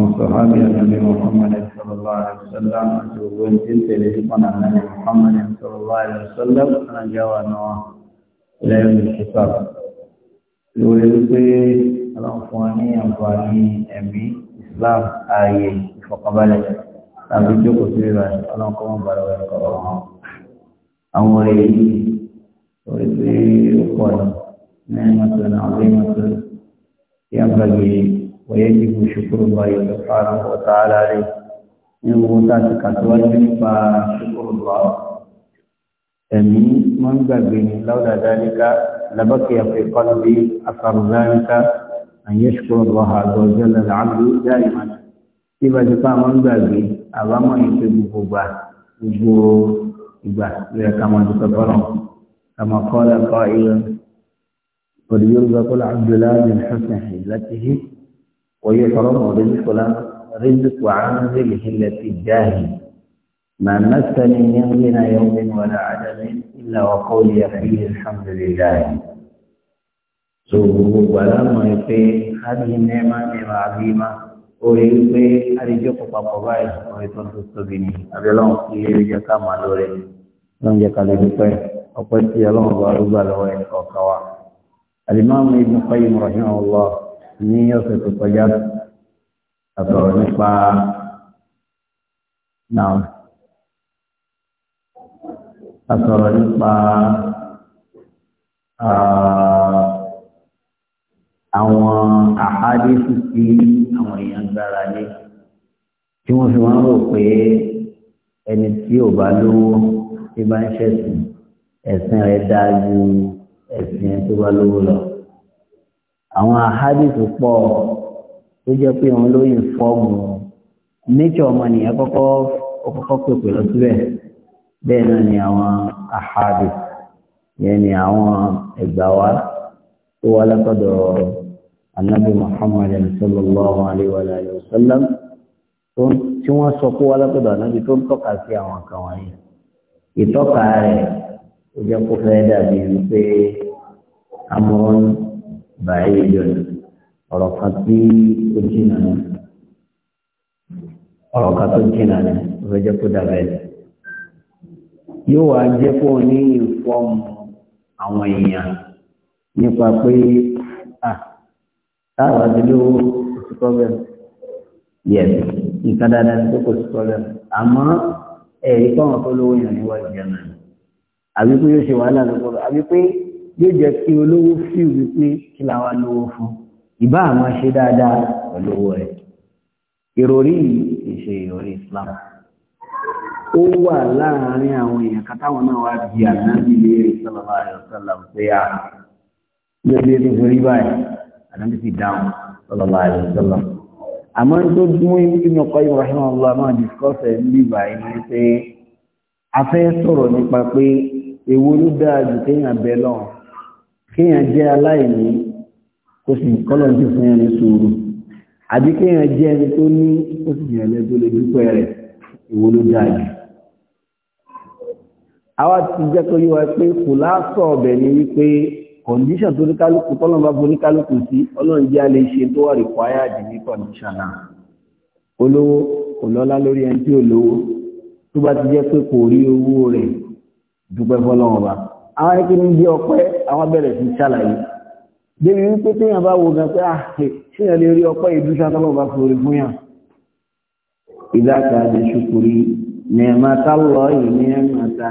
àwọn sọ̀hábí ànábì Muhammad sallallahu alaihi wasallam àti Muhammad sallallahu alaihi wasallam anájá wa náà lẹ́yìn ìṣúta lórí wípé ọlọ́run Islam ààyè ìfọ̀kànbalẹ̀ tàbí jókòó sí rẹ̀ ọlọ́run kọ́ wọn balẹ̀ wẹ̀ kọ́ ọ̀hún àwọn orí yìí orí tí ويجب شكر الله سبحانه وتعالى عليه nínú owó tá a ti kàtíwájú nípa ṣùkúrùlá ẹ̀mí máa ń gbàgbé ní láwùdà dáríká labákì àfẹ́kọ́lù bí afárù dáríká àyè ṣùkúrùlá àgbọ̀jọ́ lẹ́la àbú dáìmá tí bá ti pa máa ń gbàgbé àbámọ̀ ìpè gbogbo gbà gbogbo ìgbà lóyè ká máa dúpẹ́ fọ́lọ̀ kàmá kọ́lá kọ́ ìlú òdìyó gbàgbọ́lá abdullahi bin hasan ìlàtìhí ويحرم رزق رزق عامله التي جاهل ما مسني من غنى يوم ولا عدم إلا وقولي فيه الحمد لله سوره ولا مريفي هذه النعمة نعمة عظيمة أريفي أرجوك بقبائل ويتون تستبيني أبلون في رجاك مالوري لن يقال بقي أقول سيالون بأربع لوين كوكوا الإمام ابن قيم رحمه الله ní ọ̀sẹ̀ tó kọjá àtọ̀rọ̀ nípa náà àtọ̀rọ̀ nípa àwọn àhádìsí tí àwọn èèyàn gbára lé tí wọ́n fi wọ́n rò pé ẹni tí ò bá lówó tí bá ń ṣẹ̀sìn ẹ̀sìn rẹ̀ dáa ju ẹ̀sìn tó bá lówó lọ àwọn ahadìsì pọ̀ tó jẹ́ pé òun ló yìn fọ́ọ̀mù nature ọmọnìyàn kọ́kọ́ kọ́kọ́ pèpè lọ síbẹ̀ bẹ́ẹ̀ náà ni àwọn ahadìsì yẹn ni àwọn ẹ̀gbà wa tó wá látọ̀dọ̀ anabi muhammad sallallahu alayhi wa sallam tí wọ́n sọ kó wá látọ̀dọ̀ anabi tó ń tọ́ka sí àwọn kan wọ̀nyí ìtọ́ka rẹ̀ ó jẹ́ kó fẹ́ dàbí wípé amúrán. بعيد ورقتي وجنانا ورقة الجنانا وجب دغير yóò wá jẹ́ kó ní ìfọ́ọ̀mù àwọn èèyàn nípa pé à táwọn adúlé owó kò sí problem yes nǹkan dáadáa ní pé kò sí problem àmọ́ ẹ̀rí kọ́wọn tó lówó yàn níwájú jẹ́ náà àbí pé yóò ṣe wàhálà lóko àbí pé yóò jẹ́ kí olówó fi wípé kí làwa lówó fún ìbá àmọ́ ṣe dáadáa olówó rẹ̀ ìròrí ìṣe ìròrí Islam ó wà láàárín àwọn èèyàn kátàwọn náà wá di ànábì léèrè sọlọ́lá àyọ̀sọ́lá pé a lóde tó fi rí báyìí ànábì sì dáhùn sọlọ́lá àyọ̀sọ́lá àmọ́ tó mú inú ọkọ̀ yìí rahim allah máa discọ́sẹ̀ ní báyìí ní pé a fẹ́ sọ̀rọ̀ nípa pé èwo ló dáa jù kéèyàn bẹ́ẹ̀ lọ́hùn kéèyàn jẹ́ aláìní kó sì kọ́lọ̀ ti fún ẹni sùúrù àbí kéèyàn jẹ́ ẹni tó ní ó sì yàn lẹ́gbẹ́ lè dúpẹ́ rẹ̀ ìwo ló dáa jù. àwa ti jẹ́ kó yíwa pé kò lásọ̀ ọ̀bẹ̀ ni wípé kọ̀ǹdíṣàn tó oníkálukú tọ́lọ́n bá oníkálukú sí ọlọ́run jẹ́ alẹ́ ṣe tó wà required ní kọ̀ǹdíṣàn náà olówó kò lọ́lá lórí ẹni tí ò tó bá ti jẹ́ pé kò rí owó rẹ̀ dúpẹ́ fọlọ́run ọba àwọn ẹni kí ní jẹ́ ọpẹ́ àwọn bẹ̀rẹ̀ sí ṣàlàyé débi wípé tí yàn bá wo gan pé ah, ṣíyàn lè rí ọpẹ́ ìdúṣà tọ́lọ̀ bá forí fún yàn ìdáka lè ṣùkúrí ní ẹ̀mà tálọ́ ìní ẹ̀mà ta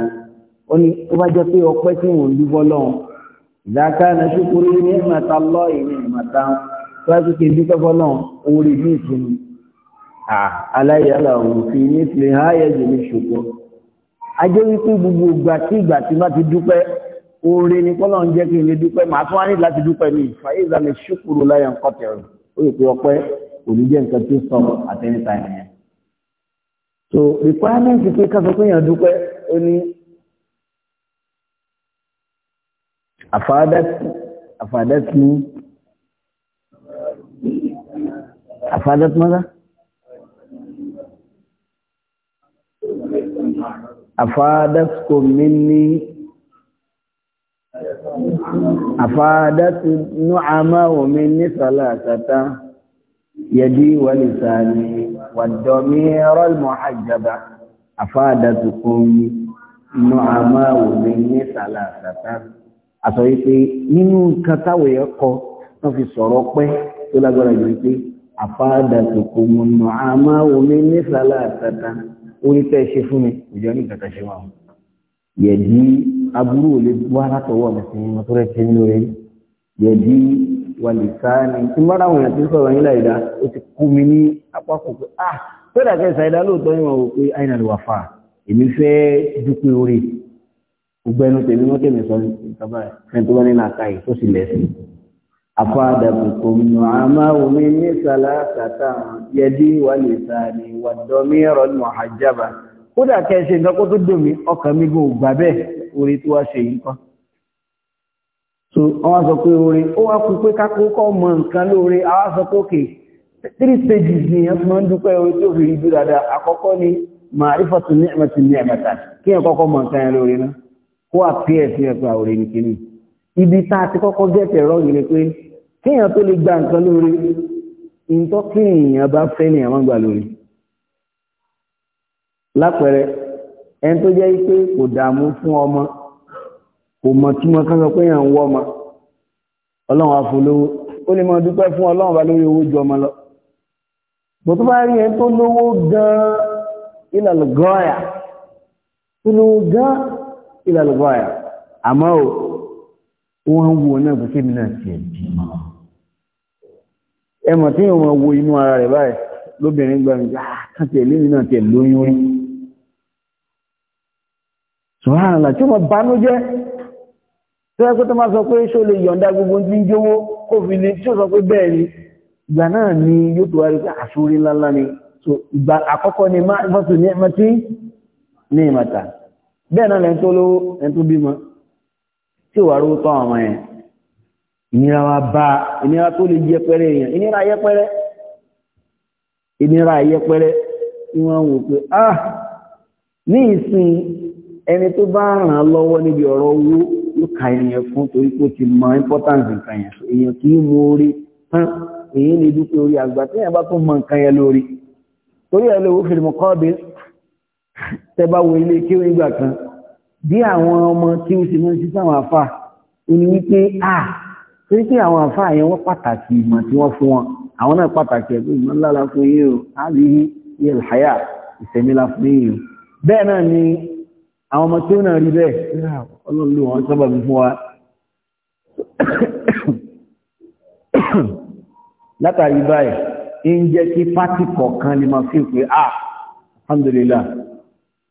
ó ní ó bá jẹ́ pé ọpẹ́ tí wọ́n dúbọ́ lọ́hùn ìdáka lè ṣùkúrí ní ẹ̀mà tálọ́ ìní ẹ̀mà ta tó bá ti ké dúpẹ́ fọ́lọ́hùn owó rí bí ìsinmi ah, aláyàlá òun fi ní fi háyẹ̀ jẹ́ ní ajẹ́ wípé gbogbo ìgbà tí ìgbà tí má ti dúpẹ́ oore ni kọ́lọ̀ ń jẹ́ kí n lè dúpẹ́ màá tún wá ní láti dúpẹ́ mi fàyè ìzàlẹ̀ ṣùkúrò láyà ń kọ́ tẹ̀rù ó yẹ pé ọpẹ́ kò ní jẹ́ nǹkan tí ó sọ̀rọ̀ at any time yẹn. so requirement pé káfíń pé èèyàn dúpẹ́ ó ní àfàdẹ́tì àfàdẹ́tì mọ́tà àfàdátù nùhàmá omi ní sàlàkàtà yẹdí wàlìsàní wàdọ̀mí rọ́lmọ̀ àjàbà àfàdátù kòmí nùhàmá omi ní sàlàkàtà àsọ wípé nínú nǹkan táwọn èèyàn kọ wọ́n fi sọ̀rọ̀ pẹ́ tó lágbára jù wípé àfàdátù kòmí nùhàmá omi ní sàlàkàtà orí tẹ́ ṣe fún mi ìjọ ní kàtà ṣe wà wọn yẹ̀dí aburú ò lè wá látọwọ́ mi sí mo tó rẹ̀ ṣe nínú rẹ̀ yẹ̀dí wàlìsáni tí mọ́ra àwọn èèyàn ti sọ̀rọ̀ yín láìda ó ti kú mi ní apákò pé ah tó dàgẹ́ ìsàìdá lóòótọ́ yìí wọn wò pé àyìn àlùwà fà èmi fẹ́ dúpẹ́ orí gbogbo ẹnu tèmi wọn tèmi sọ ìjọba ẹni tó bá ní nàka yìí tó sì lẹ́sìn. afáàdàbùkọ̀ nù àmàwò mi ní sàlá kàtà yẹ̀dí wàlìsáni wàdọ́mírọ̀ nù àjábà kódà kẹ́ ṣe nǹkan kó tó dòmí ọkàn mi gbò gbà bẹ́ẹ̀ orí tó wá ṣe yìí so wọ́n sọ pé orin ó wá kú pé kákókọ́ mọ nǹkan lóore a wá sọ pé òkè three stages ni ẹ̀ fún dúpẹ́ orí tó fi rí dáadáa àkọ́kọ́ ni màrífàtún ní ẹ̀mẹ̀tún ní ẹ̀mẹ̀ta kí ẹ̀ kọ́kọ́ mọ nǹkan yẹn lóore náà kó àpíẹ̀ sí ẹ̀ pé àwòrán ní ibi tá a ti kọ́kọ́ gẹ̀tẹ̀ rọ́ yìí ni pé kéèyàn tó lè gba nǹkan lóore nǹkan kéèyàn bá fẹ́ ni àwọn gbà lóore lápẹẹrẹ ẹni tó jẹ́ pé kò dààmú fún ọmọ kò mọ̀ tí mo kán sọ pé yàn ń wọ́ ọmọ ọlọ́run àfọlówó ó lè máa dúpẹ́ fún ọlọ́run bá lórí owó ju ọmọ lọ bó tó bá rí ẹni tó lówó gan-an ìlànà gọ́ọ̀yà tó lówó gan-an ìlànà gọ́ọ̀yà àmọ́ ò wọ́n ń wo náà pẹ̀sẹ̀ mi náà tiẹ̀ bí mọ́ ẹ mọ̀ tí yóò máa wo inú ara rẹ̀ báyìí lóbìnrin gbàgbà ah, kàn tẹ̀lé mi náà tẹ̀ lóyún rí sùhánàlá tí wọ́n banújẹ́ tí wọ́n tó máa sọ pé ṣó lè yọ̀ǹda gbogbo tí ń jówó kó fi lè tí ó sọ pé bẹ́ẹ̀ ni ìgbà náà ni yóò tó wárí pé àṣórí ńláńlá ni so ìgbà àkọ́kọ́ ni mọ́tò ní ẹmẹ́tí ní ìmọ̀ta bẹ́ẹ̀ náà lẹ́yìn tó lówó ẹni tó bímọ tí wàá rówó tán àwọn yẹn ìnira ni wọ́n ẹni tó bá ràn án lọ́wọ́ níbi ọ̀rọ̀ owó ló ka ènìyàn fún torí pé ó ti mọ importance nǹkan yẹn èèyàn kì í mú orí tán èyí lè dúpẹ́ orí àgbà tí èèyàn bá tún mọ nǹkan yẹn lórí torí ẹ̀ lówó fèrè mọ́ kọ́ọ̀bì tẹ́ bá wo ilé kí wọ́n gbà kan bí àwọn ọmọ tí ó sì máa ń ṣe sáwọn àfà ó ní wípé à torí pé àwọn àfà yẹn wọ́n pàtàkì ìmọ̀ tí wọ́n fún wọn àwọn náà pàtàkì ẹ̀ ìmọ̀ ńlá la fún yín o á rí yẹ̀lháyà ìsẹ̀mí la fún yín o bẹ́ẹ̀ náà ni àwọn ọmọ tí ó náà rí bẹ́ẹ̀ ọlọ́lù wọn sábà bí fún wa látàrí báyìí ń jẹ́ kí pátíkọ̀ kan lè máa fi pé ah alhamdulillah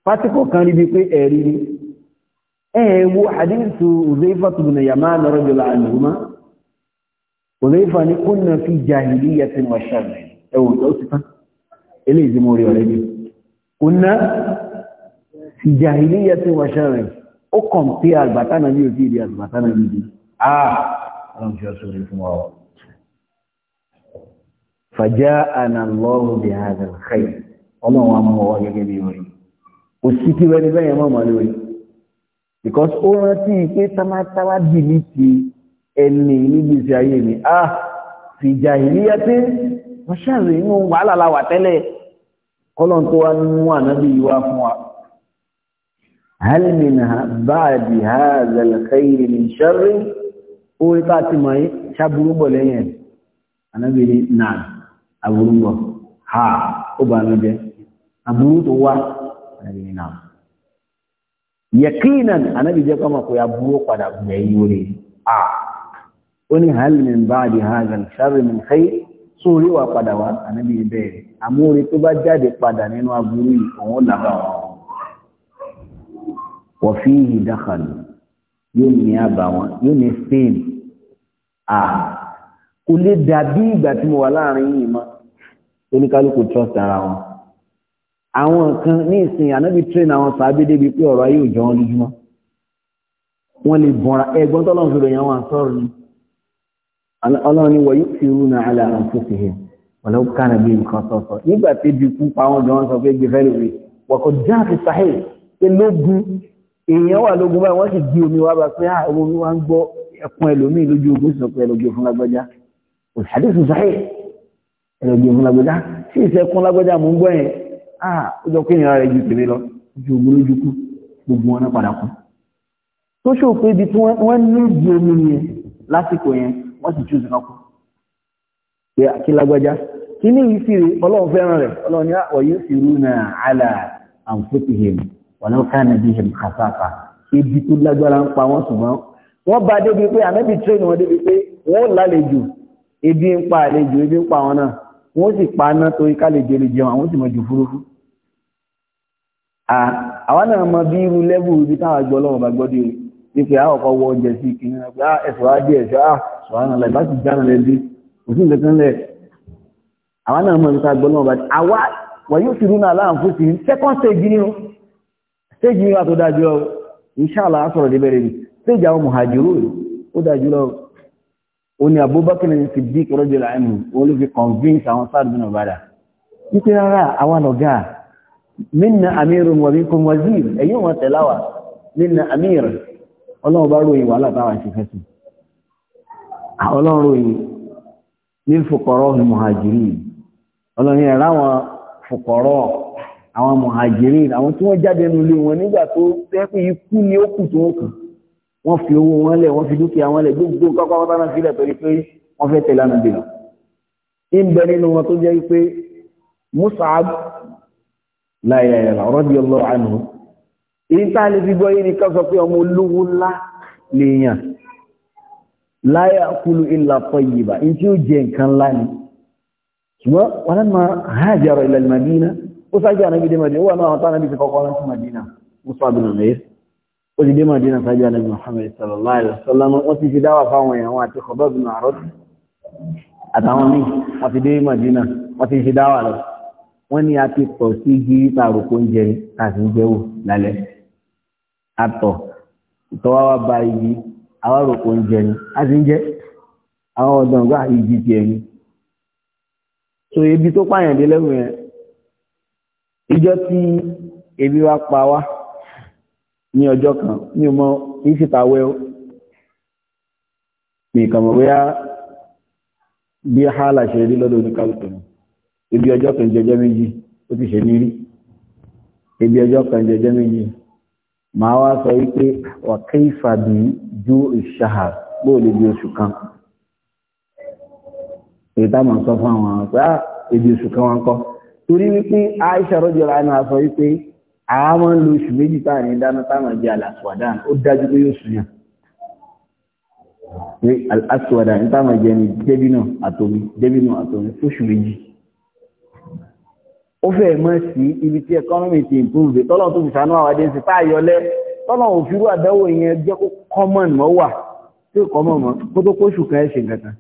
pátíkọ̀ kan rí bí pé ẹ̀rí ni ẹ̀ẹ̀wò hadithu Uzaifa ibn Yaman radiyallahu anhuma Uzaifa ní kunna fi jahiliyyatin wa fi jàìlíyà tí wọ́n ṣẹ́rẹ̀ ó kàn pé àgbàtánà ní òfin ìdí àgbàtánà ní ìdí àà ah! ọlọ́run fi ọ̀sọ̀ rí fún wa ọ̀ fàjá ànàlọ́rù bí àgbàkàì ọlọ́run wa mú ọwọ́ gẹ́gẹ́ bí orí ó sì kí wẹ́ni bẹ́yẹn mọ́ mọ́ lórí because ó rántí pé támátáwá dì ní ti ẹni nígbèsè ayé mi àà ah! fi jàìlíyà tí wọ́n ṣẹ́rẹ̀ inú wàhálà la wà tẹ́lẹ̀ kọ́lọ́n tó wá mú ànábì yìí wá fún wa هل من بعد هذا الخير من شر هو يقاتل ما شابرو بولين انا بيني نعم ابرو ha ubanuje aburu to wa ni na yaqinan anabi je kama ko aburu pada yuri ah oni hal min ba'di hadha al-shar min khair suri wa pada wa anabi be amuri tó bá jáde padà nínú aburu yi on la ba wọ̀fí ìdákàlù yóò ní àbàwọ́n yóò ní spain à kò lè dàbí ìgbà tí mo wà láàrin yìí mọ́ oníkálukú trust ara wọn àwọn kan ní ìsìn ànábì train àwọn sàábé débi pé ọ̀rọ̀ ayé òjò wọn lójúmọ́ wọ́n lè bọ̀ra ẹgbọ́n tọ́lọ́n fi ròyìn àwọn àsọ́rọ̀ ni ọlọ́run ni wọ̀nyí fi rú náà àlà àǹfóṣìṣẹ́ wọ̀lẹ́ kánà bí nǹkan sọ̀sọ̀ nígbà tí ibi kú pa àwọn jọ wọn sọ pé gbé fẹ́ lórí wọ̀kọ̀ jáàfi sáhẹ́ pé lógún èèyàn wà lógun báyìí wọ́n sì gbé omi wá bá pé à ah, ọmọ omi wá ń gbọ́ ẹkùn ẹlòmíì lójú ogun sọ pé ẹlòmíì fún lágbájá òṣàdéṣù sáyè ẹlòmíì fún lágbájá sí ìṣẹ́kùn lágbájá mò ń gbọ́ yẹn à ah, ó jọ pé ìnira rẹ̀ ju tèmi lọ ju ogun lójú kú gbogbo wọn padà kú. tó ṣòwò pé ibi tí wọ́n ní ìdí omi yẹn lásìkò yẹn wọ́n sì túùsì náà pé àkí lágbájá kí ní ìsirè ọlọ́run fẹ́ràn rẹ̀ ọlọ́run ní wàlọ́ káàna bí hẹ̀m kàfàfà ibi tó lágbára ń pa wọ́n ṣùgbọ́n wọ́n bá débi pé àmẹ́bí tírẹ́nì wọn débi pé wọ́n lálejò ebi ń pa àlejò ebi ń pa wọn náà wọ́n sì pa aná torí kálejò lè jẹun àwọn sì mọ̀ jù fúrufú. àwa náà mọ bí irú lẹ́bù ibi táwọn àjọ ọlọ́run bá gbọ́dọ̀ rẹ̀ ní pé àwọ̀kọ́ wọ oúnjẹ sí kí nínú pé ah, ẹ̀sọ́ á dé ẹ̀sọ́ á sọ̀rọ̀ náà láì bá sì jáná lẹ́bí kò sí nǹkan lẹ̀. àwa náà mọ ibi táwọn àjọ ọlọ́run bá ti àwa wà yóò fi rúnà aláǹfóṣì second stage nínú stéèjì wa tó dájú lọ inṣàlá sọ̀rọ̀ dé bẹ̀rẹ̀ ni stéèjì àwọn mùhàjírù ó dájú lọ ó ní Abubakar ní Siddiq rọ́jò láìmù ó ló fi convince àwọn sáàdù náà bàdà títí rárá àwọn ọ̀gá minna amirun wa minkum wazir ẹ̀yìn wọn tẹ̀láwà minna amir ọlọ́run bá ròyìn wàhálà táwa ṣe fẹ́ sí ọlọ́run ròyìn ní fòkọ̀rọ̀ mùhàjírì ọlọ́run yẹn ráwọn fòkọ̀rọ̀ àwọn muhajirin àwọn tí wọ́n jáde nínú ilé wọn nígbà tó fẹ́ pé ikú ni ó kù tó kù wọ́n fi owó wọn lẹ̀ wọ́n fi dúkìá wọn lẹ̀ gbogbo kọ́kọ́ wọn tán sílẹ̀ torí pé wọ́n fẹ́ tẹ̀lé àná bìnà ń bẹ nínú wọn tó jẹ́ pé Mus'ab la ilaha illallah radiyallahu anhu èyí tá a lè fi gbọ́ yìí ni ká sọ pé ọmọ olówó ńlá lèèyàn la ya'kulu illa tayyiba ní tí ó jẹ nǹkan ńlá ni ṣùgbọ́n wọn náà máa hajara ila al ó sáájú ànábì dé Madina wà náà àwọn tánàbí ti kọ́kọ́ láti Madina Mus'ab bin Umair ó Madina sáájú ànábì Muhammad sallallahu alaihi wasallam wọ́n ti fi dáwà fáwọn èèyàn wọn àti Khabbab bin Arat àtàwọn míì wọ́n ti dé Madina wọ́n ti fi dáwà lọ wọ́n ní a ti tọ̀ sí gírí tààrùkú oúnjẹ káàkiri jẹ́wò lálẹ́ àtọ̀ ìtọ́wá wa so ebi tó pààyàn dé lẹ́rù yẹn ìjọ tí ebi wá pa wá ní ọjọ́ kan ní ọmọ ìsìtàwẹ́ ó ní ìkàmọ̀ wíyá bí hálà ṣe rí lọ́dọ̀ oníkàlùkù ebi ọjọ́ kan jẹjẹ méjì ó ti ṣe nírí ebi ọjọ́ kan jẹjẹ méjì máa wá sọ wípé ọ̀kẹ́ ìfàbí ju ìṣàhà bóòlù bí oṣù kan èyí táwọn sọ fún àwọn pé ah, ebi oṣù kan wá ń kọ́ torí wípé Aisha rọ́jọ́ láàrin àṣọ wípé àwọn ń lo oṣù méjì táà ní dáná táwọn jẹ́ alàsùwàdán ó dájú pé yóò sùn yàn pé alàsùwàdán táwọn jẹ́ ní débìnà àtòmí débìnà àtòmí fóṣù méjì ó fẹ́ mọ́ sí ibi tí economy ti improve tọ́lọ̀ tó fi sànú àwọn adéǹsì tá àyọlẹ́ tọ́lọ̀ òfin àdáwò yẹn jẹ́ kó common mọ́ wà tí common mọ́ kó tó kóṣù kan ẹ̀ ṣe nǹkan kan.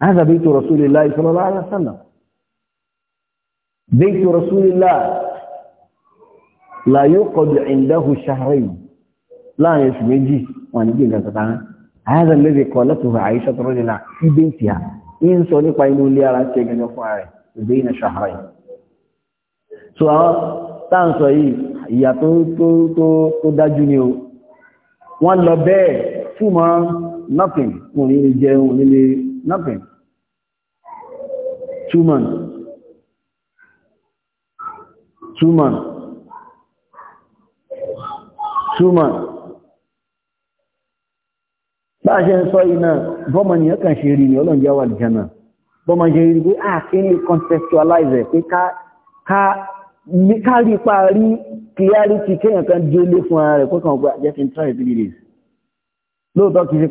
Hasa bitu Rasulillahi sallallahu alaihi wasallam. بيت رسول الله لا يقعد عنده شهرين لا يشمجي ونجي نتطعن هذا الذي قالته عائشة رضي الله في بيتها إن سوني وإنه لي على سيكن يفعل بين شهرين سواء تانسوا ìyà tó تو تو tó dájú ni o wọ́n lọ bẹ́ẹ̀ fún nothing wọ́n ní jẹun nothing two months túmọ̀ túmọ̀ bá a ṣe ń sọ iná bọ́mọ̀ ni ọkàn ṣe rí ni ọlọ́run jáwà jẹ́nà bọ́mọ̀ ṣe rí pé a ah, kí ní contextualize pé ká rí pa rí clarity kéèyàn kan délé fún ara rẹ̀ kókàn ọgbà jẹ́ kí n try three days lóòótọ́ kì í ṣe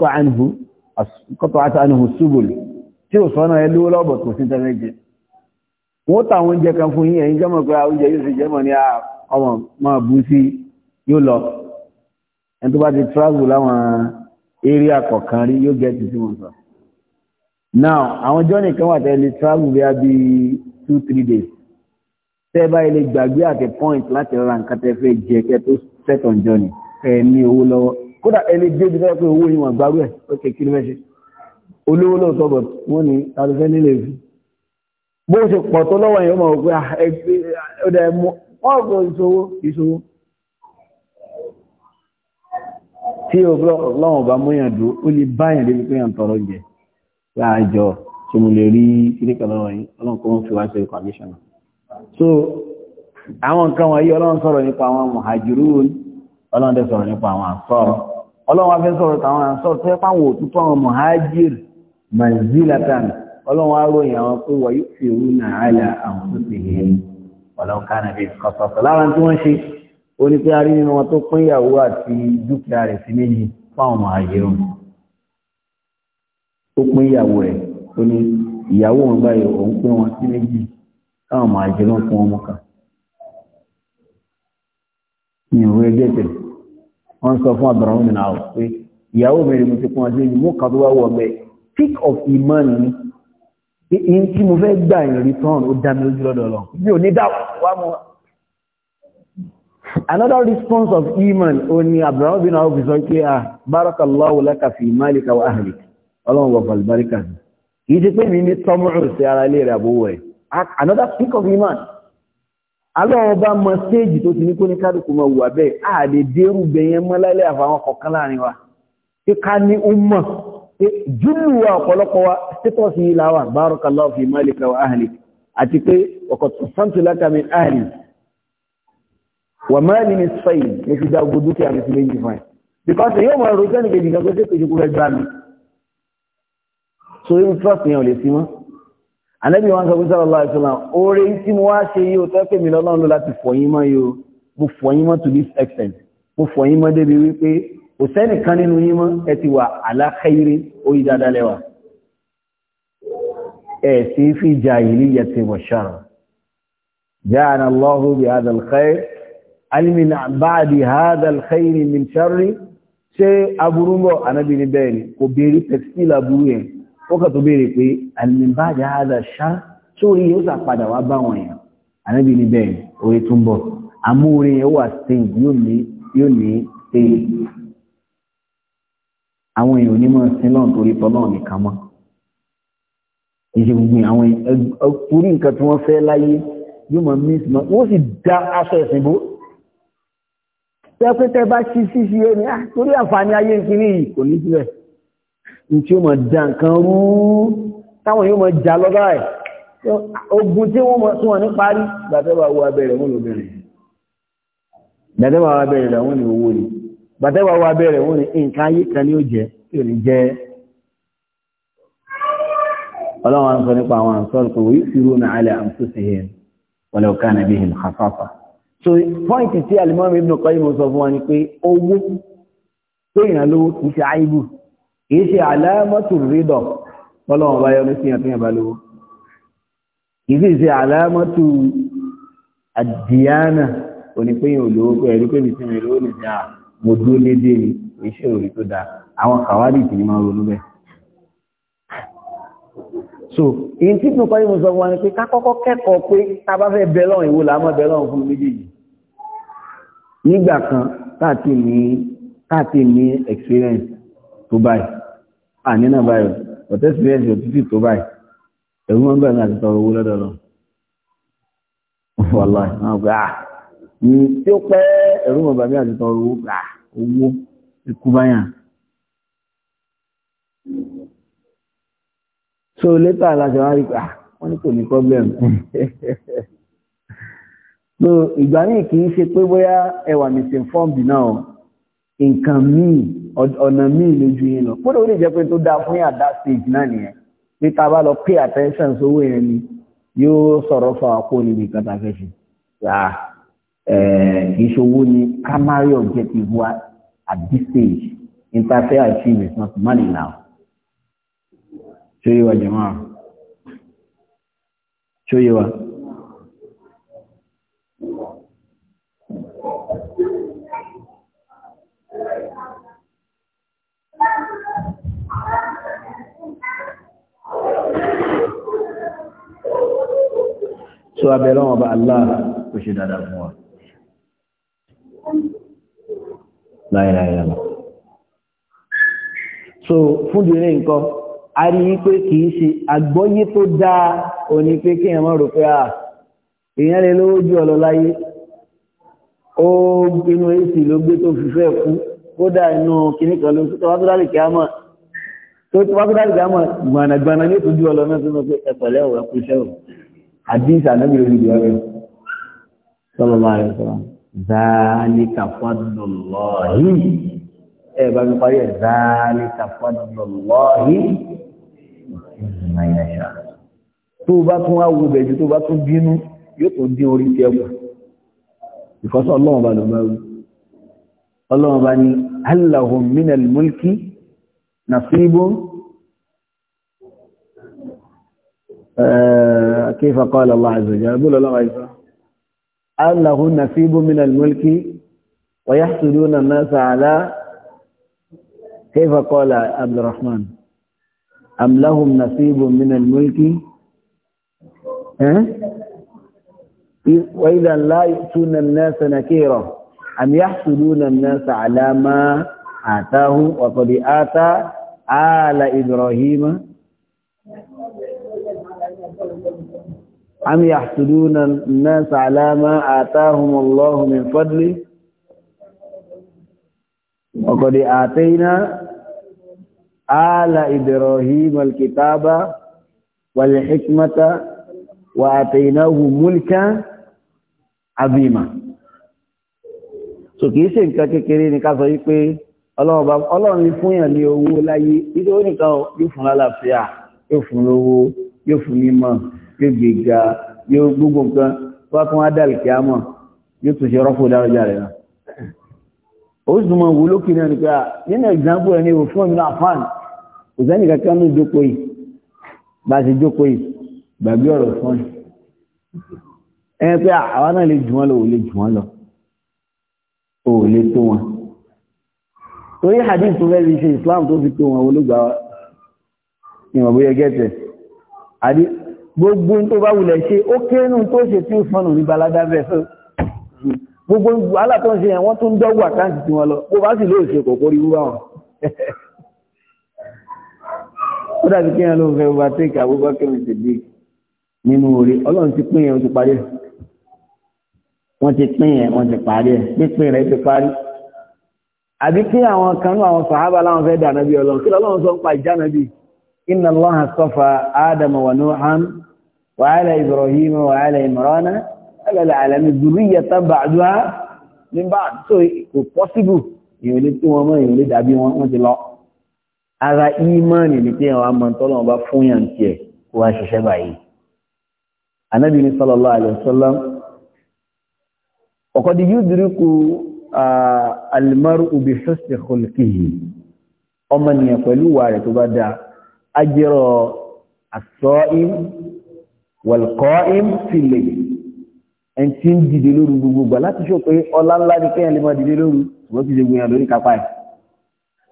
pé kọ́tọ̀ àti àníhù ṣúgbòlù tí ò sọ́nà ẹ lówó lọ́bọ̀ tó sí tẹ́lẹ́jẹ́ wọ́n tàwọn oúnjẹ kan fún yín ẹ̀yin jẹ́mọ̀ pé oúnjẹ yóò sì jẹ́mọ̀ ní ọmọ máa bú sí yóò lọ ẹni tó bá ti travel láwọn area kọ̀ọ̀kan rí yóò gẹ́ẹ̀tì sí wọn sọ now àwọn journey kan wà tẹ́lẹ̀ travel bí i bí two three days tẹ́ bá ilé gbàgbé àti point láti rọra nǹkan tẹ́ fẹ́ jẹ kẹ́ tó set on journey kẹ́ ní owó lọ́wọ́ kódà ẹni débi fẹ́ pé owó ìwọ̀n gbárú ẹ̀ ókè kí ló fẹ́ ṣe olówó lóòótọ́ bọ̀ wọ́n ní alùfẹ́ nílé fi bó ṣe pọ̀ tó lọ́wọ́ yẹn mọ̀ pé ah, ẹgbẹ́ ọdẹ mú ọ̀pọ̀ ìṣòwò ìṣòwò tí ọlọ́run bá múyàn dúró ó lè ah, so àwọn nǹkan wọ̀nyí ọlọ́run sọ̀rọ̀ nípa àwọn mùhàjírùn ọlọ́run dẹ̀ sọ̀rọ̀ nípa àwọn àsọ̀rọ̀ ọlọ́run afẹ́ sọ̀rọ̀ táwọn àǹsọ̀ tó yẹ páwọn òtútù àwọn mọ̀hájìr manzilatan ọlọ́run aróyìn àwọn pé wọ́n yóò fi òun náà àyà àwọn tó ti hẹ́ ọlọ́run ká nàbí kọ̀sọ̀sọ̀ lára tí wọ́n ṣe ó ní pé a rí nínú wọn tó pín ìyàwó àti dúkìá rẹ̀ sí méjì fáwọn mọ̀hájìr tó pín ìyàwó rẹ̀ ó ní ìyàwó wọn báyìí òun pín wọn sí méjì fáwọn mọ̀hájìr fún ọmọ kan. mi ò ẹgbẹ́ tẹ̀lé wọ́n sọ fún Abdurrahman bin Awf pé ìyàwó mẹ́rin mo ti pọ́n ọdún yìí mú kan wá wọ̀ mẹ́ pick of iman ni in tí mo fẹ́ gbà in return ó dá mi lójú lọ́dọ̀ lọ mi ò ní dá wà mú another response of iman ó ní Abdurrahman bin Awf sọ pé ah barakallahu laka fi malika wa ahlika ọlọ́run wọ̀ fàlùbáríkà yìí ti pé mi ní tọ́mùrù sí ara ilé rẹ̀ àbúwọ̀ another pick of iman alọ́wọ́ bá mọ stéèjì tó ti ní kó ní kálukú mọ wà bẹ́ẹ̀ ààdè dérú bẹ̀yẹn mọ́ lálẹ́ àfàwọn kọ̀ọ̀kan láàrin wa pé ká ní ó mọ̀ pé júlù wa ọ̀pọ̀lọpọ̀ wa status yìí la wà barakallahu fi malika wa ahli àti pé ọ̀kọ̀tún sántùlákà min ahli wà máàlì ní spain ní fi dágbó dúkìá mi sí méjì fún ẹ because èyí ọmọ ẹrọ sẹ́nìkejì kan tó ṣe kejì kú fẹ́ gbá mi so yóò trust yẹn ò lè sí mọ́ ànábì wọn sọ pé sallallahu alaihi wasallam oore tí mo wá ṣe yìí ó tọ́ pé mi lọ́nà ló láti fọyín mọ́ yìí o mo fọyín mọ́ to this extent mo fọyín mọ́ débi wípé kò sẹ́nìkan nínú yín mọ́ ẹ ti wà ala khairi orí dáadáa lẹ́wà ẹ̀ sí fi jahiliyyati wa sharr ja'ana Allahu bi hadha al-khair alimin ba'di hadha al-khairi min sharri ṣé aburú ń bọ̀ ànábì ní bẹ́ẹ̀ ni kò béèrè tẹ̀síìlì ó kà tó béèrè pé àlìmìbájà àdà ṣá sórí yóò sà padà wá bá wọn yàn ànábì ní bẹ́ẹ̀ orí tún bọ̀ àmú orí yẹn ó wà stage yóò ní yóò ní stage àwọn èèyàn onímọ̀ sílọ̀ torí tọ́lọ́ nìkan mọ́ ìṣe gbogbo àwọn orí nǹkan tí wọ́n fẹ́ láyé yóò máa mí ìsìnmọ́ wọ́n sì da aṣọ ẹ̀sìn bó tẹ́pẹ́tẹ́ bá ṣí ṣíṣe ẹni ah, torí àǹfààní ayé nkiri yìí kò ní síbẹ̀ tí ó mọ̀ dá nǹkan rú táwọn yóò mọ̀ já lọ́gbà ẹ̀ ogun tí wọ́n mọ̀ tí wọ́n ní parí gbàtẹ́wà owó abẹ́rẹ̀ wọ́n lóbìnrin gbàtẹ́wà owó abẹ́rẹ̀ wọ́n ní owó ni gbàtẹ́wà owó abẹ́rẹ̀ wọ́n ní nǹkan ayé kan ní ó jẹ́ tí ò ní jẹ́ ọlọ́wọ́n sọ nípa àwọn àǹsọ́rù so pọ́ìntì tí alimọ́mí ibùdókọ́ yìí mo sọ fún wa kìí ṣe àlámọ́tù rídọ̀ ọlọ́run bá yọ́nú sí àfihàn bá lówó kìí sì ṣe àlámọ́tù àdìyánà onípéyìn olówó pé ẹ̀rí pé mi sí mi lówó nìṣẹ́ à mo lédè ní iṣẹ́ òrí tó dáa àwọn kàwádì kì í máa ronú bẹ́ẹ̀. so èyí tí mo kọ́yìn mo sọ wọn ni pé ká kọ́kọ́ kẹ́kọ̀ọ́ pé tá a bá fẹ́ bẹ lọ́run ìwò làá mọ̀ bẹ fún méjèèjì nígbà kan táà ní táà ní experience tó báyìí àní náà báyìí ọ̀tẹ́ experience òtútù tó báyìí ẹ̀rú máa ń bẹ̀rẹ̀ láti tọrọ owó lọ́dọ̀ lọ. wàláì máa gbé à ah, tí ó pẹ́ ẹ̀rú máa bàbí àti tọrọ owó gbà owó ikú báyà. so later aláṣẹ wa rí pé ah, à wọ́n ní kò ní problem. so ìgbà míì kì í ṣe pé bóyá ẹwà misinformed náà nǹkan míì ọ̀nà míì lójú yín lọ kódà ó lè jẹ́ pé tó dáa fún yàrá stage náà nìyẹn bí ta bá lọ pay attention sówó yẹn ni yóò sọ̀rọ̀ fún àpò níbi kan tá a fẹ́ ṣe kì í ṣowó ni primary objective wa at this stage interfere achieve is not money now ṣó yé wa jẹ̀mọ́ ṣó yé wa. tó abẹ́rẹ́ wọn bá Allah kò ṣe dáadáa fún wa láìláìlá so fún jùlọ nǹkan a rí i pé kìí ṣe àgbọ́yé tó dáa òní pé kí ẹ̀mọ́ rò pé à ah, èèyàn lè lówó jù ọ lọ láyé ó inú èsì ló gbé tó fi fẹ́ kú kódà inú kìnnìkan ló ń tó wá tó dálè kí á mọ̀ tó tí wọ́n kúrò àgbà mọ̀ gbọ̀nàgbọ̀nà ní ìtújú ọlọ́nà tó mọ̀ pé ẹ̀pẹ̀lẹ́ ọ̀rọ̀ ẹ̀kú iṣẹ́ ọ̀rọ̀ àdínsà náà bìrì olùdí ọ̀rẹ́ sọlọ́lá rẹ̀ sọ̀rọ̀ zaalika fadlọ́lọ́hì ẹ̀ bá mi parí ẹ̀ zaalika tó dín orí tiẹ̀ kù ìkọ́sọ́ ọlọ́run bá lọ́ bá wí ọlọ́run bá ní alahum minal mulki نصيب آه كيف قال الله عز وجل يقول الله عز وجل أم له نصيب من الملك ويحسدون الناس على كيف قال عبد الرحمن أم لهم نصيب من الملك ها؟ وإذا لا يؤتون الناس نكيرا أم يحسدون الناس على ما آتاه وقد آتى آل إبراهيم أم يحسدون الناس على ما آتاهم الله من فضله وقد آتينا آل إبراهيم الكتاب والحكمة وآتيناه ملكا عظيما so kìí ṣe nǹkan kékeré ní ká sọ yí pé ọlọ́run fún yàn ní owó láyé nítorí nìkan yóò fún lálàáfíà yóò fún lówó yóò fún nímọ̀ yóò gbèga yóò gbogbo nǹkan tó bá tún wá dà lìkẹ́ àmọ̀ yóò tún ṣe rọ́pò dárọ́jà rẹ̀ náà. ó sì mọ wò lókè náà nípa nínú ìgbàgbọ́ ẹni ò fún ọ̀nà àfàn kò sẹ́ni kankan ní ìjókòó yìí bá a ṣe jókòó yìí gbàgbé ọ̀rọ̀ fún ẹ. ẹ pé àwa náà lè jù wọ́n lọ ò lè jù wọ́n lọ ò lè tó wọn torí hadith tó fẹ́ẹ́ ṣe islam tó fi tó wọn olóògbà ìwọ̀n bóyá gẹ́tẹ̀ àdí gbogbo tó bá wulẹ̀ ṣe ó kéré tó ṣe tí ó fọ́nà ní balada bẹ́ẹ̀ fẹ́ gbogbo alátọ́ ṣe yẹn wọ́n tó ń dọ́gbà káàkiri tí wọ́n lọ bó bá sì lóòṣe kòkó rí wúwá wọn ó dàbí kí yẹn àbí kí àwọn kanú àwọn sàhábà láwọn fẹ́ dànà bí ọlọ́run kí lọ́lọ́run sọ ń pa ìjánà bí inna Allaha astafa Adama wa Nuhan wa ala Ibrahim wa ala Imrana ala alamin dhurriyyatan ba'daha min ba'd tó kò pọ́síbù ìrìnlẹ̀ tí wọ́n mọ́ ìrìnlẹ̀ dàbí wọ́n almaru bi husni khulqihi ọmọ nìyàn pẹ̀lú wà rẹ̀ tó bá dá ajẹ́rọ as-sa'im wal-qa'im fil layl ẹn tí ń dìde lóru gbogbo gbà láti ṣó pé ọlá ńlá ni kéèyàn lè máa dìde lóru ṣùgbọ́n ti ṣe gbìyàn lórí kápá ẹ̀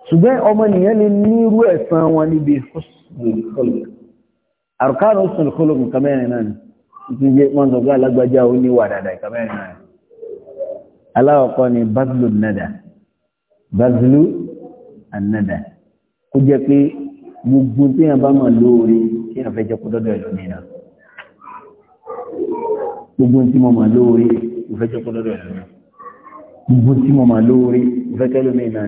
ṣùgbọ́n ọmọ nìyàn lè ní irú wọn níbi husnul khuluq àrùkárùn husnul khuluq aláwọ̀kọ́ ni bazlu nada bazlu Nada. kó jẹ́ pé gbogbo tí yàn bá mọ̀ lóore tí yàn fẹ́ jẹ́ kó dọ́dọ̀ ẹ̀lú nínú gbogbo tí mo mọ̀ lóore mo fẹ́ jẹ́ kó dọ́dọ̀ ẹ̀lú nínú gbogbo tí mo mọ̀ lóore mo fẹ́ kẹ́lú mi ni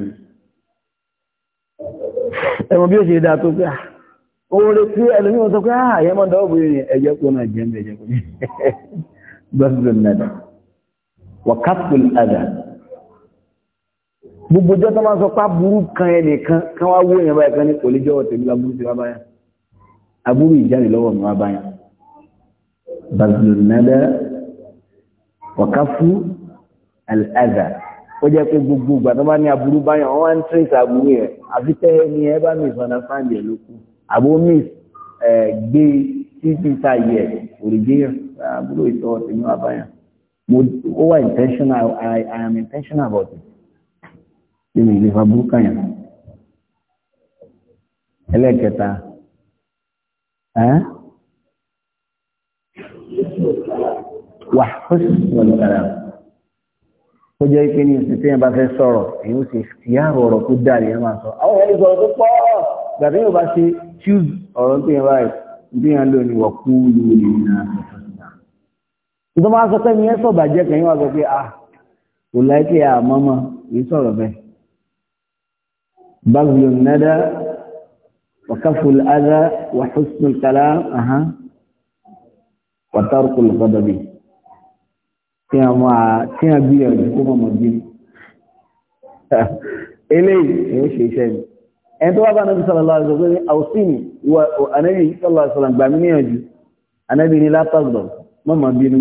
ẹ̀mọ̀ bí ó ṣe dáa tó pé ah, oore tí ẹlòmí wọn sọ pé àyẹ́mọ̀ dọ́ọ̀bù ẹ̀jẹ̀ kó náà jẹ́ mẹ́jẹ̀ kó ní nada wàkàtùl àdà gbogbo jẹ́ tó máa sọ pá burú kan ẹnìkan kan wá wó èèyàn báyìí kan ní kò lè jọ́ ọ̀tẹ̀ nígbà burú ti wá báyà aburú ìjáde lọ́wọ́ mi wá báyà bazilonada wàkàfù àdà ó jẹ́ pé gbogbo ìgbà tó bá ní aburú báyà wọ́n wá ń tírèsì aburú yẹn àfi tẹ́ ẹni ẹ bá mi ìfọ̀nà fáǹdì ẹ̀ àbó mi gbé títí ta yẹ òrìjẹ́ ìtọ́ ọ̀tẹ̀ wá báyà. mo ó intentional I, I am intentional about it ṣe mi if i book jẹ́ pé ní oṣù tí yẹn bá fẹ́ sọ̀rọ̀ èyí ó ọ̀rọ̀ tó máa sọ àwọn ẹni sọ̀rọ̀ choose ọ̀rọ̀ tó yẹn báyìí bí yẹn lò tó máa sọ pé ní ẹ sọ̀bà jẹ́ kẹ́yìn wá sọ pé ah kò láìpẹ́ àmọ́mọ́ yìí sọ̀rọ̀ bẹ́ẹ̀. baglu nada wa kaful adha wa husnul kalam aha wa tarkul ghadabi tí a máa tí a bí ẹ̀rù kó mọ̀ bí eléyìí èyí ṣe iṣẹ́ mi ẹni tó wá bá nàbí sallallahu alaihi wasallam àwòsíni wa anabi sallallahu alaihi wasallam gbàmí níyànjú anabi ni látàgbọ̀ mọ́mọ́ bínú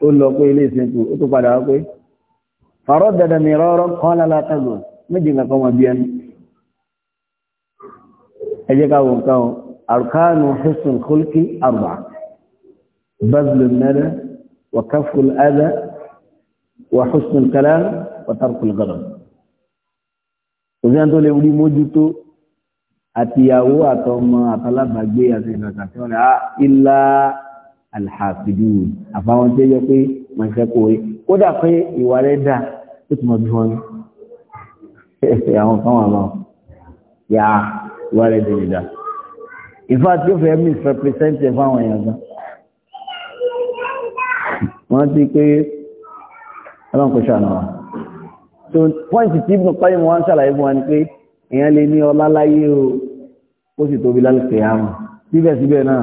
ó lọ pé ilé ìsìnkú ó tó padà wá pé fàárọ̀ dandan mi rọ́rọ́ kan lára tẹ́gùn méjì nǹkan kan mọ̀ bí ẹnu ẹ jẹ́ ká nǹkan arkanu husn khulqi arba bazlu nada wa kafu ada, wa husn al-kalam wa tarku al-ghadab òsèǹtò lè rí mójútó àtìyàwó àtọmọ àtàlábàgbé àti ìgbàgbà tí wọn lè á ah, ilá alhàfidù àfáwọn tí ó yẹ pé wọ́n fẹ́ kó rí kódà pé ìwà rẹ̀ dà ó ti mọ bí wọ́n ní àwọn kan wà lọ yà ìwà rẹ̀ dì dà in fact yóò fẹ́ misrepresent ẹ̀ fáwọn èèyàn gan wọ́n ti pé ọlọ́run kò ṣàánú wa so point tí ibùdó pàdé mọ́ wọ́n ṣàlàyé fún wa ni pé èèyàn lè ní ọlá láyé o ó sì tóbi lálùkẹ́ àmọ́ síbẹ̀síbẹ̀ náà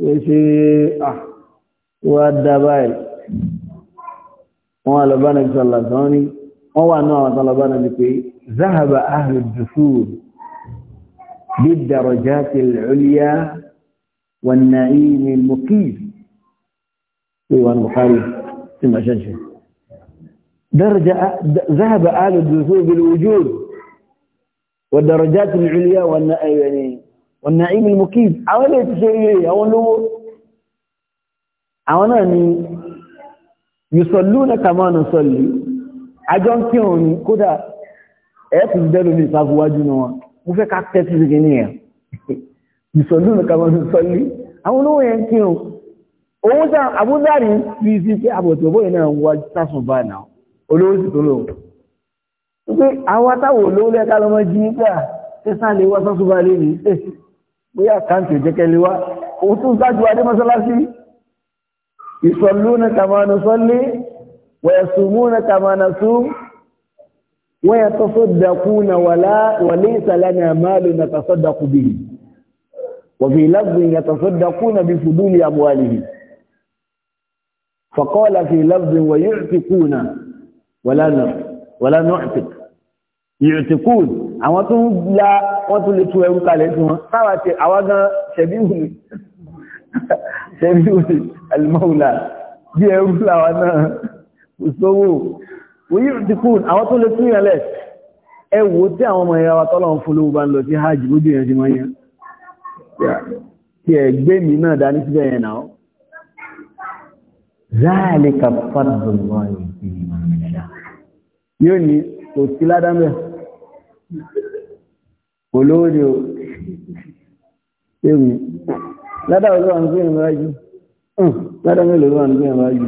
ويشي اه ودبايل وعلى بانك صلى الله عليه وسلم ذهب اهل الدثور بالدرجات العليا والنعيم المقيم ايوان البخاري ثم شجع درجة ذهب اهل الدثور بالوجود والدرجات العليا والنعيم يعني ọ̀nà ìmìl mukid àwọn ilé ti ṣe ire àwọn olówó àwọn náà ni yùsọ̀lú na kàmánà sọ̀lì àjọ ń kí òun ni kódà ẹ̀ẹ́kù bẹ́rù ní ìsáfúwájú ní wọn mú fẹ́ ká tẹ́tí sí ní ẹ̀ yùsọ̀lú na kàmánà sọ̀lì àwọn olówó yẹn kí bóyá àkáǹtì ìjẹ́kẹ́lé wá ó tún sájú adé mọ́sálásí ìsọ̀lúnà kàmánà sọ́lé wẹ̀ẹ̀sùmúnà kàmánà sún wọ́yẹ̀ tó sọ́dàkú na wàlé ìsàlẹ̀ àmàlù na tàṣọ́dàkú bí wàbí lábùn ya tàṣọ́dàkú na bí fùdúlì àmúwàlìhì fàkọ́lá ìrètíkùn àwọn tó ń la wọ́n tó lè tú ẹrú kalẹ̀ sí wọn sáwà tí àwọn gan ṣẹ̀bí ìwòlè ṣẹ̀bí ìwòlè alìmọ́wùlà bí ẹrú láwà náà kò sówó òyí ìrètíkùn àwọn tó lè tú ìrẹ̀lẹ̀ ẹ wò tí àwọn ọmọ ìyàwó tọ́lọ́run fún lówó bá ń lọ sí hajj lójú ìrìn sí mọ́yán tí ẹ gbé mi náà dání síbẹ̀ yẹn náà záàlì kàfàdùn lọ́yìn yóò ní kò sí ládámẹ́ kò lówó ni o ewu ládáwọ̀ ló wà ń gbìyànjú wájú ládámẹ́ ló wà ń gbìyànjú wájú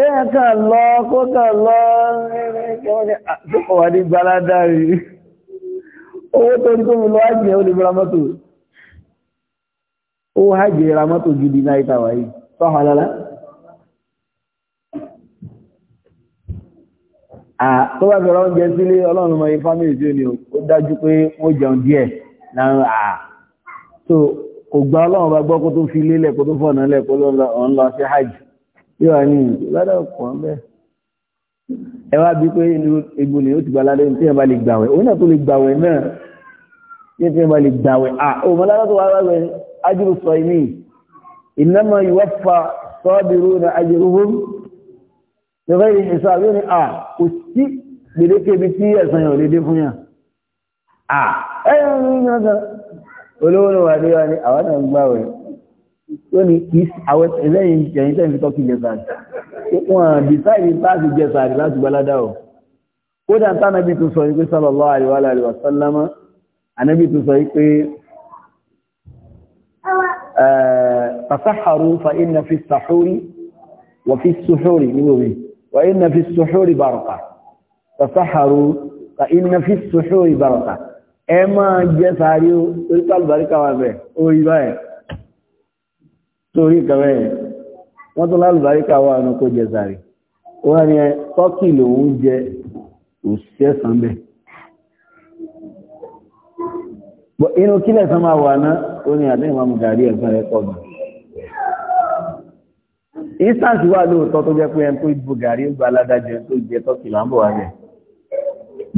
èèyàn kà lọ kó kà lọ kọ́wàá ní gbaládá rí owó tó ní tó mú lọ ájì ẹ̀ tó bá fẹ́ra oúnjẹ sílé ọlọ́run mọ̀ ìfámílì tí ó ní ó dájú pé ó jẹun díẹ̀ láàrín àà tó kò gba ọlọ́run bá gbọ́ kó tó fi lélẹ̀ kó tó fọ̀nà lẹ̀ kó lọ́n lọ sí hajj yóò ní ìgbádà pọ̀ ń bẹ́ẹ̀. ẹ wá bí pé ibu ni ó ti gba ládé tí ẹ bá lè gbàwẹ̀ òun náà tó lè gbàwẹ̀ náà tí ẹ bá lè gbàwẹ̀ à òun mọ̀ lára tó wá wáwẹ̀ ajúrù sọ ìmí innama yuwaffa sabiruna ajruhum lọ́wọ́ ìṣàlóyún à kò tí gbèdéke ibi tí ẹ̀sán yàn lédé fún yàn à ẹ̀yàn ní ìyànjẹ́ olówó ló wà níwá ní àwọn náà ń gbà wẹ̀ tó ní kí àwọn ẹlẹ́yìn jẹ̀yìn tẹ́yìn tó kí jẹ̀sà wọn dìsáìdì láti jẹ̀sà àti láti gbalada o kódà tánàbí tún sọ wípé sallallahu alaihi wa sallam ànábì tún sọ wípé tasaharu fa inna fi sahuri wa fi suhuri nínú mi wa inna fi suhuri baraka tasaharu fa inna fi suhuri baraka ẹ máa jẹ sàárì ó torí pàlùbáríkà wà bẹ̀ orí báyìí torí kẹwẹ́ wọ́n tó lálùbáríkà wà ní kó jẹ sàárì wọ́n ni tọ́kì lòun jẹ òṣìṣẹ́ sàn bẹ́ẹ̀ inú kílẹ̀ sọ máa wà náà ó ní àdéhùn máa mú gàrí ẹ̀gbọ́n rẹ̀ pọ̀ bù. instance wà lóòótọ́ tó jẹ́ pé ẹni tó bu gàrí ń gba aládájọ tó jẹ tọ́kì là ń bọ̀ wá bẹ̀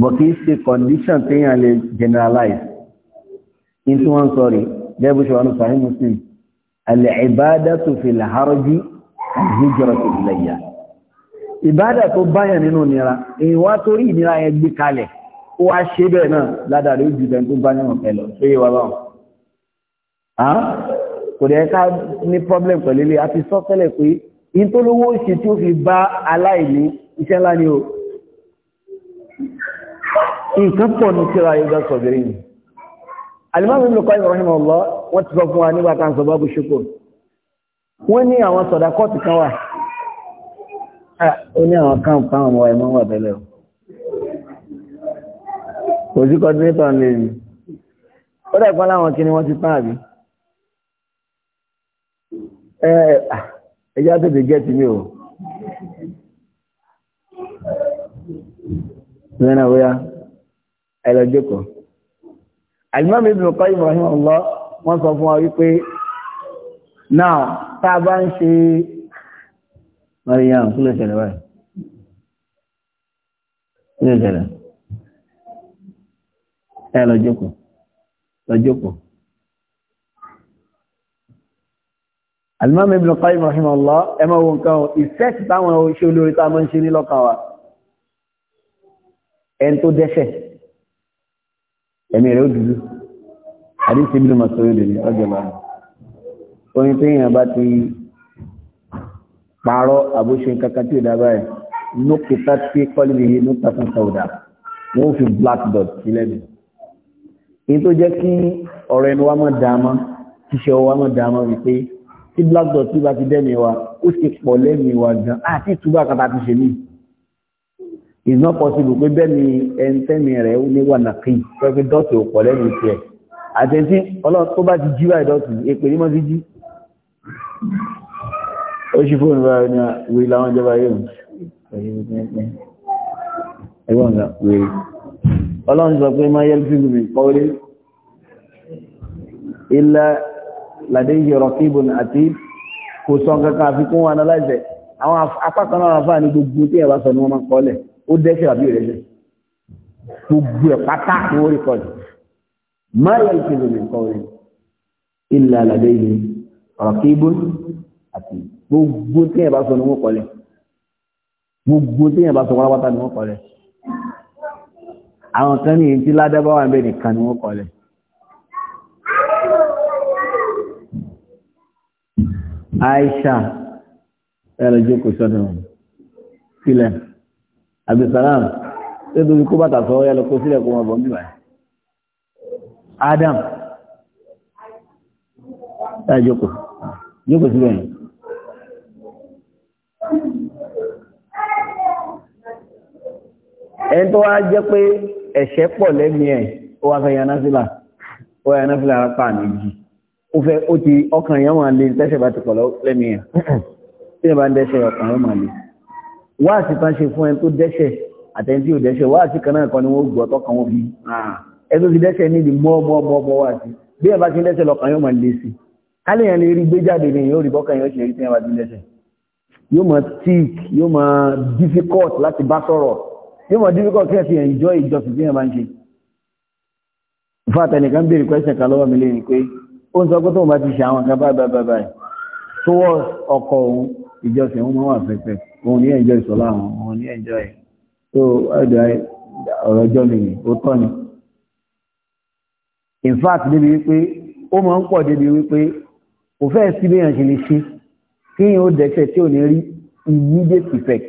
bọ̀ kìí ṣe condition téèyàn lè generalize in tí wọ́n sọ̀rí gẹ́gẹ́ bó ṣe wà ní sahih muslim al-ibadatu fil harji al-hijratu ilayya tó báyàn nínú nira èyí wá torí ìnira yẹn gbé kalẹ̀ ó wá ṣe bẹ́ẹ̀ náà ládàrí ojú ìdẹ̀ tó báyàn ọ̀fẹ́ lọ ṣé yé wa báwọn kò dẹ̀ ká ní problem pẹ̀lú ilé àti sọ́tẹ́lẹ̀ pé in tó lówó ṣe tí fi bá aláìní iṣẹ́ ńlá ni o nǹkan pọ̀ ní kíra yóò sọ̀gẹ̀rẹ̀ yìí alimami ibn Qayyim rahimahullah wọ́n ti sọ fún wa nígbà kan sọ̀bá bú ṣokò wọ́n ní àwọn sọ̀dá kan wà ní àwọn kan ọmọ ẹ̀mọ́ lọ́nà wíyá ẹlọ́jọ́kọ̀. alimami ibn Qayyim rahimahullah wọ́n sọ fún wa wípé náà tá a bá ń ṣe mariam kí ló ṣẹlẹ̀ báyìí kí ló ṣẹlẹ̀ ẹlọ́jọ́kọ̀ lọ́jọ́kọ̀. alimami ibn Qayyim rahimahullah ẹ máa wo nǹkan ìfẹ́ ti táwọn oṣù olórí tá ẹni tó dẹ́ṣẹ̀ ẹ̀mí rẹ̀ ó dúdú àdíṣe bí lọ́mọ sọ́yọ́ dèrè ọjọ́ bá orin tó yìnbọn bá ti pààrọ̀ àbóṣe kankan tí ò dábàá ẹ̀ nókìtà tí kọ́lìbì yìí nókìtà fún sọ̀dà wọ́n fi black dot sílẹ̀ bi èyí tó jẹ́ kí ọ̀rọ̀ ẹnu wa mọ̀ dààmú ṣíṣe ọwọ́ wa mọ̀ dààmú wípé tí black dot tí bá ti dẹ́mi wa ó sì pọ̀ lẹ́mi wa gan àti ìtúbà kàtà ti ṣe míì it's not possible pé bẹ́ẹ̀ ni ẹntẹ́mi rẹ̀ ó ní wà nàkí pẹ́pẹ́ dọ́tì òpọ̀ lẹ́nu tiẹ̀ àtẹ̀sí ọlọ́run tó bá ti jí wáyé dọ́tì èpè ní mọ́ sí jí ó ṣí fóònù bá ní wèé láwọn ìjọba yóò ẹgbọ́n ga wèé ọlọ́run sọ pé máa yẹ fífi mi kọ́lé ilẹ̀ làdé yọrọ kíbùn àti kò sọ nǹkan kan àfikún wa náà láìsẹ̀ àwọn apá kan náà wà fáà ní gbogbo tí ẹ̀ bá sọ ni wọ́n máa kọ́lẹ̀ ó dẹ́sẹ̀ àbí ìrẹsẹ̀ gbogbo ẹ̀ pátá ni wọ́n rí kọ́ọ̀dù máyà ìṣèlú nìkan rẹ̀ ilẹ̀ àlàdé yìí ọ̀rọ̀ kébù àti gbogbo tí ẹ̀ bá sọ ni wọ́n kọ́lẹ̀ gbogbo tí ẹ̀ bá sọ pátápátá ni wọ́n kọ́lẹ̀ àwọn kan ní èyí tí ládàbáwà ń bẹ nìkan ni wọ́n kọ́lẹ̀. Aisha ẹ̀rọ jókòó sọ́dọ̀ sílẹ̀. Abdulsalam tó dorí kó bàtà sọ ọ́ yá lọ kó sílẹ̀ kó wọn bọ̀ níbà yẹn Adam ẹ jókòó jókòó síbẹ̀ yẹn. ẹni tó wá jẹ́ pé ẹ̀ṣẹ̀ pọ̀ lẹ́mí ẹ̀ ó wá fẹ́ yan náfìlà ó yan náfìlà apá méjì ó fẹ́ ó ti ọkàn yẹn wà lé tẹ́ṣẹ̀ bá ti pọ̀ lẹ́mí ẹ̀ tí bá ń dẹ́ṣẹ̀ ọkàn yẹn wà lé wáàsí tán ṣe fún ẹni tó dẹ́ṣẹ̀ àtẹni tí ò dẹ́ṣẹ̀ wáàsí kan náà kan ni wọ́n gbọ́ tọ́kàn wọn fi ah. ẹni tó ti dẹ́ṣẹ̀ ní ìdí mọ́ mọ́ mọ́ mọ́ wáàsí bí ẹ bá ti dẹ́ṣẹ̀ lọ́kàn yóò máa le sí kálí yẹn lè rí gbé jáde ní yóò rí bọ́kàn yóò ṣe rí tí bá ti dẹ́ṣẹ̀ yóò máa thick yóò máa difficult láti bá sọ̀rọ̀ yóò máa difficult kí ẹ fi enjoy ìjọsìn tí ẹ bá ń ṣe fàtà nìkan béèrè question kan lọ́wọ́ mi lẹ́yìn pé ó ń sọ pé tóun bá ti ṣe àwọn kan báyìí báyìí báyìí towards ọkọ òun ìjọsìn òun máa wà pẹ́pẹ́ wọn ní ẹjọ́ ìsọ̀lá àwọn wọn ní ẹjọ́ ẹ̀ tó ẹ̀dọ̀ ọ̀rọ̀ ẹjọ́ mi ó tọ́ ni in fact débi wípé ó máa ń pọ̀ débi wípé kò fẹ́ sí bí èèyàn ṣe lè ṣe kí èèyàn ó dẹ́ṣẹ̀ tí ò ní rí immediate effect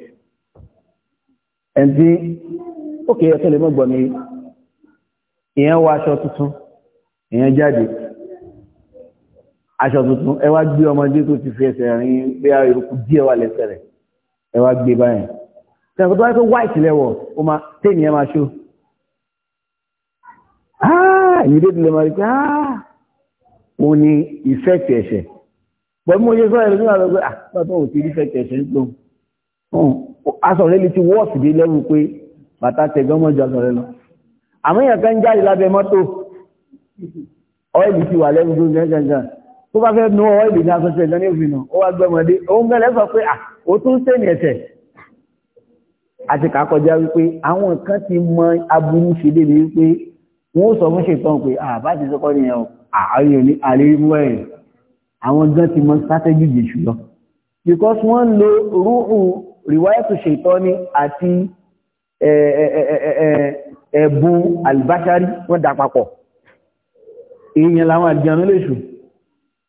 ẹni tí ókè ẹ̀kẹ́ lè mọ́gbọ̀n mi èèyàn wọ aṣọ tuntun èèyàn jáde aṣọ tuntun ẹ wá gbé ọmọdé tó ti fi ẹsẹ̀ rìn bí i eruku díẹ̀ wà lẹ́sẹ̀ rẹ̀ ẹ wá gbé báyìí tí a kò tó wáyé pé white lẹ́wọ̀ ó máa tẹ́ẹ̀nì ẹ máa ṣó ah, èyí tó tilẹ̀ máa rí pé ah, mo ní ìfẹ́ẹ̀tì ẹ̀ṣẹ̀ pẹ̀lú mo ṣe sọ ẹ̀rọ ah, nígbà tó pé àpá tó ò ti rí fẹ́ẹ̀tì ẹ̀ṣẹ̀ ń tó hmm, aṣọ rẹ̀ lè ti wọ́ọ̀sì dé lẹ́rù pé bàtà tẹ̀gbọ́n mọ́jọ aṣọ rẹ̀ lọ àmọ́ èèyàn kan jáde lábẹ́ mọ́tò ọ́ìlì ti wà lẹ́rù tó ń gẹ́gẹ́ gan tó bá fẹ́ nu ọ́ìlì ní aṣọ ó tún sẹ́ni ẹ̀sẹ̀ àti kàkọjá wípé àwọn kan ti mọ aburú ṣe débi wípé wọ́n sọ fún ṣètàn pé àbá ti sọ́kọ́ nìyẹn àárín òní àlérímú ẹ̀rìn àwọn gan ti mọ strategy jù jùlọ because wọ́n lo rúhù rìwáyàtò ṣètàn ni àti ẹ̀bùn àlùbáṣárí wọ́n dà papọ̀ èèyàn làwọn àdìyàn lóṣù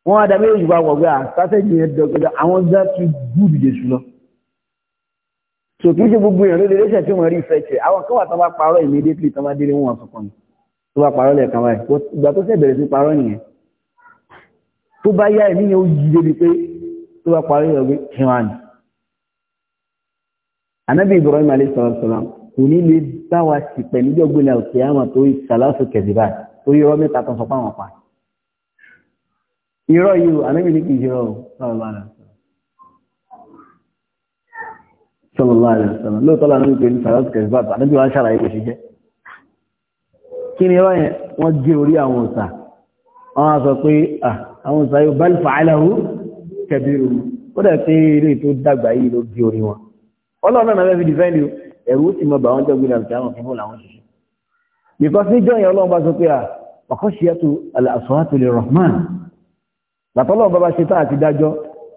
wọ́n wá dàbí èyí wá wọ̀gbẹ́ àtàtẹ́jì yẹn dọ̀gbẹ́dọ̀ àwọn dá ti gúdù jésù lọ so kì í ṣe gbogbo èèyàn ló lè léṣẹ̀ tí wọ́n rí ìfẹ́ tẹ̀ àwọn kan tán bá parọ́ immediately tán bá délé wọn sọ̀kan ni tó bá parọ́ lẹ́ẹ̀kan báyìí ìgbà tó sẹ̀bẹ̀rẹ̀ sí parọ́ nìyẹn tó bá yá ẹ̀mí yẹn ó yí débi pé tó bá parọ́ yẹn ọgbẹ́ kí wọ́n á nì. Ànábì Ibrahim alayhi salam kò ní lè irọ́ yìí ànábì ní kì í ṣe rọ̀ sallallahu alaihi wasallam lóòótọ́ lànà wípé ní sàrọ́sì kẹsìbàtà ànábì wọn ṣàlàyé kò ṣe jẹ́ kí ni irọ́ yẹn wọ́n gé orí àwọn òsà wọ́n á sọ pé ah, àwọn òsà yóò bal fa'alahu kabiru ó dẹ̀ pé eré tó dàgbà yìí ló gé orí wọn ọlọ́run náà fi dìfẹ́ǹdì ẹ̀rú ó sì mọ bàwọn jẹ́ gbìyànjú àwọn fífún làwọn ṣiṣẹ́ because níjọ́ yẹn ọlọ́run bá sọ pé àkọ́ṣe ah, yẹtù al-aswatu lirrahman bàtọ́lọ́ bàbá ṣe táà ti dájọ́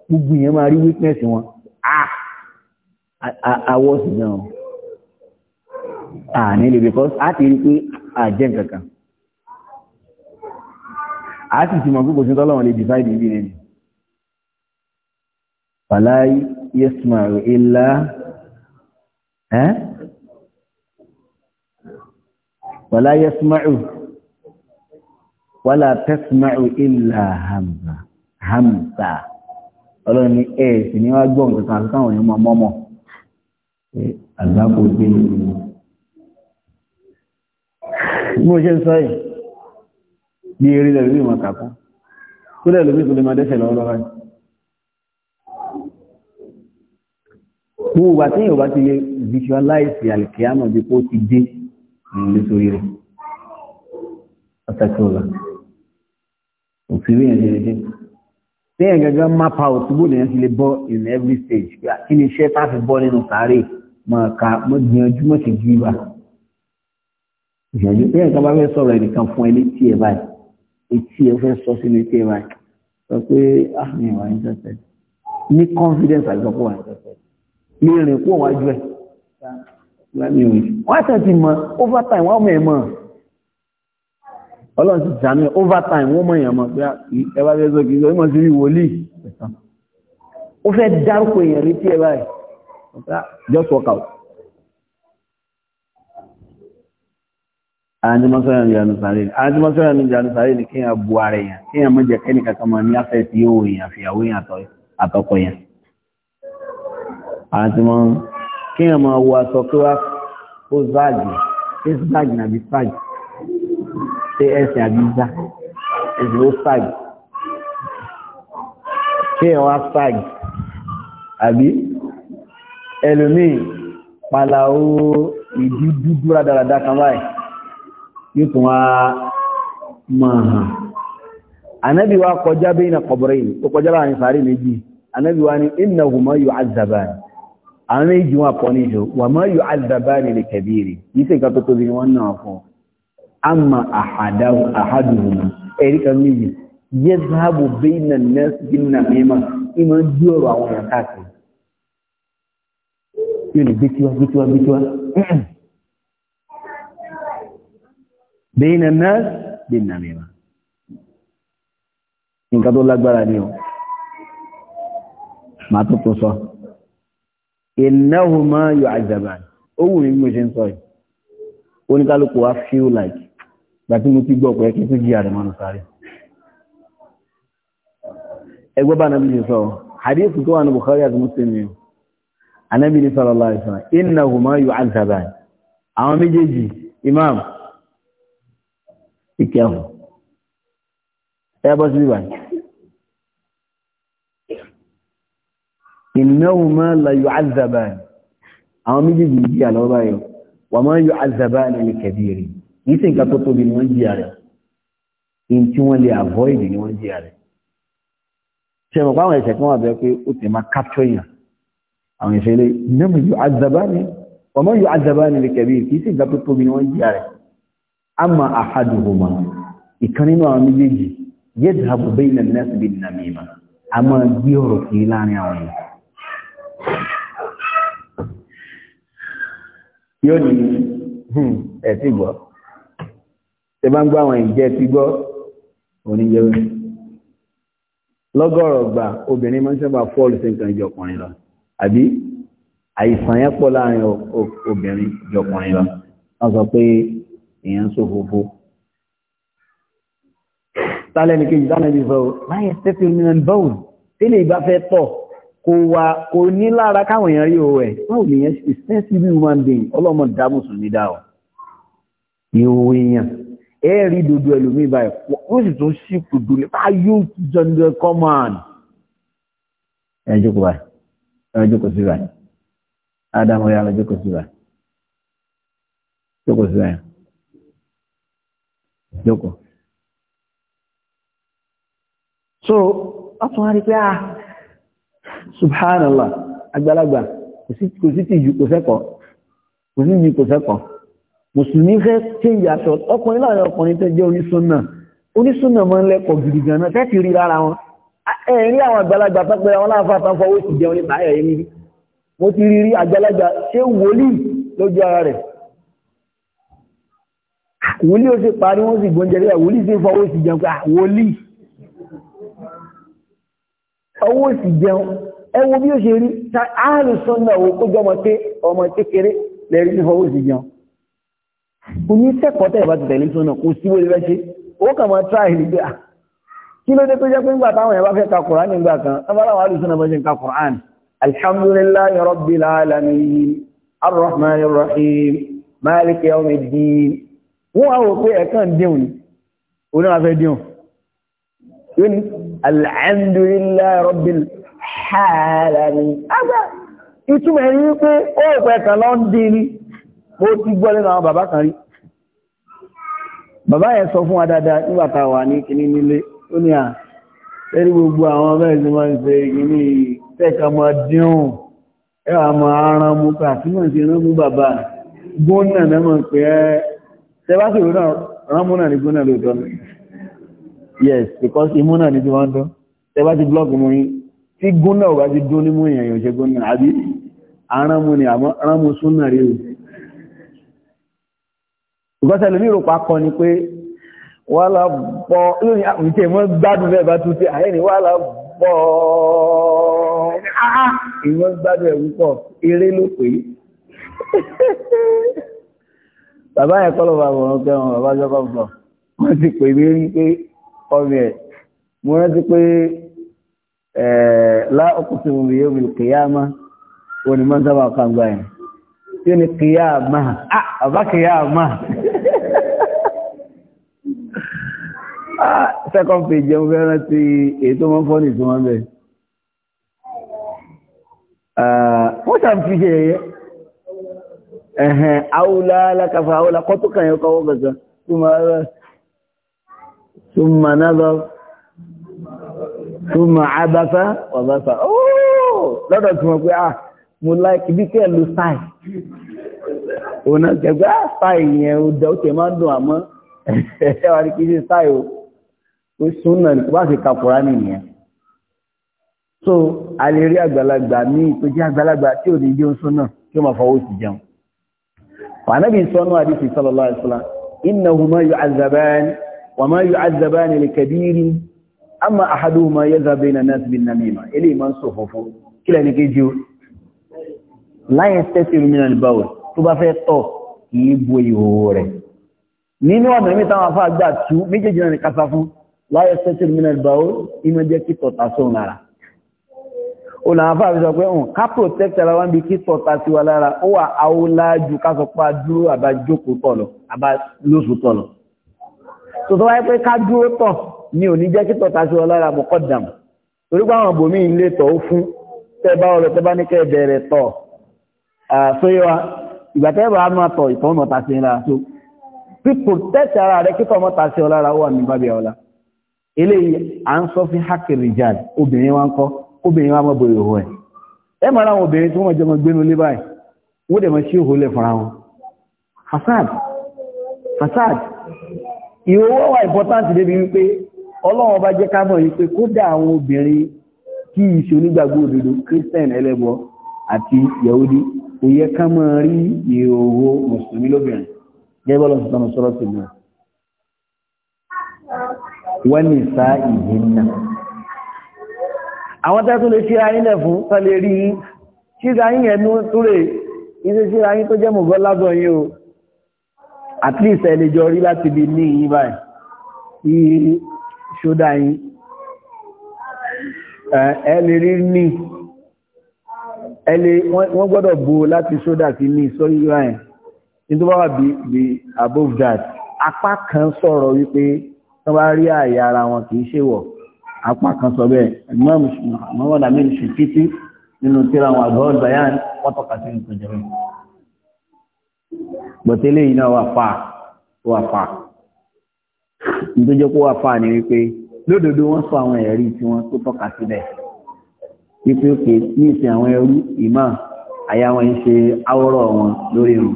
gbogbo yẹn máa rí weakness wọn àwọ̀ sí gan à nílé because a ti rí pé àjẹ́ nkankan a sì ti mọ̀ pé kò sí tọ́lọ́wọ̀n lè decide ibi rẹ̀ ni fàlàyé yẹ́sùmọ̀rù ilá ẹ́ wàlá yẹ́sùmọ̀rù wàlá tẹ́sùmọ̀rù ilá hamza hamsa ọlọ́run ní ẹ̀ sì ní wá gbọ́ nǹkan kan àti káwọn èèyàn máa mọ́mọ́ pé àgbákò dé bí mo ṣe ń sọ yìí ní eré lẹ́rú ìmọ̀ kàkọ́ tó lẹ́ lómi tó máa dẹ́sẹ̀ lọ́wọ́ lọ́wọ́ gbogbo ìgbà tí ti lè visualize alikiyama bí kò ti dé nítorí rẹ̀ ọ̀tàkì ọ̀la òfin rí ẹ̀jẹ̀ ẹ̀jẹ̀ téèyàn gangan map out bó lèyàn ti lè bọ́ in every stage kí ni iṣẹ́ tá a fi bọ́ nínú sáré máa ka mo gbìyànjú mo sì gbìyànjú ìgbìyànjú téèyàn kan bá fẹ́ sọ̀rọ̀ ẹnìkan fún ẹ létí ẹ báyìí etí ẹ fẹ́ sọ sínú etí ẹ báyìí sọ pé ah mi wà interested ní confidence àjọpọ̀ wà interested mi rìn kó wájú ẹ wọ́n á tẹ̀ ti over time wọ́n mọ̀ ẹ̀ mọ̀ ọlọ́run ti sàmì overtime wọ́n mọ̀ èèyàn mọ̀ pé ah, ẹwà fẹ́ sókè ìgbẹ́ mọ̀ sí rí wòlíì ó fẹ́ dárúkọ èèyàn rí tí ẹ báyìí ah, just work out àwọn ajímọ́sọ́rọ̀ ní ìyanu sáré ní ajímọ́sọ́rọ̀ ní ìyanu sáré ní kíyàn bu ara èèyàn kíyàn mọ́ jẹ́ kẹ́ni kankan mọ́ ní afẹ́ tí yóò èèyàn fìyàwó èèyàn àtọkọ èèyàn àwọn tí wọ́n kíyàn mọ́ wọ aṣọ kí wá ó záàgì kí záàgì nàbí záàgì ṣe ẹsẹ̀ àbíjá ẹsẹ̀ ó sag kí ẹ wá sag àbí ẹlòmíì pàlàó ìdí dúdú rádaràdá kan báyìí yóò tún wá máa hàn anabi wa kọjá bẹ́yìn kọbọrẹ́yìn ó kọjá láàrin sàárì méjì anabi wa ni iná hùmọ́ yóò azabani àwọn méjì wọn pọ̀ níjọ wà máa yóò azabani lè kẹbìrì yìí sì ká tó tóbi wọn náà fún amma ahaduhuma ẹ̀rí kan méjì yẹ záàbò bẹ́ẹ̀ nà nẹ́ẹ̀sì bí nà mẹ́mà ìmọ̀ ń dí ọ̀rọ̀ àwọn èèyàn káàkiri yóò ní gbétíwá gbétíwá gbétíwá bẹ́ẹ̀ nà nẹ́ẹ̀sì bí nà mẹ́mà nǹkan tó lágbára ni o màá tó tó sọ ìnáhùn máa yọ àjàbà ó wù mí bí mo ṣe ń sọ yìí oníkálukú wa feel like gbàtí mo ti gbọ́ pé kí tó jí àdàmọ́nù sáré ẹgbẹ́ bá nàbí sọ hadith tó wà ní Bukhari àti Muslim ni anábì ní sallallahu alaihi wasallam innahuma yu'adhaban wa ma yu'adhaban ní kabiri yìí sì nǹkan tó tóbi ni wọ́n jìyà rẹ̀ in tí wọ́n lè avoid ni wọ́n jìyà rẹ̀ ṣe mọ̀ pé àwọn ẹ̀ṣẹ̀ kan wà bẹ́ẹ̀ pé ó tẹ̀ máa capture yàn àwọn ẹ̀ṣẹ̀ lè nẹ́mọ̀ yóò àzàbá ni ọmọ yóò àzàbá ni lè kẹ̀bí kì í sì nǹkan tó tóbi ni wọ́n jìyà rẹ̀ ama ahaduhuma ìkan nínú àwọn méjèèjì yadhabu bayna an-nas bin namima a máa gbé ọ̀rọ̀ kiri láàrin àwọn yìí yóò ní hmm, ẹ̀sìn gbọ́ tẹ bá ń gbọ́ àwọn ìjẹ́ ti gbọ́ oníjẹwé lọ́gọ́rọ̀ gbà obìnrin máa ń sábà fọ́ọ̀lù sí nǹkan ìjọ ọkùnrin lọ àbí àìsàn yẹn pọ̀ láàrin obìnrin ìjọ ọkùnrin lọ wọ́n sọ pé èèyàn ń ṣòfófó tálẹ́ni kejì tánàbí sọ láyé stephen minan bowles tẹ́lẹ̀ ìgbafẹ́ tọ̀ kò wà kò ní lára káwọn èèyàn rí owó ẹ̀ báwo lèèyàn ṣe sensitive human being ọlọ́mọ dá mùsùlùmí dá ọ ìhòòhò ẹ̀ẹ́rí dodo ẹlòmíì báyìí ó sì tún sí dodo ní báyìí ó jọjọ kọ́mọ̀n ẹ jókòó báyìí ẹ jókòó sí báyìí ádámù yà lọ jókòó sí báyìí jókòó sí báyìí jókòó. so ọtún wá rí pé ah subhanallah àgbàlagbà kò sí tìjú kò sẹ́kọ̀ọ́ kò sí tìjú kò sẹ́kọ̀ọ́ mùsùlùmí fẹ́ change aṣọ ọkùnrin láàrin ọkùnrin tẹ́ jẹ́ onísúnà onísúnà máa ń lẹ́kọ̀ọ́ gidi gan-an tẹ́tì rí lára wọn ẹ̀rí àwọn àgbàlagbà pẹ́pẹ́ wọn láǹfà mo ti rí rí àgbàlagbà ṣé wòlíì lójú ara rẹ̀ wòlíì ó sì parí wọ́n sì gbóúnjẹ rẹ̀ wòlíì sì fọwọ́ sí jẹun pé ah, wòlíì ọwọ́ sì jẹun oníkẹ́kọ̀ọ́ tẹ̀ bá ti tẹ̀lé tó náà kò sí wọlé fẹ́ ṣe ó kàn máa tíráì níbi à kí ló dé tó jẹ́ pé nígbà táwọn èèyàn bá fẹ́ ka Qur'an nígbà kan abáláwà àlùsùn náà bá ṣe ń ka Qur'an alhamdulillahi rabbil alamin arrahmanir rahim maliki yawmiddin wọ́n á wò pé ẹ̀kan dìhùn ni mo ti gbọ́ lẹ́nu àwọn bàbá kan rí bàbá yẹn sọ fún wa dáadáa a wà ní kinní nílé ó ní à lẹ́rí gbogbo àwọn bẹ́ẹ̀ tí wọ́n ń ṣe kinní tẹ́ka mọ́ dínhùn ẹ wà mọ́ aran mú ká tí wọ́n ti rán mú bàbá gómìnà náà mọ̀ pé ẹ tẹ́básì rán rán múnà ní gómìnà yes because imúnà ní tí wọ́n ń dán tẹ́básì blọ́ọ̀kì mú yín tí gómìnà ò bá ti dún ní mú èèyàn yóò ṣe gómìnà àbí ni àmọ́ aran ìgbọ́sẹ̀ lómi ìròpá kan ni pé wà lábọ́ lónìí àmìtẹ̀ ah, mọ́ gbádùn rẹ̀ bá tún sí àyẹ́ni wà lábọ́ ìwọ́n gbádùn ẹ̀ púpọ̀ eré ló pé bàbá yẹn kọ́ ló bá wọ̀n kẹwọn bàbá jọba bọ̀ wọ́n ti pè mí rí pé ọmọ ẹ̀ mo rántí pé eh, láòkùnfin mi yóò mi kìyàmá onímọ̀ sábà kan yẹn yóò ní kìyàmá àbá kìyàmá second page jẹun fẹ́ràn ti ètò wọn fọ́ nìtò wọn bẹ̀ wọ́n sàm fi ṣe ẹ̀yẹ ẹ̀hẹ̀n àwòlá alákàfà àwòlá kọ́tù kan yẹ kọ́wọ́ kankan ثم نظر ثم عبث وبصر lọ́dọ̀ tí wọ́n pé ah mo láìkì bí kẹ́ ló sáì òun náà jẹ́gbẹ́ sáì yẹn ó dẹ̀ ó tẹ̀ máa ń dùn àmọ́ ẹwà ní kí ṣe sáì o ó sún náà ní wá sí kàkùrá nìyẹn so a lè rí àgbàlagbà míì tó jẹ́ àgbàlagbà tí ò ní jẹ́ oṣù náà tí ó máa fọwọ́ sí jẹun fàánàbí sọ́nù àdìsí sallallahu alaihi wasallam innahuma yu'azzabani wa ma yu'azzabani likabiri amma ahaduhuma yazhabu bayna an-nas bin namima eléyìí máa ń sòfòfò kílẹ̀ ní kéjì o láyẹn tẹ́sí ìrúmìnà ìbáwẹ̀ tó bá fẹ́ tọ̀ kìí bo ìhòòhò rẹ̀ nínú ọ̀nà ìmí táwọn afá gbà tú méjèèjì náà ní kásá fún láyẹn tẹ́sí ìrúmìnà ìbáwẹ̀ iná jẹ́ kí tọ̀tà sóun lára ó làwọn afá sọ pé òun ká protect ara wa ń wa lára ó wà áwòlájú ká sọ pé a dúró àbá jókòó tọ̀ lọ àbá lóṣù tọ̀ lọ tòtọ́ wáyé torí pé bòmí ilé tọ̀ ó fún tẹ́ bá ọ̀rọ̀ tẹ́ bá ní kẹ́ bẹ̀rẹ̀ tọ̀ sóyíwá ìgbàtẹ́ bá máa tọ̀ ìtọ́ ọmọ tàṣí ńlára tó pípò tẹ́tì ara rẹ̀ kíkọ́ ọmọ tàṣí ọlára wà ní bábí ọlá eléyìí à ń sọ fi hákì rìjàd obìnrin wa ń kọ́ obìnrin wa mọ́ bòrò ìhò ẹ̀ ẹ mọ̀ láwọn obìnrin tí wọ́n jẹ́ mọ́ gbénu lé báyìí wọ́n dẹ̀ mọ́ sí òhò lẹ̀ fúnra wọn fasad fasad ìhòòhò wà important Yahudi kò yẹ ká máa rí ìhòòhò mùsùlùmí lóbìnrin gẹ́gẹ́ bọ́lá sọ̀tàn sọ̀rọ̀ sí mi wọ́n ní sá ìhìn náà àwọn tẹ́tún lè ṣíra yín lẹ̀ fún tọ́lẹ̀ rí yín ṣíra yín ẹnu túrè iṣẹ́ ṣíra yín tó jẹ́ mọ̀gọ́ lábọ̀ yín o at lè jọ rí láti bí ní yín báyìí sí ṣódà yín ẹ lè rí ní ẹlẹ́ wọ́n gbọ́dọ̀ bo láti ṣódà sí ní sọ́yíra ẹ̀ nítorí wọ́n wà bí above that apá kan sọ̀rọ̀ wípé wọ́n bá rí àyà ara wọn kì í ṣe wọ̀ apá kan sọ bẹ́ẹ̀ mọ́wọ́n àmì ṣe títí nínú tíra àwọn àgbọ̀ bayan wọ́n tọ́ka sí nǹkan jẹ́ bẹ́ẹ̀. bọ̀tẹ́lẹ̀ yìí náà wà fà wà fà nítorí kó wà fà ní wípé lódodo wọ́n sọ àwọn ẹ̀rí tí wọ́n tó tọ́ka sí bẹ́ẹ̀ wípé òkè ní ìsìn àwọn ẹrú ìmá àyà wọn ń ṣe áwọ́rọ̀ wọn lórí wọn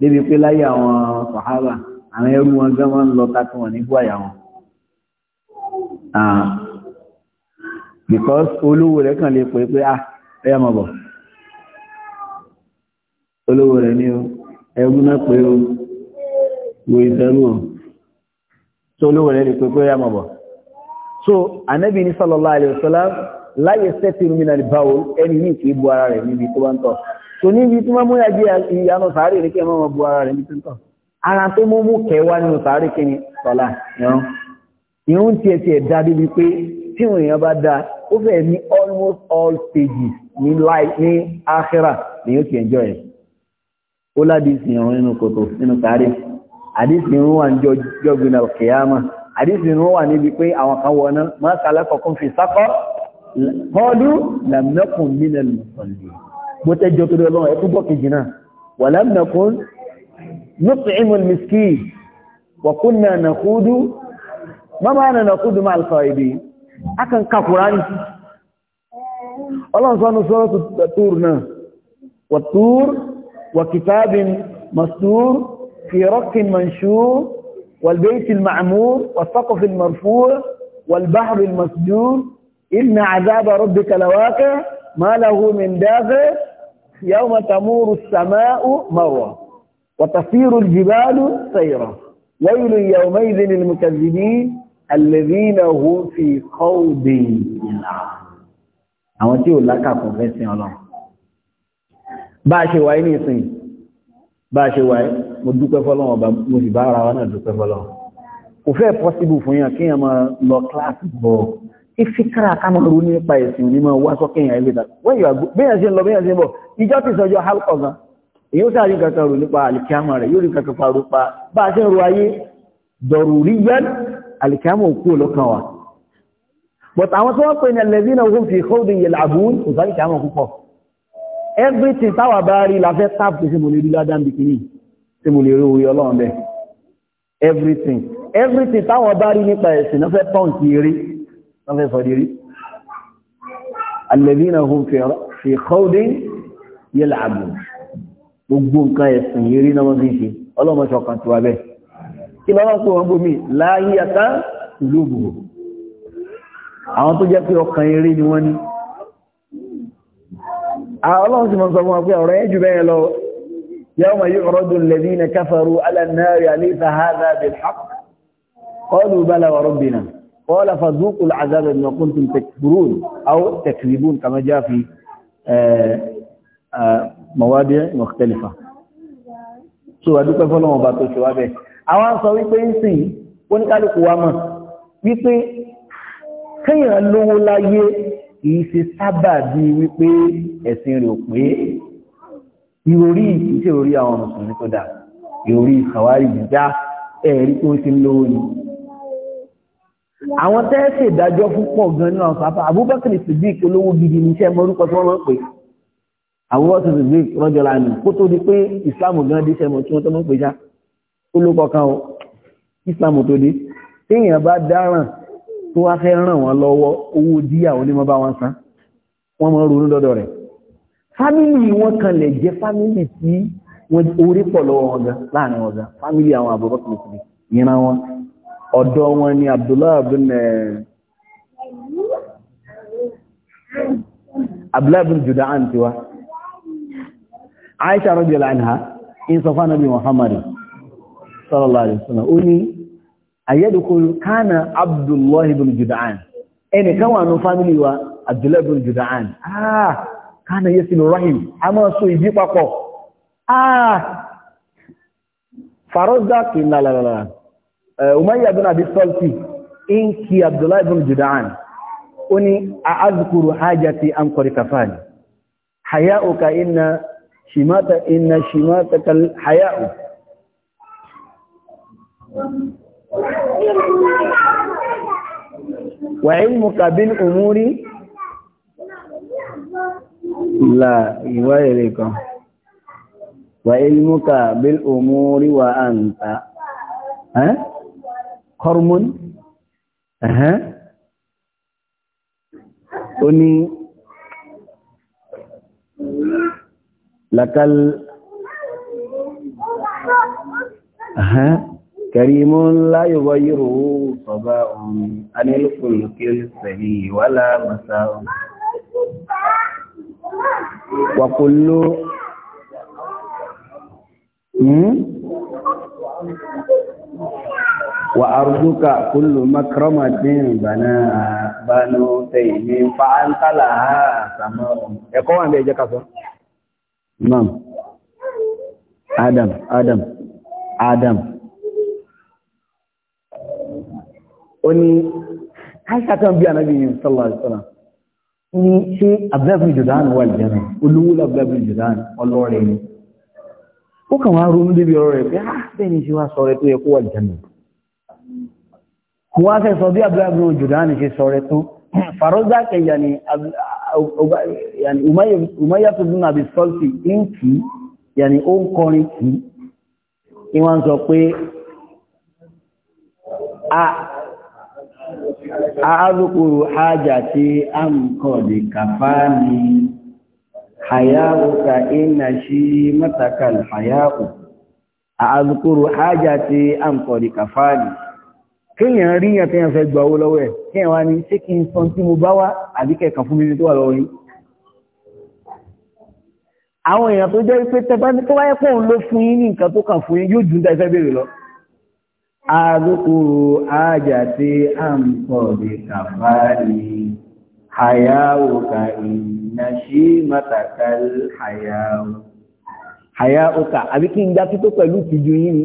débi pé láyé àwọn sàhábà àwọn ẹrú wọn gán wọn ń lọ tàkì wọn níbú àyà wọn. because olówó rẹ̀ kàn lè pè pé ah ẹyà mọ̀ bọ̀ olówó rẹ̀ ni o ẹrú náà pé o wo ìtẹ́rù o so olówó rẹ̀ lè pè pé ẹyà mọ̀ bọ̀ so anabi ní sallallahu alaihi wasallam láyé sẹ́tìrì mi náà bá ẹni ní kìí bu ara rẹ̀ níbi tó bá ń tọ̀ tó níbi tí wọ́n mú yàgbé ìyanu sàárè ní kí wọ́n máa bu ara rẹ̀ níbi tó ń tọ̀ ara tó mú mú kẹwa nínú sàárè kí ni sọlá yẹn ìhun tiẹ̀ tiẹ̀ dá débi pé tí wọn èèyàn bá dá ó fẹ́ ní almost all stages ní láì ní áhírà ni yóò ti ẹjọ́ ẹ̀ ó ládìsí ìrún nínú kòtò nínú sàárè àdìsí ìrún wà ní jọ́gbìn alkiyama àdìsí ìrún wà níbi pé àwọn kan wọná máa kàlákọ̀ọ́kún fi قالوا لم نكن من المصلين متجوت الله يطبق جنا ولم نكن نطعم المسكين وكنا نخوض ما معنى نخوض مع الخائبين اكن كقران الله سبحانه سورة الطورنا والتور وكتاب مستور في رق منشور والبيت المعمور والسقف المرفوع والبحر المسجور إن عذاب ربك لواقع ما له من دافع يوم تمور السماء مروى وتصير الجبال سيرا ويل يومئذ للمكذبين الذين هم في خوض àwọn tí ò lákàkùn fẹ́ sin ọlọ́run bá a ṣe wáyé ní ìsìn bá a ṣe wáyé mo dúpẹ́ fọ́lọ́run ọba mo sì bá ara wa náà dúpẹ́ fọ́lọ́run kò fẹ́ possible fún yàn kí yàn máa lọ kíláàsì bọ̀ọ̀ tí fíkàrà kánà rú nípa ẹ̀sìn ní máa wá sọ́kẹ̀yàn ẹgbẹ́ta wọ́n yóò bẹ́yàn sí lọ bẹ́yàn sí bọ̀ ìjọ́ ti sọjọ́ halkọ̀ gan èyí ó sáà rí kankan rò nípa alìkíámà rẹ̀ yóò rí kankan faru pa bá a ṣe ń ro everything táwa bá rí la fẹ́ tap sí mo lè rí ládàá bikini sí mo lè rí orí ọlọ́run everything everything táwa bá rí nípa ẹ̀sìn náà fẹ́ tọ́ǹkì wọ́n fẹ́ sọ di rí alladhina hum fi khawdin yal'abun gbogbo nǹkan ẹ̀sìn yìí rí náà wọ́n fi ń ṣe ọlọ́mọṣọ kan tiwa bẹ́ẹ̀ kí lọ́wọ́ pé wọ́n bomi láàyè àtá ìlú òbúrò àwọn tó jẹ́ pé ọkàn eré ni wọ́n ní ọlọ́run sì mọ́ sọ fún wọn pé ọ̀rọ̀ ẹ́ jù bẹ́ẹ̀ lọ يوم يعرض الذين كفروا على النار أليس هذا بالحق قالوا بلى وربنا قال فذوقوا العذاب بما كنتم تكفرون أو تكذبون كما جاء في مواضع مختلفة so adúpẹ́ fọ́lọ́wọ́n bá tó ṣe wá bẹ́ẹ̀ àwọn sọ wípé ń sìn oníkálùkù wa mọ̀ wípé kéèyàn lówó láyé kìí ṣe sábà bí wípé ẹ̀sìn rẹ̀ ò pé ìròrí ìṣe ìròrí àwọn mùsùlùmí tó dà ìròrí ìkàwárí jíjá ẹ̀rí tó ti ń lówó ni àwọn tẹ́ẹ̀sì ìdájọ́ púpọ̀ gan ní àwọn sáfà Abubakar Siddiq olówó gidi ní iṣẹ́ mọ́rúkọ tí wọ́n mọ́ pé Abubakar Siddiq rọ́jọ́ lánàá kó tó di pé Islam gan dé iṣẹ́ mọ́ tí wọ́n tó mọ́ pé ṣá ó ló kọ̀ọ̀kan o Islam tó dé téèyàn bá dáràn tó wá fẹ́ ràn wọ́n lọ́wọ́ owó díyà onímọ̀ bá wọn san wọ́n mọ̀ ronú dọ́dọ̀ rẹ̀ fámìlì wọn kan lè jẹ́ fámìlì tí wọ́n orí pọ̀ lọ́wọ́ wọn gan láàrin wọn gan fámìlì àwọn Abubakar Siddiq ìran wọn ọ̀dọ̀ wọn ni Abdullahi bin eh, Abdullahi bin Juda'an ti wá Aisha radiyallahu anha in safa nabi Muhammad sallallahu alaihi wasallam ó ní ayadukul kana Abdullahi bin Juda'an ẹni kan wà no family wa Abdullahi bin Juda'an ah kana yasilu rahim ama so ibi papọ̀ ah farodak la la la ومن يبنى بالصلتي إنكي عبد الله بن جدعان أني أذكر حاجتي أمقر كفاني حياؤك إن شماتة إن شماتة الحياء وعلمك بالأمور لا إليك وعلمك بالأمور وأنت ها قرم أها أني لك ال أها كريم لا يغيره صباء أن الفلك السهي ولا مساء وكل وأرجوك كل مكرمة بنا بنو تيم فأنت لها سماء يقوم أن بيجي كسر نعم آدم آدم آدم أني عايشة كان بي النبي صلى الله عليه وسلم ni ṣe abdullahi jordan wà jẹ́rẹ̀ olówó abdullahi jordan ọlọ́rẹ̀ ni ó kàn wá ronú débi ọ̀rọ̀ rẹ̀ pé á ah, bẹ́ẹ̀ ni ṣe wá sọ rẹ̀ tó yẹ kó wà jẹ́rẹ̀ kò wá fẹ́ sọ bí abúlábùn òjòdánì ṣe sọ rẹ̀ tó faroza kẹyà ni umayya tó dún àbí sọ́lfì ń yàní ó ń kọrin kì í ni wọ́n sọ pé a arúkúrú hajjá tí a ń kọ̀ lè kàfá ni hayáwùka iná sí mọ́tàkàl hayáwù a arúkúrú hajjá tí a ń kọ̀ lè kàfá ni kéèyàn rí yàn tẹ́yàn fẹ́ gbà owó lọ́wọ́ ẹ̀ kéèyàn wá ní ṣé kí n san tí mo bá wá àbí kẹ̀kàn fún mi tó wà lọ́wọ́ yìí. àwọn èèyàn tó jẹ́ pé tẹ́gbá ní tó wáyé pọ̀ ń ló fún yín ní nǹkan tó kàn fún yín yóò dùn dáìfẹ́ béèrè lọ. alukoro ajá àbí kí n dá tító pẹ̀lú ìtìjú yín ni.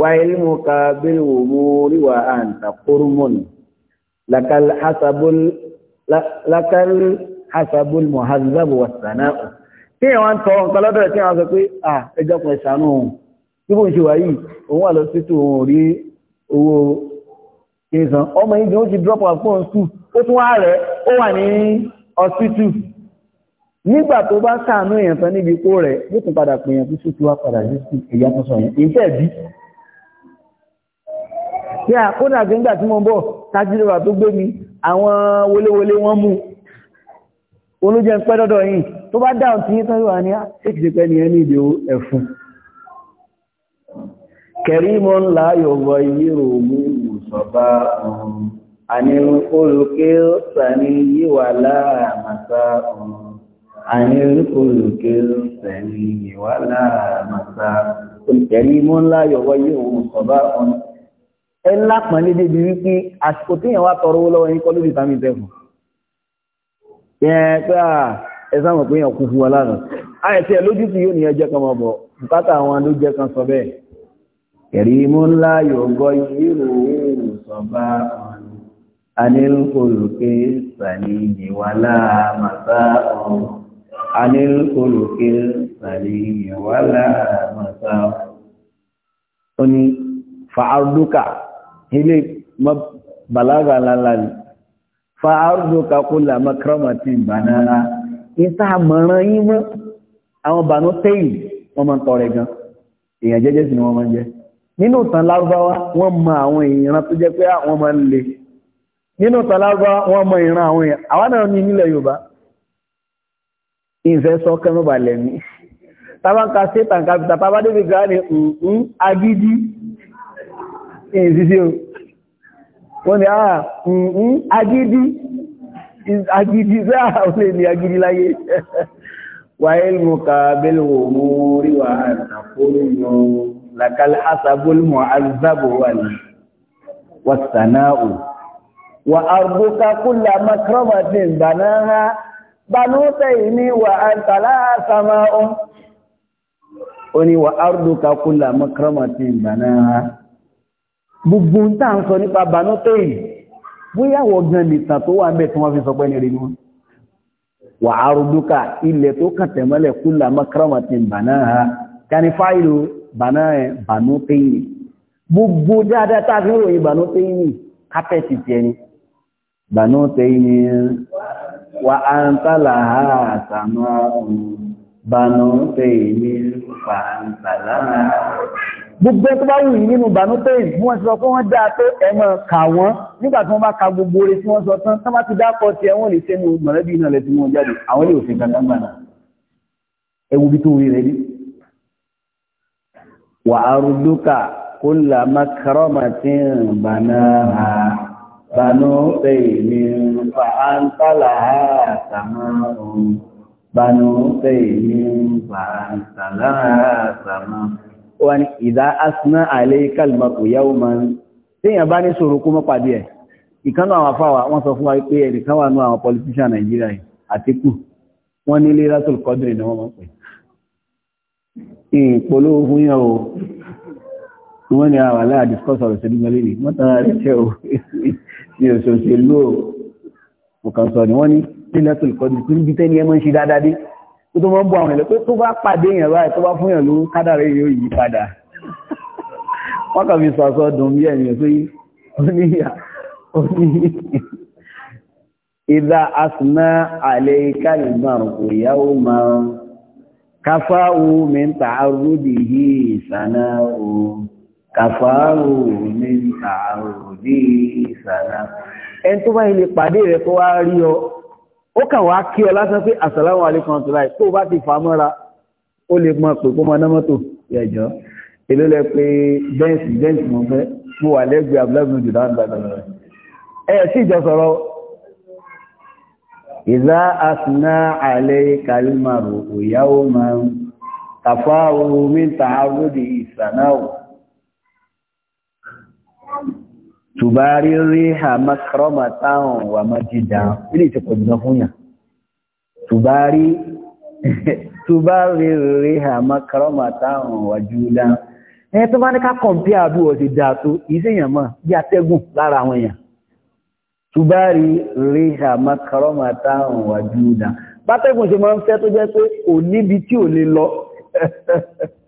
وعلمك بالأمور وأنت قرم لك الحسب لك الحسب المهذب والثناء kí wọ́n tọ́ nǹkan lọ́dọ̀ tí wọ́n sọ pé à ẹjọ́ kan ìṣàánú ohun tí bó ń ṣe wà yìí òun wà lọ sí tó òun rí owó ìsàn ọmọ yìí ó ti drop out fún school ó tún wá rẹ̀ ó wà ní hospital nígbà tó bá ṣàánú èèyàn tán níbi ipò rẹ̀ yóò tún padà pèèyàn tó ṣètò wá padà sí ìyá tó sọ yẹn ìfẹ́ bí pé àkódà ah, gẹ́gbà tí mo bọ̀ tájírọ̀bà tó gbé mi àwọn wọléwọlé wọ́n mú olójẹ́ ń pẹ́ dọ́dọ̀ yìí tó bá dáhùn tí yíká yíwa ní ah, ṣékìṣẹ́pẹ́ ni ẹni ìdè ẹ̀fún kẹrí mọ́ ńlá yọ̀bọ̀ yíro mú ìwòsọ̀bá ọ̀run um, àní ẹ lápọ̀nlé débi wípé àsìkò tí èèyàn wá tọrọ owó lọ́wọ́ yín kọ́ lórí ìtàmì ìtẹ́fù yẹn pé à ẹ sáwọn pé èèyàn kú fún wa lánàá àìsí ẹ lójú tí yóò ní ẹjẹ kan ọbọ bùkátà àwọn ló jẹ kan sọ bẹ́ẹ̀ kẹrí mú ńlá yóò gbọ ìrò èrò sọba anilkoloke sani ìwàlá màtá ọrùn anilkoloke sani ìwàlá màtá ọrùn ó ní fàádùkà ilé bàlágà ńláńlá ni fa arzuka kula makramatin banana ìta àmọ̀ràn yín mọ́ àwọn bànú tẹ́yìn wọ́n máa ń tọrẹ gan èèyàn jẹ́jẹ́ sí ni wọ́n máa ń jẹ́ nínú ìtàn lárúbáwá wọ́n mọ àwọn ìran tó jẹ́ pé àwọn máa ń le nínú ìtàn lárúbáwá wọ́n mọ ìran àwọn èèyàn àwa náà ní nílẹ̀ yorùbá ìfẹ́ sọ kẹ́mọ́bà lẹ́mí tábà ń ka sétan kápítà tábà débi gáà ní agidi? ìsìsí o wọ́n ni àà ń agidi agidi sáà olè ní agidi láyé wáyé mú ka bẹ́lẹ̀ wò mú rí wà àtàkùnrin nù làkàlẹ̀ àtàbólmọ̀ azábò wà ní wàtànáà wà àrùbùkà kúlà makramatin banúta ìní wà àtàlá samáà ó ní wà àrùbùkà kúlà makramatin gbogbo ń tàà ń sọ nípa bànú tẹ́yìn bóyáwọ̀ gan nìtàn tó wà ń bẹ̀ tí wọ́n fi sọ pé ní rí wọn wà á rúdúkà ilẹ̀ tó kàn tẹ̀mọ́lẹ̀ kúlà mọ́kàràmọ́tì bàná ha kání fáìlù bàná ẹ̀ bànú tẹ́yìn gbogbo dáadáa tá a fi ròyìn bànú tẹ́yìn kápẹ́ẹ̀tì tiẹ̀ ni bànú tẹ́yìn wà á ń tàlà ha àtàmọ́ bànú tẹ́yìn wà á ń tàlà ha gbogbo tó bá wù yí nínú ìbànú pẹ́yìn bí wọ́n sọ pé wọ́n dáa tó ẹmọ kà wọ́n nígbà tí wọ́n bá ka gbogbo orí tí wọ́n sọ tán tán bá ti dákọ̀ tí ẹ̀wọ̀n lè ṣe ní mọ̀lẹ́bí náà lẹ́tí wọn jáde àwọn lè òfin kankan wọ́n ni ìdá asná alaykal mar'u yawman tíyàn bá ní ṣòro kó mọ́pàdé ẹ̀ ìkánú àwọn afáwà wọ́n sọ fún wa pé ẹ̀rìkan wà ní àwọn politician Nàìjíríà yìí Àtíkù wọ́n ní Lailatul Qadri ni wọ́n mọ̀ pé ìpolówó fún yàn o wọ́n ni àwọn aláà tó mọ́ ń bọ́ àwọn ẹ̀lẹ́pẹ́ tó bá pàdé èèyàn báyìí tó bá fún èèyàn ló kádàrá yóò yí padà wọ́n kàn fi sọ̀sọ́ dùn bí ẹ̀yìn pé oníyà oní ìdá asùnà àlẹ́ kálíbàn kò yáwó máa ń káfá o ẹni tó bá ilé pàdé rẹ̀ kó wá rí ọ ó kàn wá kí ọ lásán pé àsàlámù aláìkùm tó láì tó bá ti fà mọ́ra ó lè mọ̀ pé kó mọ nọ́mọ́tò ẹ̀jọ́ èló lẹ pé bẹ́ǹsì bẹ́ǹsì mọ̀ fẹ́ mo wà lẹ́gbẹ̀ẹ́ abúlẹ́gbẹ̀ẹ́ jù dáadáa dáadáa ẹ̀ sì jọ sọ̀rọ̀ ìzá asìnà àlẹ́ kalimaru òyàwó máa ń tàfáà omi tààrùdì ìsànáwò tùbárí rí àmàkọ́rọ́mà táwọn wà ini ti dà nílé ìṣẹ̀pọ̀ jùlọ fún yàn tùbárí tùbárí rí àmàkọ́rọ́mà táwọn wà jùlọ ẹ tó bá ní ká kọ̀m̀pí àbí ọ̀sẹ̀ dà tó ìṣèyàn mọ̀ bí atẹ́gùn lára àwọn èèyàn tùbárí rí àmàkọ́rọ́mà táwọn wà jùlọ bátẹ́gùn ṣe máa ń fẹ́ tó jẹ́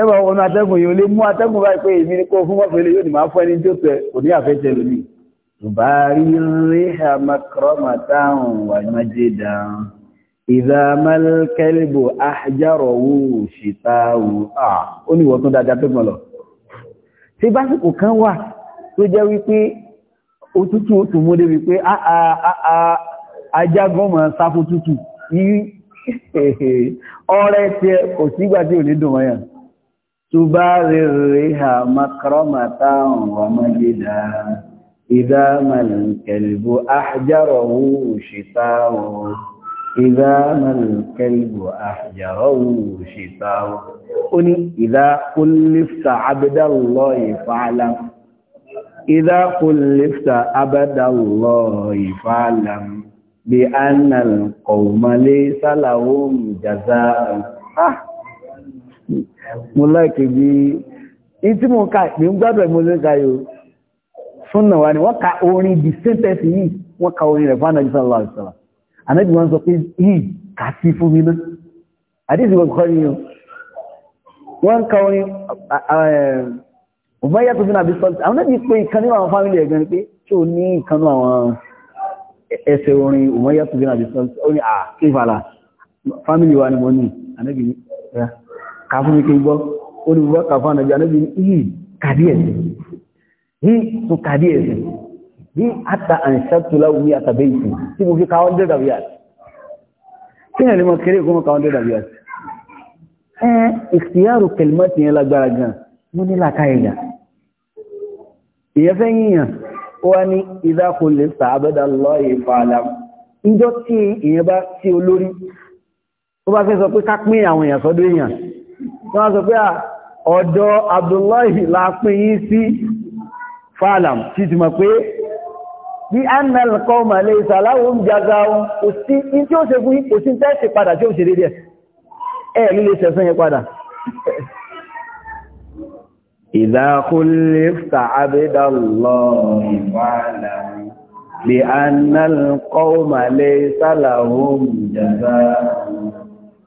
ẹwà ọ̀nà atẹ́gùn yìí ó lè mú atẹ́gùn báyìí pé èmi ní kó fún wọ́pẹ́ ilé yóò ní máa fún ẹni tí ó tẹ òní àfẹ́tẹ̀ lómi tùbárí ríhà makrọ́màtáhùn wà májèdán ìdá málkẹ́lìbò àjárọ̀wò ṣìtáwò ó ní ìwọ̀tún dáadáa tó gbọ́n lọ tí básìkò kan wà tó jẹ́ wípé òtútù ó tún mú dé wípé ajagun mọ̀ sáfótútù yí ọ̀rẹ́ tiẹ̀ kò sígbà tí ò ní dùn mọ́yàn تباغي الريح مكرمة ومجدا إذا ما الكلب أحجره شتاء إذا ما الكلب أحجره شتاء أني إذا كلفت عبد الله فاعلم إذا كلفت عبد الله فاعلم بأن القوم ليس لهم جزاء mo láìkè e bí i tí mo ká ìpín gbádùn e, mo lè káyò súnà wa ni wọ́n ka orin the sentence yìí wọ́n ka orin rẹ̀ fún anabi sallallahu alaihi wasallam anabi wọn sọ pé yìí kà sí fún mi náà àdéhùn wọn kọ́ ni o wọ́n ka orin ọ̀bá yàtọ̀ fún àbí sọ́ọ̀tì àwọn náà ti pé ìkan nínú àwọn fámìlì ẹ̀gbọ́n ni pé tí ò ní ìkan nínú àwọn ẹsẹ̀ orin ọ̀bá yàtọ̀ fún àbí sọ́ọ̀tì ó ní à kí fàlà fámìlì wa ni mo ní ká fún mi kí n gbọ́ ó ní bọ́ ká fún ànàbí ànàbí yìí kàdí ẹ̀sìn yìí tún kàdí ẹ̀sìn yìí àtà àǹṣàtúlá omi àtàbẹ́ ìsìn tí mo fi káwọn dé dàbí àti kí ni mo kéré kó mo káwọn dé dàbí àti ẹ ìsìyàrò kẹlìmọ́tì yẹn lágbára gan mo ní làkàyè gan ìjọ tí èèyàn bá tí olórí ó bá fẹ́ sọ pé ká pín àwọn èèyàn sọ́dọ̀ èèyàn wọ́n sọ pé ọ̀dọ̀ Abdullahi lápín yí sí fàlàm tí ti mọ̀ pé bí annal kọmà lè sàláwò ń jaga ohun kò sí in tí ó ṣe fún kò sí tẹ́ẹ̀sì padà tí ó ṣe dédé ẹ̀ lílé sẹ̀sán yẹn padà ìdákúlẹ̀fà abẹ́dàlọ́rì fàlàm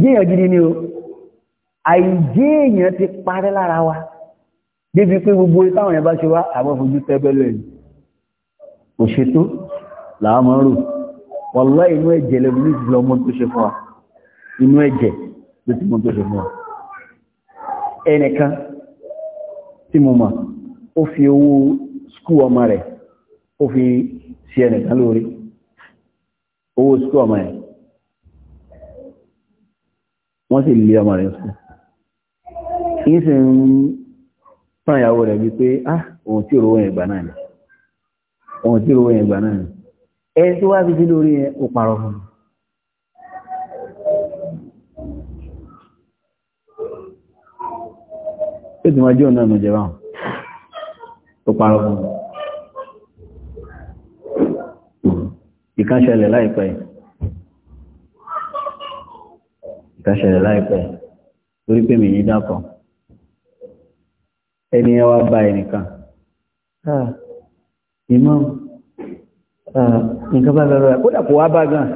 jíyàn gidi ni o àìjíyàn ti parẹ́ lára wa débi pé gbogbo ìtàwọn yẹn bá ṣe wá àwọn fojú tẹ́bẹ́lú ẹ̀yìn òṣètò làwọn rò wọ́lá inú ẹ̀jẹ̀ lẹ́bù ní ìjìlọ ọmọ tó ṣe fún inú ẹ̀jẹ̀ ló tó ṣe fún wa wọ́n sì lè ọmọ rẹ̀ sùn yìí sì ń tán ìyàwó rẹ̀ bí pé ah òun tí òrówó yẹn gbà náà ni òun tí òrówó yẹn gbà náà ni ẹ tó wá fi sí lórí yẹn ó parọ́ fún mi. ó ti máa jẹ́ náà nù jẹba ó parọ́ fún mi. ìkan láìpẹ́ yìí. kan ṣẹlẹ̀ láìpẹ́ lórí pé mi ní dákọ̀ ẹni ẹ wá bá ẹnìkan imam nǹkan bá bẹ̀rẹ̀ rẹ̀ kódà kò wá bá gan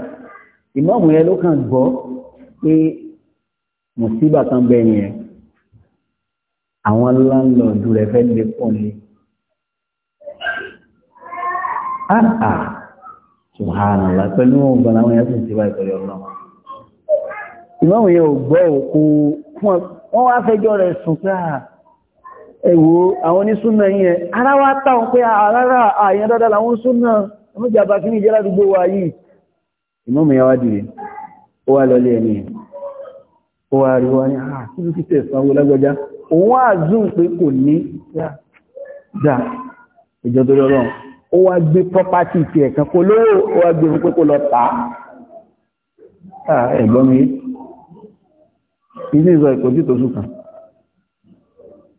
imam yẹn ló kàn gbọ́ pé mùsíbà kan bẹ yẹn àwọn láńlọ́ọ̀dù rẹ̀ fẹ́ lè pọ̀ lé ah ah subhanallah pẹ̀lú ọgbọ̀n àwọn yẹn sì ti wá ìpẹ̀lẹ̀ ọlọ́run ìmáàmù yẹn ò gbọ́ òkú wọ́n wá fẹjọ́ rẹ̀ sùn pé ah, ẹ̀wò àwọn onísúnà yẹn ara wá táwọn pé àrára ah, ah, àyẹn dáadáa láwọn súnà ọmọjàbá kí ní ìjẹ́ ládùúgbò wa yìí ìmáàmù yẹn wá dìde ó wá lọlé ẹni ó wá rí wá ní àkíkú títẹ̀ sanwó lágbàjá òun wá zoom pé ní dá ìjọ tó lọ́rọ̀ ó wá gbé property ti ẹ̀kan kó lówó ó wá gbé fún pé kó ilé ìzọ ìpọ̀jú tó sùkàn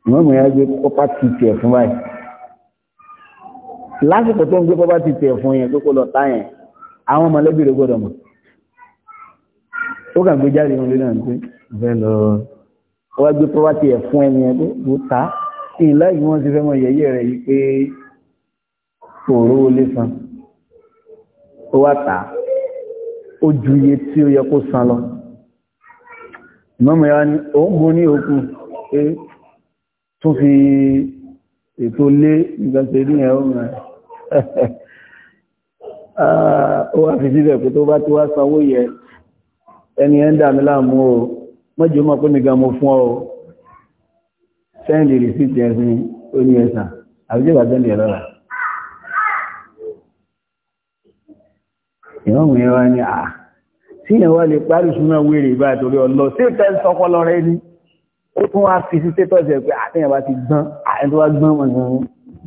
ìmọ̀mù yẹn gbé pọ́pá ti tiẹ̀ fún báyìí lásìkò tó ń gbé pọ́pá ti tiẹ̀ fún yẹn pé kó lọ tá yẹn àwọn mọ̀lẹ́bí rẹ̀ gbọ́dọ̀ mọ̀ ó kàn gbé jáde wọn lórí àǹtí ìfẹ́ lọ wá gbé pọ́pá ti ẹ̀ fún ẹni yẹn pé kó ta ìlà yìí wọ́n ti fẹ́ mọ yẹ̀yẹ́ rẹ̀ yìí pé tòró lé san ó wá tà á ó ju iye tí ó yẹ kó san lọ ìmọ́mù ya ni ó ń gún ní okùn pé tó fi ètò lé ìgbàṣẹ́ ní ẹ̀họ́ mẹ́rin ah, ó wá fi síbẹ̀ pé tó bá tí wá sanwó yẹ ẹni ẹ́ ń dà mí láàmú o mọ́jú mọ́ pé mi gan mo fún ọ sẹ́ndì rìsíìtì ẹ̀sìn ó ní ẹ̀sà àbíjẹ́ àà tí yẹn wá lè parí súnmọ́ wèrè ìbá torí ọlọ́ sí ìfẹ́ sọ́kọ́ lọ́rẹ́ ní ó tún wá fi sí tẹ́tọ̀ ṣe pé àtẹ̀yìn bá ti gbọ́n àyẹ̀ tó wá gbọ́n wọn gan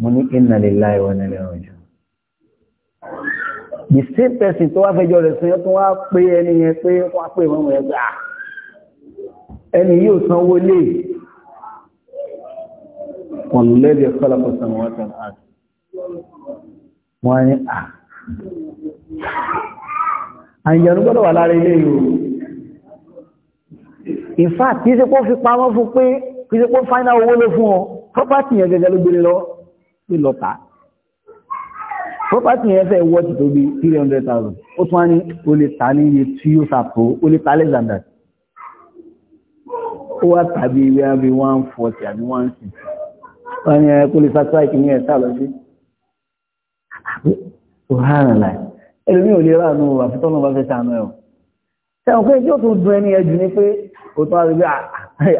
mo ní inna lillahi wa inna ilayhi raji'un. the same person tó wá fẹjọ́ rẹ̀ sọ yẹn tó wá pé ẹni yẹn pé wá pé wọn yẹn gbà ẹni yóò sanwó lé wọn lẹ́bi khalaqa samawati wal wọn ni à àìjẹ̀nú gbọ́dọ̀ wà lára ilé yìí in fact kìí ṣe kó fi pamọ́ fún pé kìí ṣe kó fáínà owó ló fún ọ property yẹn gẹ́gẹ́ ló gbé lọ sí lọ́ta property yẹn fẹ́ wọ́ọ̀tì tó bí three hundred thousand ó tún wá ní o lè ta ní iye tí ó ṣàpò o lè ta alexander ó wá tàbí ìwé àbí one forty àbí one sixty wọ́n ní ẹ kó lè satisfy kìíní ẹ̀ sá lọ sí. Subhanallah ẹlòmí ò lè ráàánú àfi tọ́nà bá fẹ́ sànú ẹ̀ sẹ́wọ̀n pé yóò tún dun ẹni ẹjù ni pé kò tún àrùn bí ah,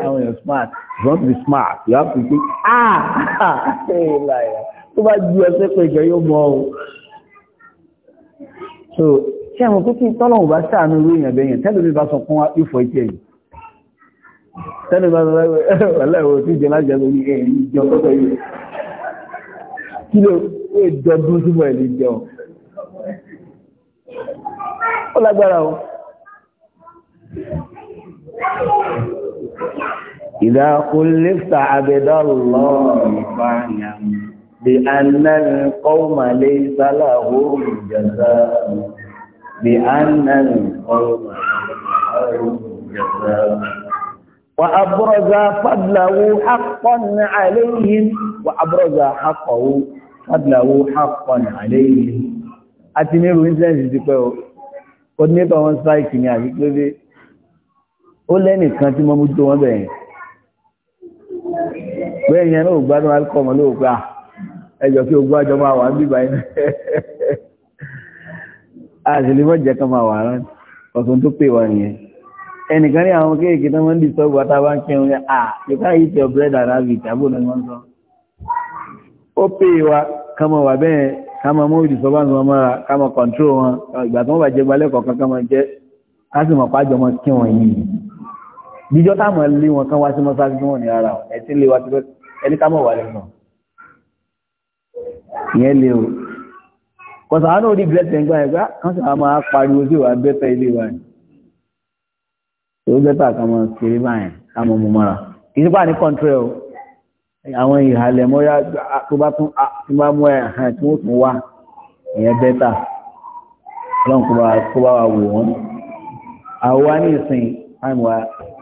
àwọn èèyàn smart you want to be smart you have to be ah, ah tó bá ju ẹsẹ̀ pé ìjọ yóò mọ o so sẹ́wọ̀n pé kí tọ́nà ò bá sànú irú èèyàn bẹ́yẹn tẹ́lẹ̀ mi bá sọ fún wa ìfọ̀ ìtì ẹ̀yìn tẹ́lẹ̀ bá sọ fún wa ẹ̀wọ̀ tí ìjọba jẹ́ lórí ẹ̀yìn ìjọ kí ló ń dọdún síbọ̀ ẹ̀ ó lágbára o ìdá kúlífà àbẹ̀dọ́lọ́ ìfàyàmù bí annal qawma laysa lahum jazaa bí annal qawma وأبرز فضله حقا عليهم وأبرز حقه فضله حقا عليهم أتمير إنسان في coordinator wọn strike ni àbí pé pé ó lẹ́nìkan tí mo mú tó wọn bẹ̀yẹn bẹ́ẹ̀ yẹn náà gbádùn alcohol mọ́ lóòpá ah, ẹjọ́ kí ogun àjọ máa wà ń bíbá iná àṣìlímọ̀ jẹ́ kan máa wà rán ọ̀tún tó pè wà nìyẹn ẹnìkan ní àwọn kéèkéé tó wọ́n ń dìtọ́gbà tábà ń kẹrun ní à ah, you can't eat your bread sọ ó pè wá ká máa mú ìdìsọ́ bá ń sọ mọ́ra ká máa kọ̀ǹtró wọn ìgbà tí wọ́n bá jẹ gbalẹ́kọ̀ọ́ kan ká máa jẹ́ ká sì mọ̀ pàjọ́ mọ́ kí wọ́n yìí jíjọ́ táwọn lé wọn kán wá sí mọ́sáàsì tí wọ́n ní ara ẹ̀ tí lè wá sí ẹni ká mọ̀ wà lẹ́nu ìyẹn lè o kọ̀sà á náà rí bẹ́tẹ̀ ń gbá ẹ̀gbá kan sì máa pariwo sí wa bẹ́tẹ̀ ilé wa ni tó bẹ́tà ká kiri báyẹn ká mú mọ́ra kì àwọn ìhàlẹ̀ mọ́yá tó bá tún bá mọ́ ẹ̀hàn tí wọ́n tún wá ìyẹn bẹ́tà lọ́n kó bá wà wò wọ́n àwa ní ìsìn time wa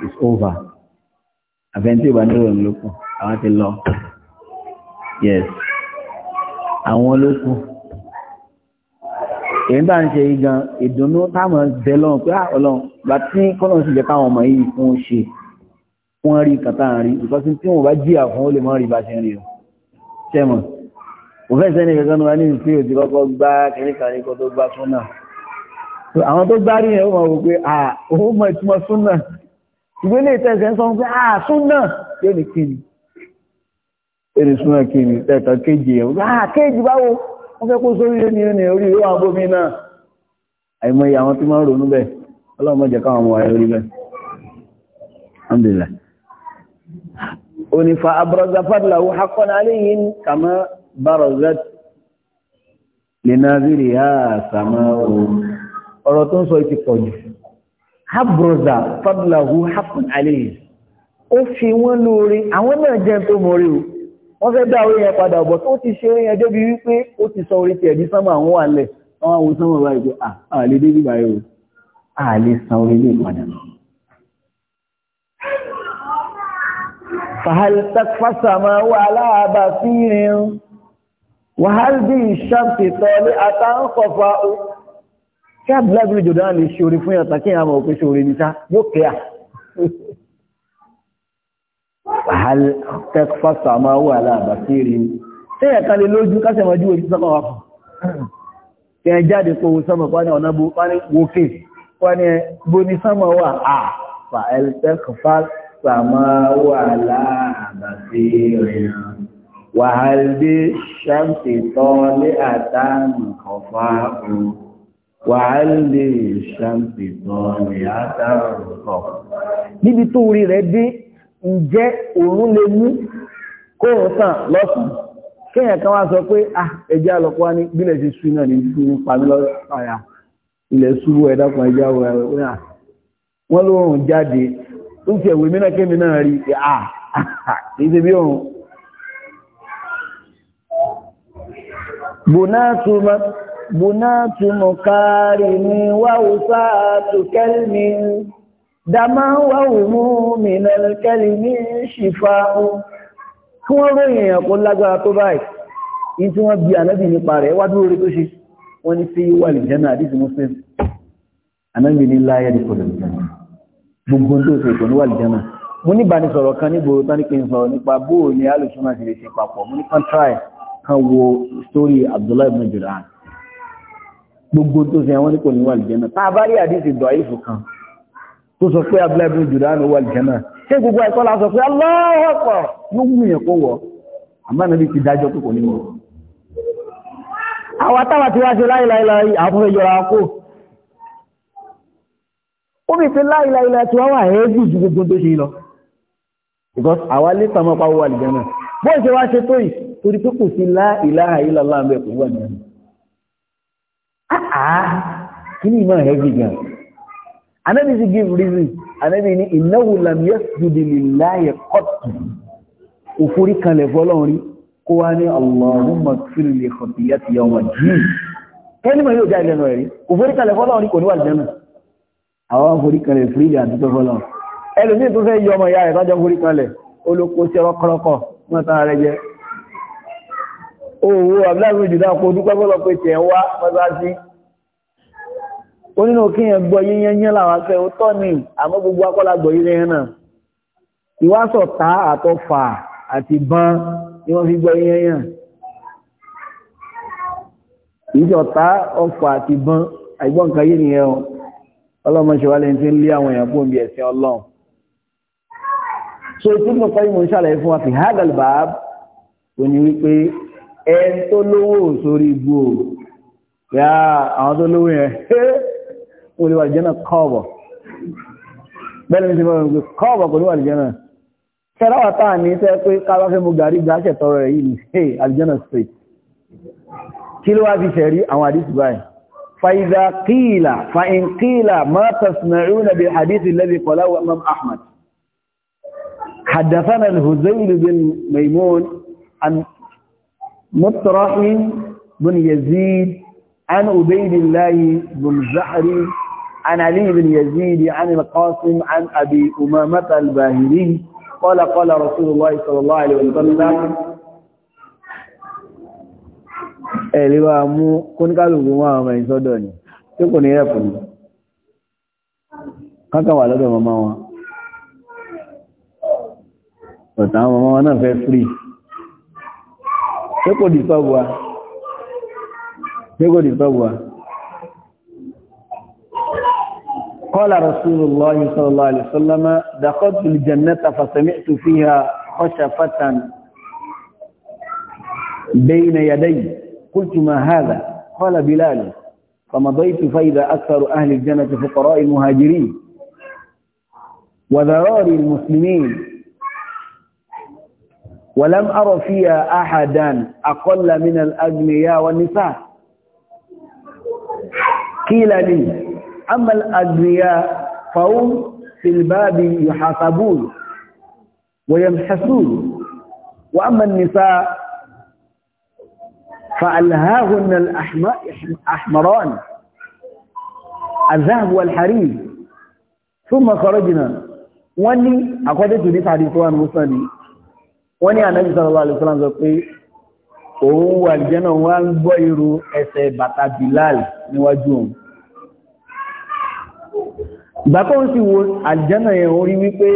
is over àfẹ́ntì ìbá nílò lókù àwọn ti lọ yes àwọn lókù èyí bá ń ṣe igan ìdùnnú táwọn bẹ lọ́n pé ah, ọlọ́run bá tí kọ́lọ́n sì jẹ́ káwọn ọmọ yìí fún ṣe wọ́n rí kàtà rí because tí wọ́n bá jíyà fún ó lè mọ́ rí bá ṣe rí o ṣẹ́mọ̀ kò fẹ́ sẹ́ni kankan ní wọ́n ní ìfẹ́ òtí kọ́kọ́ gbá kẹ́ríkàrí kọ́ tó gbá súnà àwọn tó gbá rí ẹ̀ ó mọ̀ wò pé à ó mọ̀ ìtumọ̀ súnà ìwé lè tẹ̀sẹ̀ ń sọ pé à súnà yóò ní kíni èrè súnà kíni tẹ̀tọ̀ kéjì ẹ̀ à kéjì báwo wọ́n fẹ́ kó sórí ẹni ẹni orí ìwé àwọn bómi náà àìmọye àwọn tí máa ronú bẹ́ẹ̀ ọlọ́run mọ̀jẹ̀ káwọn ọmọ wa ẹ̀ orí bẹ́ẹ̀ alhamdulillah oni fa abraza fadlahu haqqan alayhim kama barazat linaziriha samahu ọ̀rọ̀ tó ń sọ ti pọ̀jù abraza fadlahu haqqan alayhim ó fi wọ́n lórí àwọn náà jẹ́ tó mọ̀rí o wọ́n fẹ́ dá orí yẹn padà bọ̀ tó ti ṣe orí yẹn débi wípé ó ti sọ orí tiẹ̀ sánmà àwọn wà lẹ̀ àwọn àwọn sánmà báyìí pé à ah, débi báyìí o à san orí lè padà náà فهل تكفى السماء على بصير وهل به الشمس طالعة صفاء كاب بل جدان للشوري فين تكين أما وكي شوري نسا يوكيا فهل تكفى السماء على بصير سيئة كان للوجو كاسم وجوه يتسقى وفا كان جادي قوة سما قواني بو قواني وكي قواني بني سما وعا فهل تكفى السماء على بصير وهل بالشمس طالعة خفاء وهل بالشمس طالعة خفاء níbi tó orí rẹ̀ dé ǹjẹ́ òun lè mú kóòrùn tàn lọ́sùn kéèyàn kan wá sọ pé ah ẹjẹ́ àlọ́pọ̀ ní bílẹ̀ sí ṣú náà ní ṣú ní pàmí lọ́sàáyà ilẹ̀ ṣúrú ẹ̀dá kan ẹjẹ́ àwọ̀ ẹ̀wọ̀n wọ́n lóòrùn jáde ń ti ẹ̀wẹ̀ mìíràn kí ah, mi náà rí ìṣe bí òun bùnátù mọ̀kárì ni wáwù sáàtù kẹ́lìmí dámá wáwù mú mìíràn kẹ́lìmí ṣìfà kí wọ́n ròyìn èèyàn kó lágbára tó báyìí in tí wọ́n bí ànábì nípa rẹ̀ wá dúró rí tó ṣe wọ́n ní sí wà lè jẹ́ náà àdísì gbogbo tó ṣe kò ní wà lìjánà mo ní ìbánisọ̀rọ̀ kan nígboro tán ní pé ń sọ̀rọ̀ nípa bóò ní alùsùnmá ṣe lè ṣe papọ̀ mo ní kan try kan wo story Abdullahi ibn Jur'an gbogbo tó ṣe àwọn ní kò ní wà lìjánà tá a bá rí àdíṣe dọ̀ àyífò kan tó sọ pé Abdullahi ibn Jur'an wà lìjánà ṣé gbogbo ẹ̀kọ́ la sọ pé Allahu Akbar ló wù yẹn kó wọ̀ àmọ́ nàbí ṣe láìláìláì àwọn fẹ́ kó ó mi fi láìláìlá tí wọ́n wà ẹ́ẹ́dì ju gbogbo tó ṣe lọ because àwa lè sàmọ́ pa wà nìjẹ́ náà bó ṣe wá ṣe tó yìí torí pé kò sí láìláha ìlàlá ń bẹ̀ kò wà nìjẹ́ náà kí ni ìmọ̀ ẹ́ẹ́dì gan anabi ti give reason anabi ni ìnáwó lamíyẹ́ jùdì líláyẹ kọ́tù òfúrí kanlẹ̀ fọlọ́run rí kó wá ní Allahumma fil li khati'ati yawma jìn kẹ́ni mọ̀ yóò já ìlẹ́nu ẹ̀rí òfúrí kanlẹ̀ fọlọ́run kò ní wà nìjẹ́ àwọn forí kanlẹ̀ fúrídì àdúgbò fọ́lọ̀ ẹlùmí tó fẹ́ yọ ọmọ ìyá rẹ̀ tọ́jọ́ forí kanlẹ̀ olóko sí ọkọ̀rọ̀kọ̀ mọ́ta rẹ̀ jẹ́ owó abúláàrin jùlọ kó dúpẹ́ fọ́lọ̀ pé tẹ̀ wá mọ́ta sí ó nínú kí yẹn gbọ́ yíyan yẹn làwọn afẹ́ ó tọ́ ni àmọ́ gbogbo ni wọ́n ọlọ́mọ ṣe wá lẹ́yìn tí ń lé àwọn èèyàn fún bí ẹ̀sìn ọlọ́run so tí mo fẹ́ mọ̀ ń ṣàlàyé fún wa fi hádàlbà ò ní wípé ẹn tó lówó sórí igbó yá àwọn tó lówó yẹn ó lè wà lè jẹ́nà kọ́ọ̀bọ̀ bẹ́ẹ̀ ni mo ti fẹ́ kọ́ọ̀bọ̀ kò ní wà lè jẹ́nà tẹ́láwà táà ní tẹ́ pé káwá fẹ́ mo gàrí gbáṣẹ̀ tọrọ rẹ̀ yìí ní hey àlìjẹ́nà straight kí ló wá fi ṣẹ̀rí àwọn àdìsí báyìí فإذا قيل فإن قيل ما تصنعون بالحديث الذي قاله أمام أحمد حدثنا الهزيل بن ميمون عن مطرح بن يزيد عن أبيد الله بن زحري عن علي بن يزيد عن القاسم عن أبي أمامة الباهلي قال قال رسول الله صلى الله عليه وسلم ẹ̀rí wa mú kóníkàlùkù wọn àwọn ọmọ ìsọ́dọ̀ ni tí kò ní ẹ̀pù ní káàkà wà lọ́dọ̀ mọ́mọ́ wọn ọ̀tà àwọn mọ́mọ́ náà fẹ́ free tí kò disturb wa tí kò disturb wa قال رسول الله صلى الله عليه وسلم دخلت الجنة فسمعت فيها خشفة قلت ما هذا قال بلال فمضيت فإذا أكثر أهل الجنة فقراء المهاجرين وذرار المسلمين ولم أر فيها أحدا أقل من الأغنياء والنساء قيل لي أما الأغنياء فهم في الباب يحاسبون ويمحسون وأما النساء فألهاهن الأحمران الذهب والحرير ثم خرجنا وني أقدت لي حديث عن مسلم وني عن النبي صلى الله عليه وسلم قال òun wà jẹ́nà wá ń gbọ́ irú ẹsẹ̀ bàtà Bilal níwájú òun ìgbàkọ́ ń sì wo àjẹ́nà yẹn orí wípé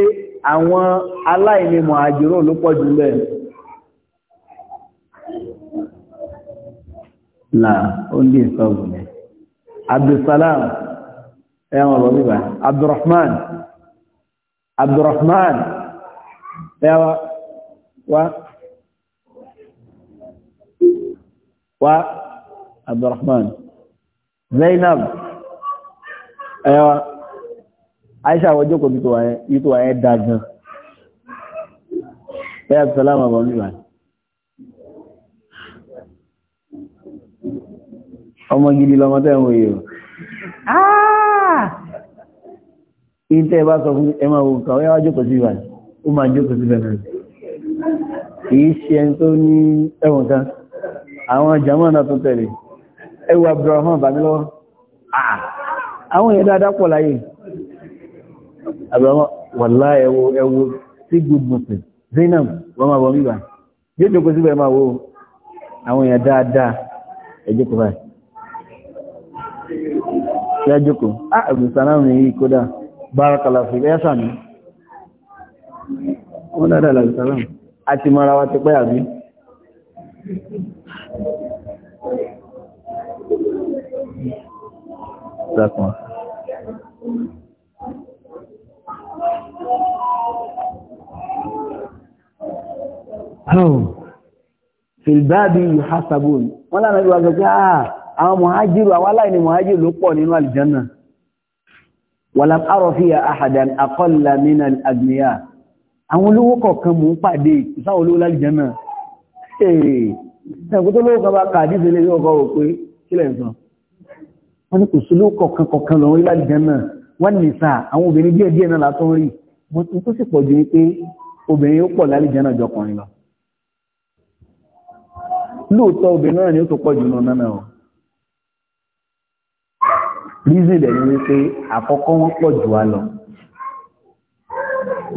àwọn aláìní mọ̀ àjòrò ló pọ̀ jù lẹ́ẹ̀ na only in South Sudan. Abdulsalam ẹ̀wọ̀n lọ bíbá Abdulrahman Abdulrahman ẹ̀wọ̀n wa wa Abdulrahman Zainab ẹ̀wọ̀n Aisha wọ́n jókòó bí tó wáyé dáadáa. Ẹ̀ Abdulsalam àbọ̀ bíbá. ọmọ gidi lọmọ tẹ́wọ̀n yìí o ìtẹ́ ah! bá sọ fún ẹmọ òun kan wáyé wá jókòó sí ìwà ó máa jókòó sí bẹ̀rẹ̀ kìí ṣe ẹni tó ní ẹwọ̀n kan àwọn jàmọ́ náà tó tẹ̀lé ẹwù Abdulrahman bàmílọ́wọ́ ah! àwọn èèyàn dáadáa pọ̀ láyé Abdulrahman wàlá ẹwọ ẹwọ sí gbogbo Zainab wọ́n máa bọ̀ mí bá yóò jókòó sí bẹ̀rẹ̀ máa wo àwọn èèyàn dáadáa ẹjọ́ kò báyìí ya jókòó ah abdulsalam ní yìí kódà bárakàlá fi ẹ́ sàmì wọ́n dáadáa abdulsalam àti mara wa ti pẹ́ àbí Dákùn. Hàn, Fìlbáàbí Yuhasabun, wọ́n lánàá bí wà sọ ah, àwọn muhajiru àwọn aláìní muhajiru ló pọ̀ nínú aljanna walam ara fiya ahadan aqalla min al-aghniya àwọn olówó kọ̀ọ̀kan mú pàdé ìsáwọn olówó láljanna ẹ̀ẹ́ ẹ̀kú tó lówó kan bá kàdí ìsẹ́lẹ̀ ní ọkọ̀ òpé kílẹ̀ sọ wọ́n ní kò sí olówó kọ̀ọ̀kan kọ̀ọ̀kan lọ́wọ́ láljanna wọ́n ní sáà àwọn obìnrin díẹ̀ díẹ̀ náà látún rí wọ́n tó ni ó tó pọ̀ jù náà náà reason dẹ̀ ni wípé àkọ́kọ́ wọ́n pọ̀ jù wá lọ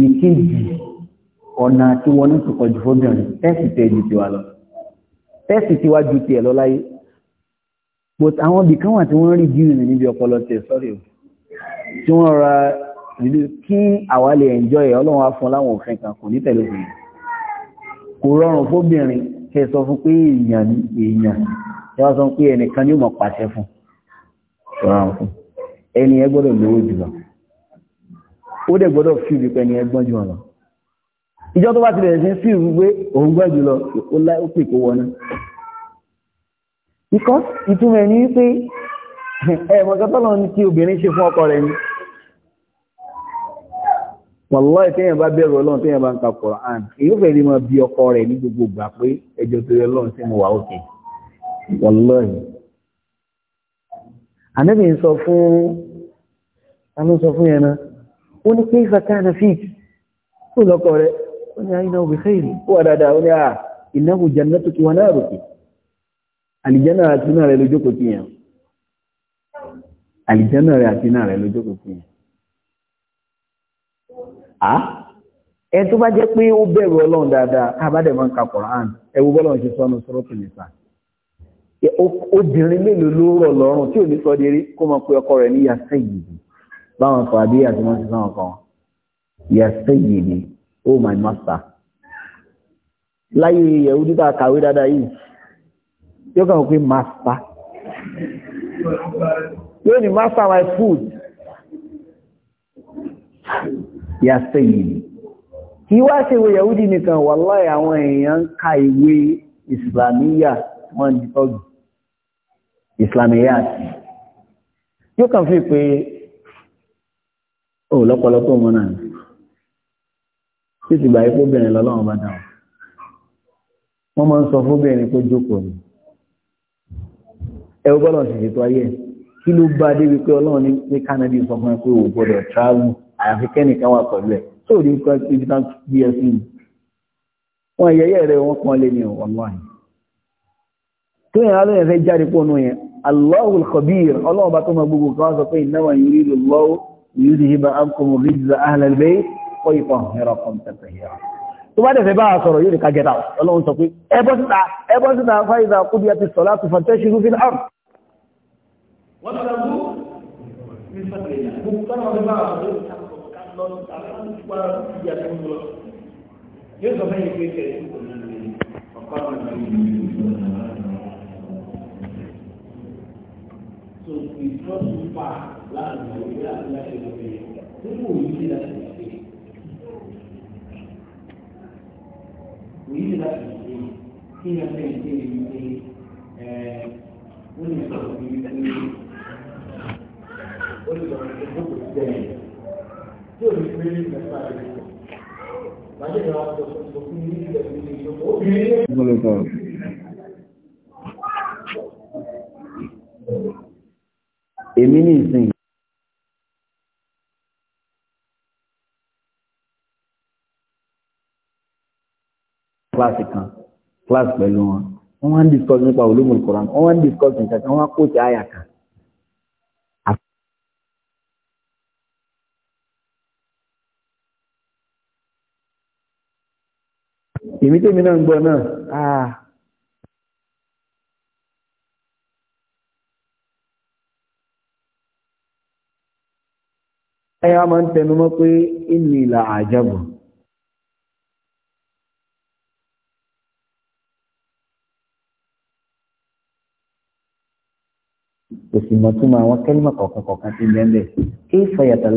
ìkejì ọ̀nà tí wọ́n ní tukọ̀ jù fóbìnrin tẹ́sì tẹ́ ju tiwa lọ tẹ́sì tiwa ju tiẹ̀ lọ láyé but àwọn ibì kan wà tí wọ́n rí díìrì níbi ọpọlọ tẹ̀ sọ́rí o tí wọ́n ra kí àwa lè enjoy ẹ̀ ọlọ́run á fún láwọn òfin kan kò ní tẹ̀lé òfin kò rọrùn fóbìnrin kẹ́ sọ fún pé èèyàn èèyàn ẹ wá sọ pé ẹnìkan ni ó mọ̀ pàṣẹ fún un rọrùn fún ẹni ẹ gbọ́dọ̀ lówó jùlọ ó dẹ̀ gbọ́dọ̀ fi ìlú pẹ́ ni ẹ gbọ́n jùlọ ìjọ tó bá ti bẹ̀rẹ̀ sí sí ìlú pé òun gbọ́n jùlọ ó láì ó pè kó wọná because ìtumọ̀ ẹni wípé ẹ̀mọ̀kẹ́ tọ́lọ ní kí obìnrin ṣe fún ọkọ rẹ̀ ni wọ́lọ́ ìtẹ́yìn bá bẹ̀rù ọlọ́run tẹ́yìn bá ń ka Kùránì èyí fẹ́ lè máa bí ọkọ rẹ̀ ní gbogbo ìgbà pé ẹjọ́ tó yẹ lọ́run sí wà òkè wọ́lọ́ yìí ànábì ń sọ fún àánú sọ fún yẹn náà ó ní pé ìfàkànà fíìkì ó lọ́kọ̀ rẹ̀ ó ní àyínà òbí fẹ́ẹ̀rì ó wà dáadáa ó ní à ah, ìnáwó jannatu kí wọn náà rò pé àlìjánà àti iná rẹ̀ lójókòó ti yẹn àlìjánà rẹ̀ àti iná rẹ̀ lójókòó ti yẹn. à ẹ tó bá jẹ́ pé ó bẹ̀rù ọlọ́run dáadáa ká bá dẹ̀ máa ń ka Kùránì ẹ wo bọ́lọ́run ṣe sọ́nu sọ́rọ́ tó nìkan obìnrin mélòó ló rọ̀ lọ́rùn tí ò ní sọ dérí kó mọ̀ pé ọkọ rẹ̀ ní yàtọ̀ ìyìdì báwọn sọ àbí àti wọ́n ti sáwọn kan yàtọ̀ ìyìdì oh my master láyé yẹ̀wú dídá kàwé dáadáa yìí yóò kàn pé master yóò ní master my food yàtọ̀ ìyìdì kí wá ṣe wo yẹ̀wú dì nìkan wàláì àwọn èèyàn ń ka ìwé ìsìlámíyà wọ́n di tọ́jú islamiyat yóò kàn fi pé o oh, lọ́pọ̀lọ́ tó mọ́ náà tí ti gbà ipò obìnrin lọ́lọ́wọ́n bá dáwọn wọ́n máa ń sọ fóbìnrin kó jókòó ni ẹ̀rọ gbọ́dọ̀ sì ṣètò ayé kí ló bá débi pé ọlọ́run ní pé kánádì sọ fún ẹ pé ò gbọ́dọ̀ travel àyàfi kẹ́nìkan wà pẹ̀lú ẹ̀ tó rí nǹkan ibi tá gbé ẹ sí ni wọ́n yẹyẹ rẹ̀ wọ́n lé ní ọ̀wọ́n tó yẹn alóyẹ̀ fẹ́ jáde pọ̀nù yẹn Allahul Khabir ọlọ́run bá tó ma gbogbo kan sọ pé innama yuridu Allahu liyudhhiba ankum rijza ahlal bayt wa yutahhirakum tathira tó bá dẹ̀fẹ́ bá a sọ̀rọ̀ yóò ká gẹ̀ta ọlọ́run sọ pé ẹbọ́ síta ẹbọ́ síta fáìzà kúbi àti sọ̀lá tó fàtẹ́ ṣirú fi náà wọ́n to be not too far láti lọ sí àti láti lọ sí nínú òyìn ní láti lọ sí òyìn ní láti lọ sí kí ni ọ̀sẹ̀ ìṣe yìí ṣe ẹ̀ ó lè sọ fún mi pé ó lè sọ fún mi pé kò tẹ̀ tí ò ní pé ní ìgbàgbọ́ àdéhùn. Bàjẹ́ ìjọba sọ fún mi ní ìgbàgbọ́ àdéhùn. Obìnrin. èmi ní ìsìn kíláàsì kan kíláàsì pẹ̀lú wọn wọ́n wá ń discuss nípa ulumul Qur'an wọ́n wá ń discuss nǹkan kan wọ́n á kóòtù àyà kan. èmi tèmi náà ń gbọ́ náà ah. ẹyà máa ń tẹnumọ́ pé inú ìlà àjẹ́bù kò sì mọ̀ túmọ̀ àwọn kẹ́límọ̀ kọ̀ọ̀kan kọ̀ọ̀kan ti bẹ́ẹ̀ kí ìfọyàtọ̀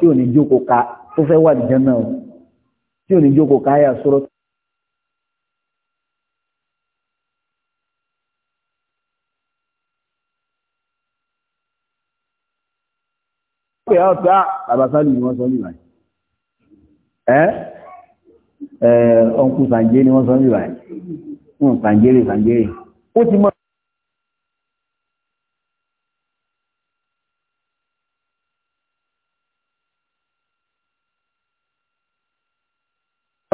tí ò ní jókòó ka tó fẹ́ wà nìjẹ́ náà tí ò ní jókòó ka ayà sọ̀rọ̀. pé ọ́ tá àbásálù ni wọ́n sọ nígbà yìí ẹ́ ọ̀nkù sàǹjẹ́ ni wọ́n sọ nígbà yìí sàǹjẹ́rẹ̀ sàǹjẹ́rẹ̀ ó ti mọ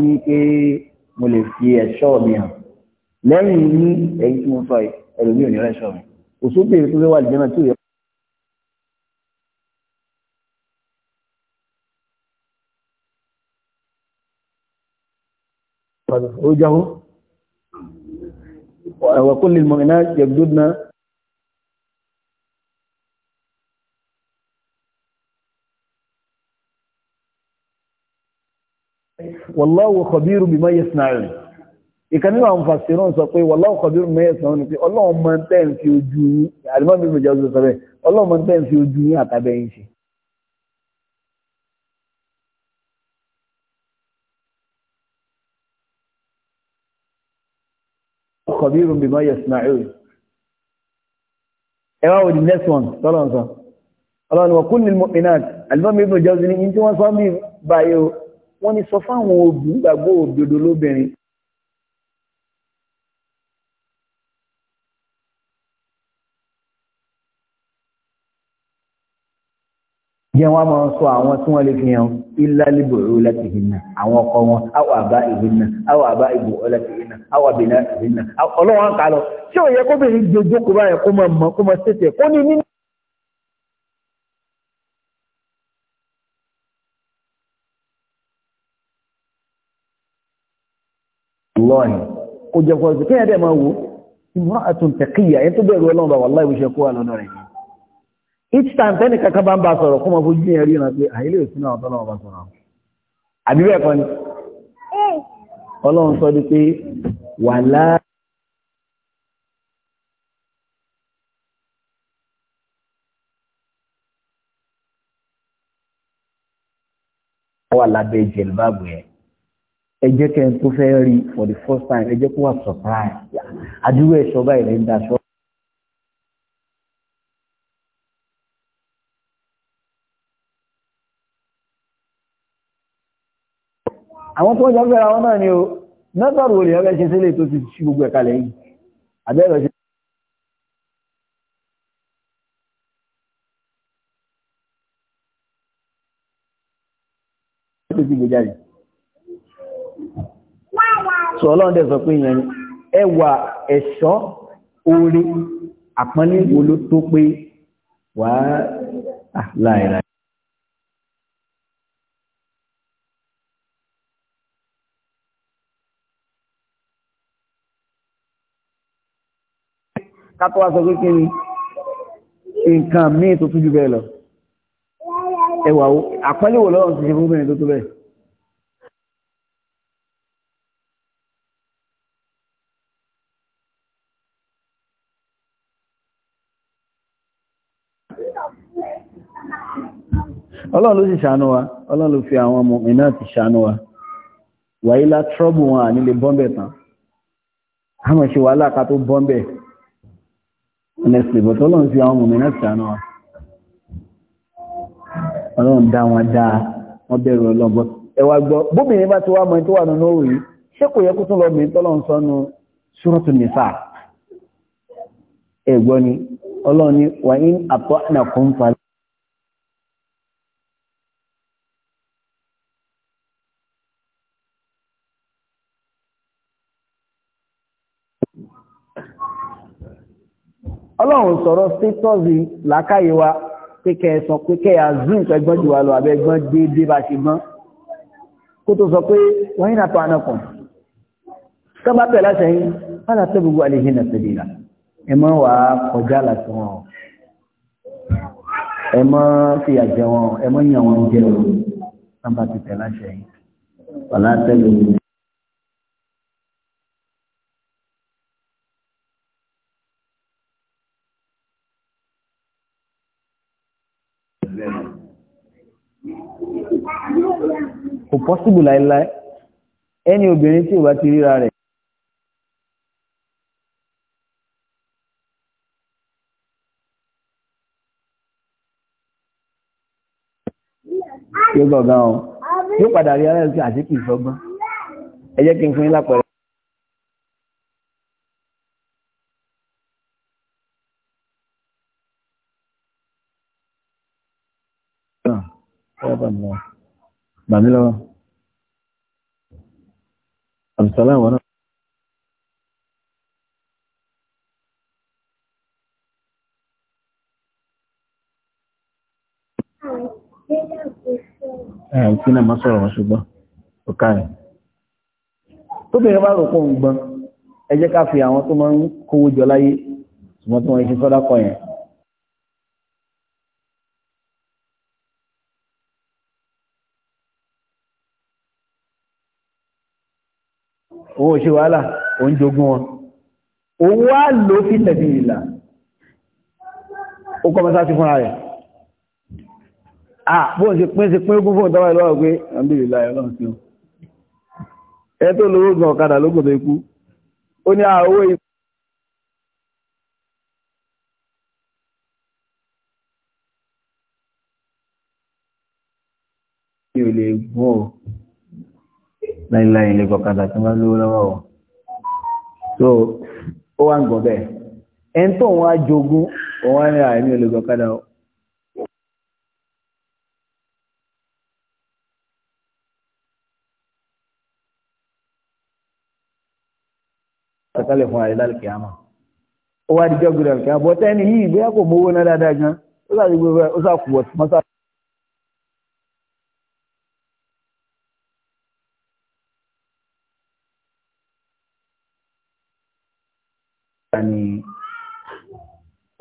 ní pé mo lè fi ẹ̀ṣọ́ mi hàn lẹ́yìn ní èyí tí mo sọ ẹlòmí ò ní rẹ́ṣọ́ mi òṣùpèrè tó wà lìjẹ́ náà tó yẹ. ó jáwó ẹ̀wọ̀n kó lè mọ̀ iná yẹ̀gbọ́n wallahu khabirun bima yasna'un ìkan nínú àwọn fàṣíràn sọ pé wallahu khabirun bima yasna'un pé ọlọ́run máa ń tẹ́ ń fi ojú àdìmọ́bí ìrìnàjò ọdún sọ bẹ́ẹ̀ ọlọ́run máa ń tẹ́ ń fi ojú ní àtàbẹ̀yìn ṣe khabirun bima yasna'un ẹ wá wo the next one tọ́lọ́ sọ ọlọ́run wa kullil mu'minat àdìmọ́bí ìrìnàjò ọdún ní wọ́n ní sọ fáwọn òbí gbàgbọ́ òdodo lóbìnrin jẹ́ wọ́n máa ń sọ àwọn tí wọ́n lè fi hàn ilálí bòrò láti hinna àwọn ọkọ wọn àwọn àbá ìhinna àwọn àbá ìbò láti hinna àwọn àbìnà ìhinna ọlọ́wọ́n kà tí ò yẹ kó bèrè jòjó kó báyẹn kó máa kó máa tètè kó ní nínú. wallahi kò jẹ́ kọ́ kí ẹ̀dẹ̀ máa wo imra'atun taqiyya ẹ̀ tó bẹ̀rù ọlọ́run bá wallahi ìwúṣẹ́ kó wà lọ́nà rẹ̀ each time tẹ́nì kankan bá ń bá sọ̀rọ̀ kó máa fojú yẹn rí ìran pé àìlè òsín náà tọ́lọ́run bá sọ̀rọ̀ àbí bẹ́ẹ̀ kọ́ ni ọlọ́run sọ di pé wàlá wà lábẹ́ jẹ̀lbáàbù yẹn ẹ jẹ́ kẹ́ ń tó fẹ́ rí for the first time ẹ jẹ́ kó wà surprise àdúró ẹ̀ṣọ́ báyìí rẹ̀ ń daṣọ́. àwọn tó ń jọ fẹ́ra wọn náà ni o nọ́tọ̀rù olè ọ̀rẹ́ ṣe sílẹ̀ tó ti ṣí gbogbo ẹ̀ka lẹ́yìn àbẹ́rẹ́ ṣe. Thank you sọ ọlọ́run dẹ̀ sọ pé yẹn ni ẹwà ẹ̀ṣọ́ oore àpọ́nlé wo ló tó pé wàá láìláì. kátó wá sọ pé kí ni nǹkan míì tó tún jù bẹ́ẹ̀ lọ ẹwà àpọ́nlé wo lọ́run ti ṣe fún obìnrin tó tó bẹ́ẹ̀. ọlọ́run ló sì ṣàánú wa ọlọ́run ló fi àwọn ọmọ mi náà ti ṣàánú wa wàyí la trọ́bù wọn à nílé bọ́m̀bẹ̀ tán àmọ́ ṣe wàhálà ká tó bọ́m̀bẹ̀ honestly but ọlọ́run fi àwọn ọmọ mi náà ti ṣàánú wa ọlọ́run dá wọn dáa wọ́n bẹ̀rù ọlọ́run bọ́ ẹ wá gbọ́ bóbìnrin bá ti wá mọ ẹni tó wà nínú òwò ṣé kò yẹ kó tún lọ mìíràn tọ́lọ́run sọnù súrọ́tù nìfà ẹ̀gbọ́n ni ọlọ́run ni wàyí àpọ̀ ànàkùnfà ò sọ̀rọ̀ sítọ́ọ̀sì làákàyè wa pé kẹ ẹ sọ pé kẹ ẹ azún ìpẹ́ gbọ́n jù wá lọ àbẹ́ gbọ́n déédé bá ṣe gbọ́n kó tó sọ pé wọ́n yín àtọ̀ àna kàn tó bá tẹ̀ láṣẹ yín wọ́n àti gbogbo àlejò náà tẹ̀lé ẹ mọ́ wà á kọjá láti wọn o ẹ mọ́ fìyà jẹ wọn ẹ mọ́ yàn wọn jẹ o tó bá ti tẹ̀ láṣẹ yín wọ́n àti gbogbo. possible láíláí ẹni obìnrin tí ò bá ti ríra rẹ̀ yóò gọ̀gán o yóò padà rí ara ẹ̀sìn àti kìí sọgbọ́n ẹ jẹ́ kí n fún yín lápẹẹrẹ. Bàmí lọ́wọ́. Àbùsálà wọn náà. Ẹ̀rùn tí náà máa sọ̀rọ̀ wọn ṣùgbọ́n, ọ̀ká rẹ̀. Tó bèèrè bá rọ̀pọ̀ gbọ́n, ẹ jẹ́ ká fi àwọn tó máa ń kówó jọ láyé, ṣùgbọ́n tí wọ́n ṣe sọ́dá kọ yẹn, ṣe wàhálà òun jogún wọn òun wá lò fi tẹ̀bí ìlà ó kọmọsá sí fúnra rẹ̀ ah bóun ṣe pín sí pín ogún fóun tọ́wà ìlọ́wọ́ pé àbílìlà ọlọ́run sí wọn ẹ tó lówó gan ọ̀kadà lókùn tó ikú ó ní àwọ́ ikú mi ò lè gún láìláì ilé kọkàtà tí wọ́n lówó lọ́wọ́ wọn so ó wá ń gọ̀ bẹ́ẹ̀ ẹni tó wọn á jogún òun wá ní àìní ilé kọkàtà o sọ̀kalẹ̀ fún àrílá alkiyama ó wá di jọ́gbìrì alkiyama bọ́tẹ́ni yìí bí a kò mówó náà dáadáa gan ó sàkùwọ̀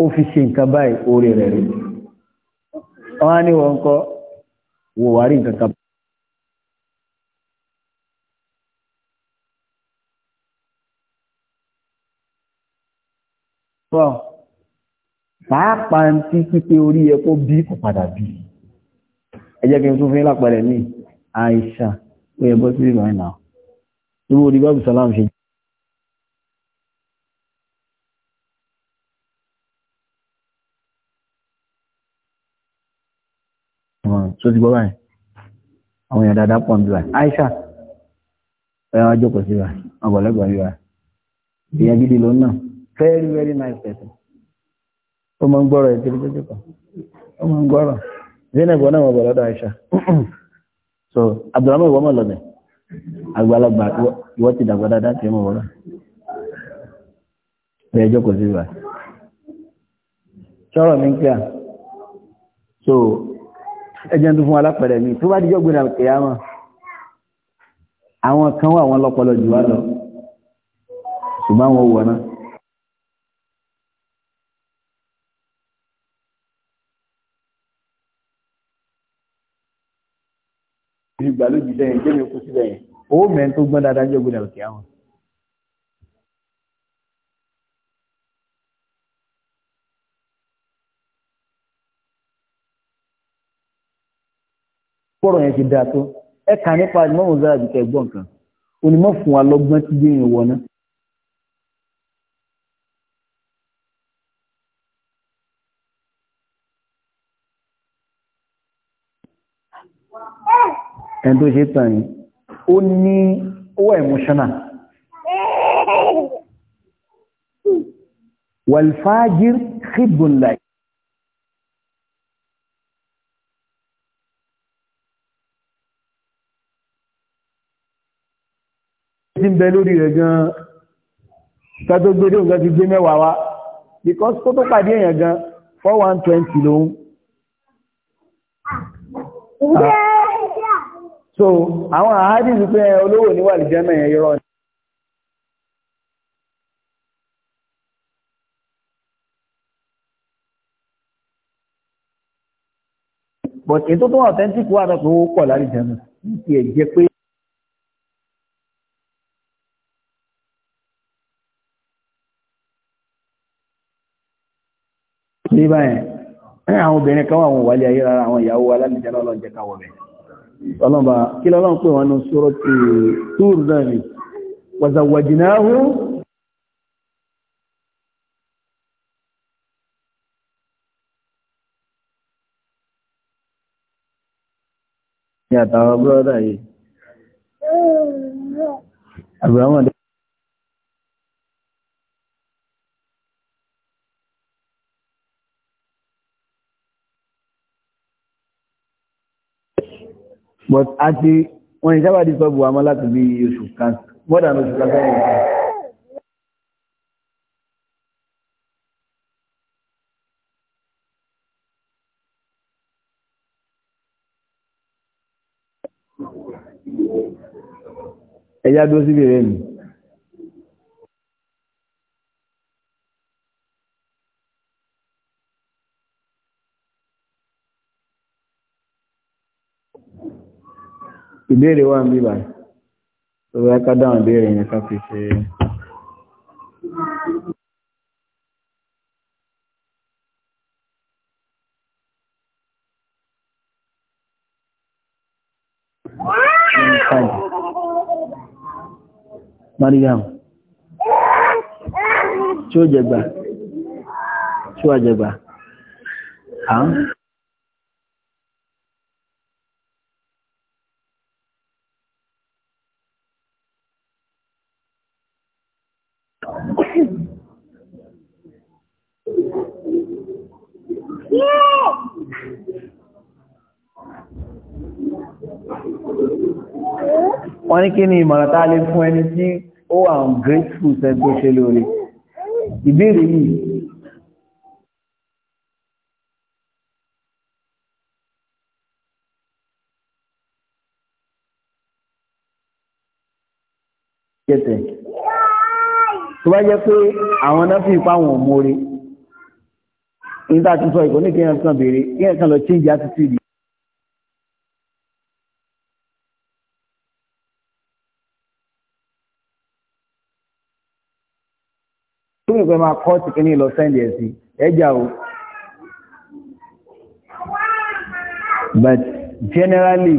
ó fi ṣe nǹkan báyìí orí rẹ̀ rí wọ́n á ní wọ́n kọ́ wò wá rí nǹkan kan. pàápàá ń tí pípé orí ẹ kó bí kò padà bí ẹ jẹ́ kí n tún fi lápẹ̀rẹ̀ ní àìsàn ó yẹ bọ́ sí ìrìn àìnà irú orí bábùsálàmù ṣe tó ti gbọ́ báyìí àwọn èèyàn dáadáa pọ̀ níbi Aisha ẹ̀yàn wájú kò sí wa ọgbọ̀lẹ́gbọ̀n yìí wa èèyàn gidi ló ń nà very very nice person ó máa ń gbọ́rọ̀ ẹ̀ tí ó ti kọ̀ ó máa ń gbọ́rọ̀ Zainab wọn bọ̀ lọ́dọ̀ Aisha so Abdulrahman ìwọ́n mọ̀ lọ́dẹ̀ àgbàlagbà ìwọ́ ti dàgbà dáadáa tí ó mọ̀ wọ́n bẹ́ẹ̀ jókòó sí wa sọ̀rọ̀ so ẹjẹ́ tó fún alápẹ̀rẹ̀ mi tó bá díjọ́ gbé náà kìí àmà àwọn kan wà wọn lọ́pọlọ jù wá lọ ṣùgbọ́n wọn wọ̀ náà ìgbàlódì lẹ́yìn jẹ́mi kú sílẹ̀ yẹn ó mẹ́rin tó gbọ́n dáadáa jọ́ gbé náà kìí àmà pọ̀rọ̀ yẹn ti da tó ẹ kà nípa ìmọ̀mù záàbì kẹ gbọ́ nǹkan onímọ̀ fún wa lọ́gbọ́n tí gbé yẹn wọná. ẹni tó ṣe tàn yìí ó ní owó emotional wàlfàájì khidbun láì ti ń bẹ lórí rẹ̀ gan-an ká tó gbé dóhùn gan ti gbé mẹ́wàá wá because kó tó pàdé èèyàn gan four one twenty lòun. Ah. so àwọn àhádìsí pé olówó ní wà lè jẹ́ mẹ́yẹn yọrọ ni. but ètò tó authentic wà náà kò wọ́pọ̀ jẹ́ náà ní ti ẹ̀ jẹ́ pé yí báyẹn àwọn obìnrin kan wà àwọn wàlẹ̀ ayé rárá àwọn ìyàwó alábìjẹ́ náà lọ́njẹ́ káwọ̀ rẹ̀ ọlọ́mà kí lọ́lọ́n pè wọn ní sọ́rọ̀ tí túrù náà ni but a ti wọ́n ìjábà dí sọ́bù wa mọ́ láti bí oṣù kan mọ́dà oṣù kan sẹ́yìn ẹ̀yà dó sí bèèrè mi ìbéèrè wà ń bíbà tó bá ká dáhùn ìbéèrè yẹn ká fi ṣe Mariam tí ó jẹgbà tí ó jẹgbà àán wọ́n ní kí ni ìmọ̀ràn tá lè fún ẹni tí ó wà ń grateful sẹ́n tó ṣe lórí ìbéèrè yìí kẹtẹ̀ tó bá jẹ́ pé àwọn náà fi ipá wọn mórí nígbà tí sọ ìkọ́ ní kí ẹ̀yàn kan béèrè kí ẹ̀yàn lọ change attitude tóbi pé máa kọ́ ti kíní lọ sẹ́ndì ẹ̀ sí ẹjà o but generally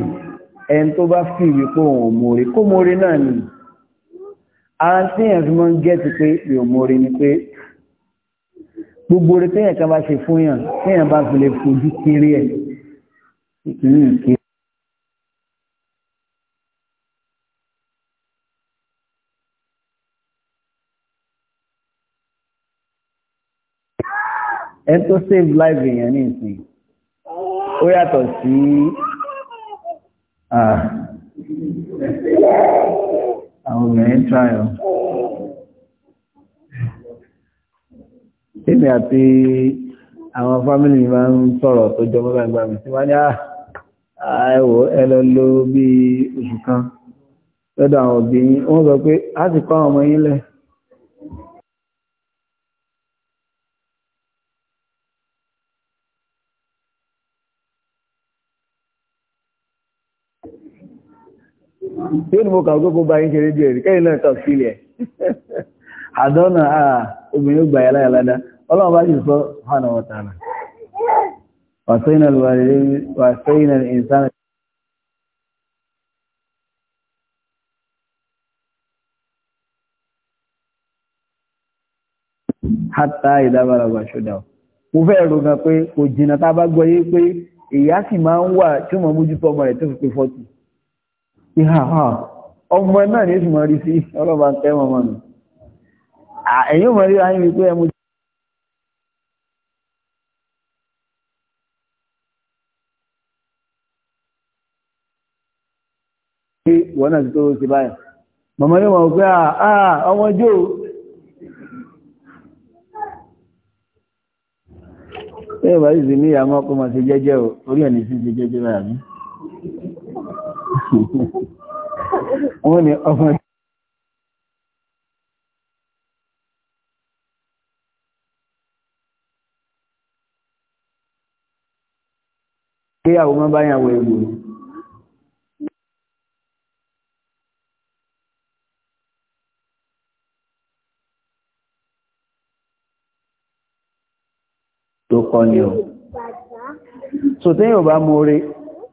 ẹni tó bá fi ìwé pé òun ò mórè kó mórè náà ni ara tí èèyàn fi máa ń gẹ́ ti pé mi ò mórè ni pé gbogbo rẹ̀ tẹ́yàn kan bá ṣe fún yàn tẹ́yàn bá fi lè fojú kiri ẹ̀ hmm, ẹ tó save life èèyàn ní ìsìn ó yàtọ̀ sí ah, àwọn obìnrin trial. èmi àti àwọn fámìlì mi máa ń sọ̀rọ̀ tó jọ mi tí wọ́n ní àìwò ah, ah, ẹlọ lọ bí oṣù kan lọ́dọ̀ àwọn òbí wọ́n pé a sì kọ́ ọmọ yín lẹ̀ tí ah, obìnrin ó gbà yà ọlọ́run bá yìí sọ hànà wọ̀tàlá wàṣẹ́yìn alìsánà hátà ìdábàràbà ṣọ́dá mo fẹ́ rògbà pé kò jìnà tá bá gbọ́yé pé ìyá sì máa ń wà tí ó mọ̀ mójútó ọmọ rẹ̀ tó fi pé 40 ìhà ọmọ náà ní mọ̀ rí ayé wípé ẹmú wọ́n náà ti tó ṣe báyìí màmá yóò mọ̀ pé àà ah, ah, ọmọ jò ṣé ìwà yìí sì ní ìyá mọ́ kó máa ṣe jẹ́jẹ́ o orí ẹ̀ ní sí ṣe jẹ́jẹ́ báyà mí wọ́n ní ọmọ Ìgbéyàwó kọ́ ni o so tí yóò bá mú orí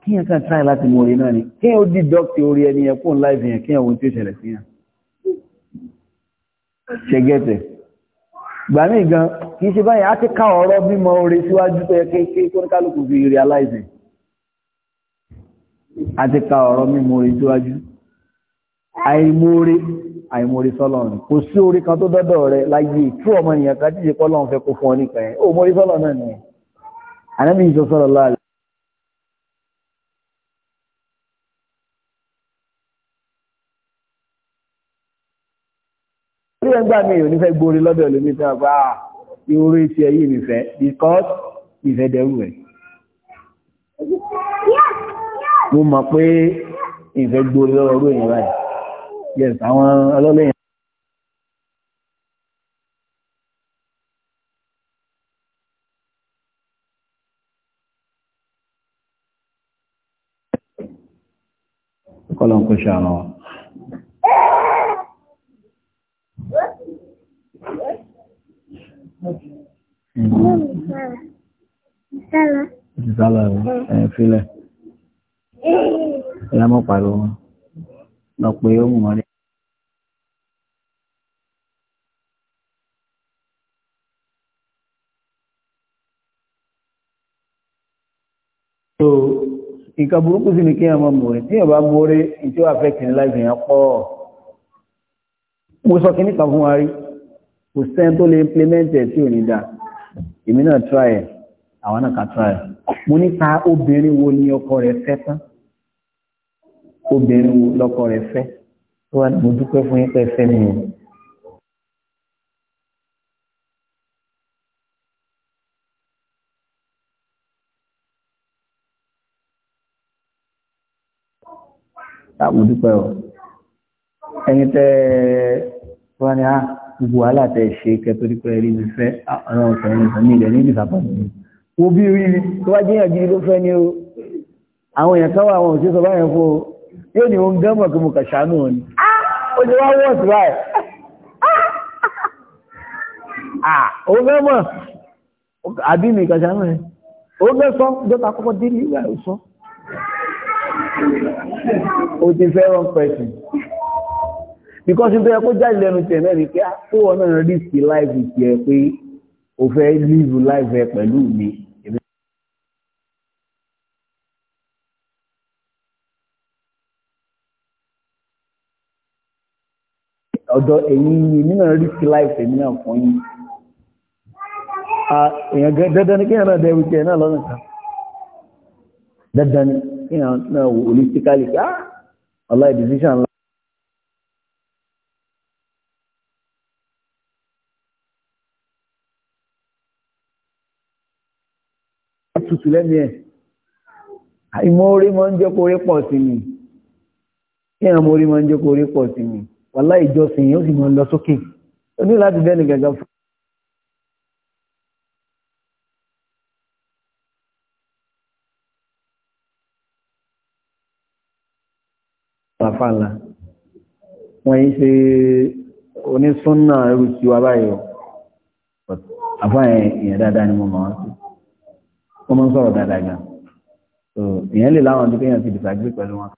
kí yẹn kàn try láti mú orí náà ni kí yẹn ó dì dọ́kítì orí ẹni yẹn fún yẹn kí yẹn wọ́n tí ó ṣẹlẹ̀ sí yẹn ṣe gẹ́tẹ̀ gbàmí gan kì í ṣe báyìí á ti ká ọ̀rọ̀ mímọ orí síwájú tó yẹ kí kí kóníkálùkù fi realize it á ti ká ọ̀rọ̀ mímọ orí síwájú àìmọ orí àìmórí sọ́lọ́run kò sí orí kan tó dọ́dọ̀ rẹ láyé tí ọmọ ènìyàn ká jíjẹ pọ́ lọ́run fẹ́ kó fún ọ nípa ẹ̀ ó mórí sọ́lọ́ náà nìyẹn ànábì yìí sọ́sọ́rọ̀ láàrẹ̀. orí ẹ̀ ń gbà mí ò ní fẹ́ gborí lọ́dọ̀ lómi tí wọ́n bá ìhórí ti ẹ̀ yìí nìfẹ́ because ìfẹ́ dẹ́rù ẹ̀. mo mọ̀ pé ìfẹ́ gborí lọ́rọ̀ ọdún èèyàn báyìí yes àwọn ọlọ́lẹ́yìn kọ́lọ̀n kó ṣàánà wa Ìsálà ẹ̀ fílẹ̀. Ìyá mọ́ pàlú wọn. Lọ pé ó mú wọn nǹkan burúkú sí ni kí ẹ mọ mòrè tí ẹ bá mòrè tí ó affect ní láìpẹ́ yẹn pọ̀ mo sọ kí nípa fún wa rí kò sẹ́ni tó lè implement ẹ̀ tí ò ní dá èmi náà try ẹ̀ àwọn náà kà try ẹ̀ mo obìnrin wo ni ọkọ rẹ̀ fẹ́ tán obìnrin wo lọkọ rẹ̀ fẹ́ tó wà ní mo fún yín pé nìyẹn. àmúdúpẹ́ ah, ọ ẹni tẹ́ wá ní á ah, gbogbo wàhálà tẹ́ ṣe kẹtọ́rí pé rí mi fẹ́ ah, ọ̀rọ̀ ọ̀sán ní ìsàn ní ilẹ̀ ní ìdìsàpọ̀ wo bí rí tó wá jẹ́yàn gidi ló fẹ́ ní o àwọn èèyàn kan wà àwọn òṣèṣọ báyẹn àbí mi kà ṣàánú ẹ̀ òun gẹ́ sọ kọ́kọ́ dé ní ìgbà ìsọ́ o ti fẹ́ wrong person because nítorí ẹkọ́ jáde lẹ́nu tẹ̀ mẹ́rin pé ó ah, wọ́n náà risk life ti ẹ pé o fẹ́ live life ẹ pẹ̀lú mi. ọ̀dọ̀ ẹ̀yin ni èmi náà risk life èmi náà fún yín. Ah, èèyàn dandan ni kéèyàn náà dẹ wípé ẹ náà lọ́nà kan dandan ni kí ni àwọn náà holistically ah ọláì decision ńlá. tutù lẹ́nu ẹ̀ àìmọ́rí máa ń jẹ́ kó rí pọ̀ sí mi kí àmọ́rí máa ń jẹ́ kó rí pọ̀ sí mi wàláì ìjọsìn yóò sì máa lọ sókè ó ní láti bẹ́ẹ̀ ni gàgà fún àfà ńlá wọ́n yí ṣe onísúnnà ẹrù tí wà báyìí àfà èèyàn dáadáa ni mo mọ̀ wọ́n sí wọ́n mọ́ ń sọ̀rọ̀ dáadáa gan èèyàn lè láwọn ọdún kéèyàn ti dìsàgbé pẹ̀lú wọn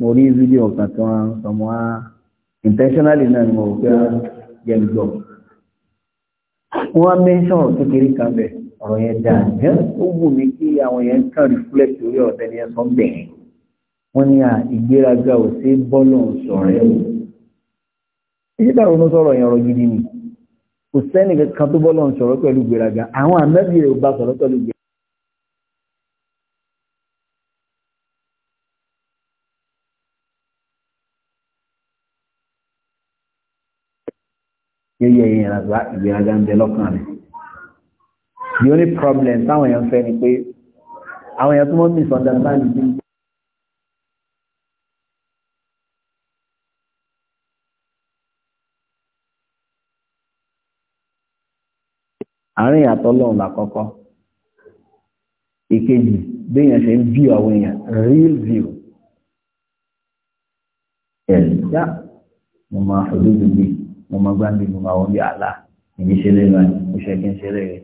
mo rí fídíò kan tí wọ́n sọ mọ́ intentionally náà ni mo fẹ́ jẹ́ gbọ́ wọ́n mẹ́ṣọ̀rọ̀ kékeré kan bẹ̀ ọ̀rọ̀ yẹn dáa jẹ́ ó wù mí kí àwọn yẹn kàn reflect orí ọ̀tẹ́ ní ẹ̀sán bẹ̀rẹ̀ wọ́n ní à ìgbéraga ò sí bọ́lọ̀ sọ̀rọ̀ ẹ̀ wò èyí dàrú ló sọ̀rọ̀ yẹn ọ̀rọ̀ gidi ni kò sẹ́nì kan tó bọ́lọ̀ sọ̀rọ̀ pẹ̀lú ìgbéraga àwọn àmẹ́bí rẹ̀ ò bá sọ̀rọ̀ pẹ̀lú ìgbéraga yẹ́yẹ́ ìyẹ̀nàgbá ń bẹ lọ́kàn rẹ̀ the only problem táwọn èèyàn fẹ́ ni pé àwọn èèyàn tó mọ́ misunderstand bí àárín àtọ́lọ́run lákọ́kọ́ ìkejì béèyàn ṣe ń bí àwọn èèyàn real view ẹ̀yà mo máa fojú gbogbo mo máa gbá níbi mo máa wọ́n bí àlá ìbí ṣe lé náà mo ṣe kí n ṣe lé rẹ̀.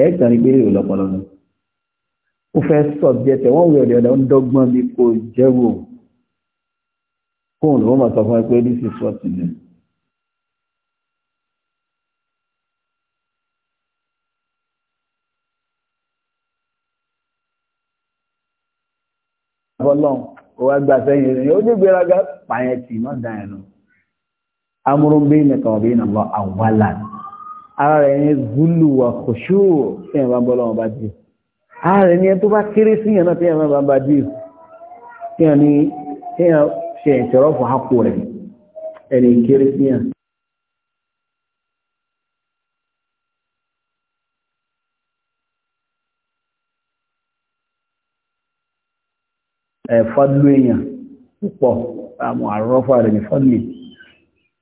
ẹ̀ẹ́dàn ìgbélé ò lọ́pọ̀lọ́ ni ó fẹ́ sọ bí ẹsẹ̀ wọ́n wẹ̀ ọ̀dẹ̀ ń dọ́gbọ́n bí kò jẹ́wò fóònù wọ́n mọ̀ sọ fún ẹ pé this is what you do. ọlọ́run ó wá gbà sẹ́yìn rẹ̀ ó ní gbéraga pààyàn tì má dàn ẹ̀ lọ. amúrúmbí nìkan ọ̀bí nà lọ àwàlà ara rẹ̀ ní zulu wà kòṣù tí yẹn bá ń bọ́ lọ́wọ́ bá dì í. ara rẹ̀ ní ẹ tó bá kéré sí yẹn náà tí yẹn bá bá dì í. tí yẹn ní tí yẹn ṣe ìṣòro fún àpò rẹ̀ ẹni kéré sí yẹn. fọ́dúlú èèyàn púpọ̀ àmọ́ àrọ́fà rẹ̀ ní fọ́dúlù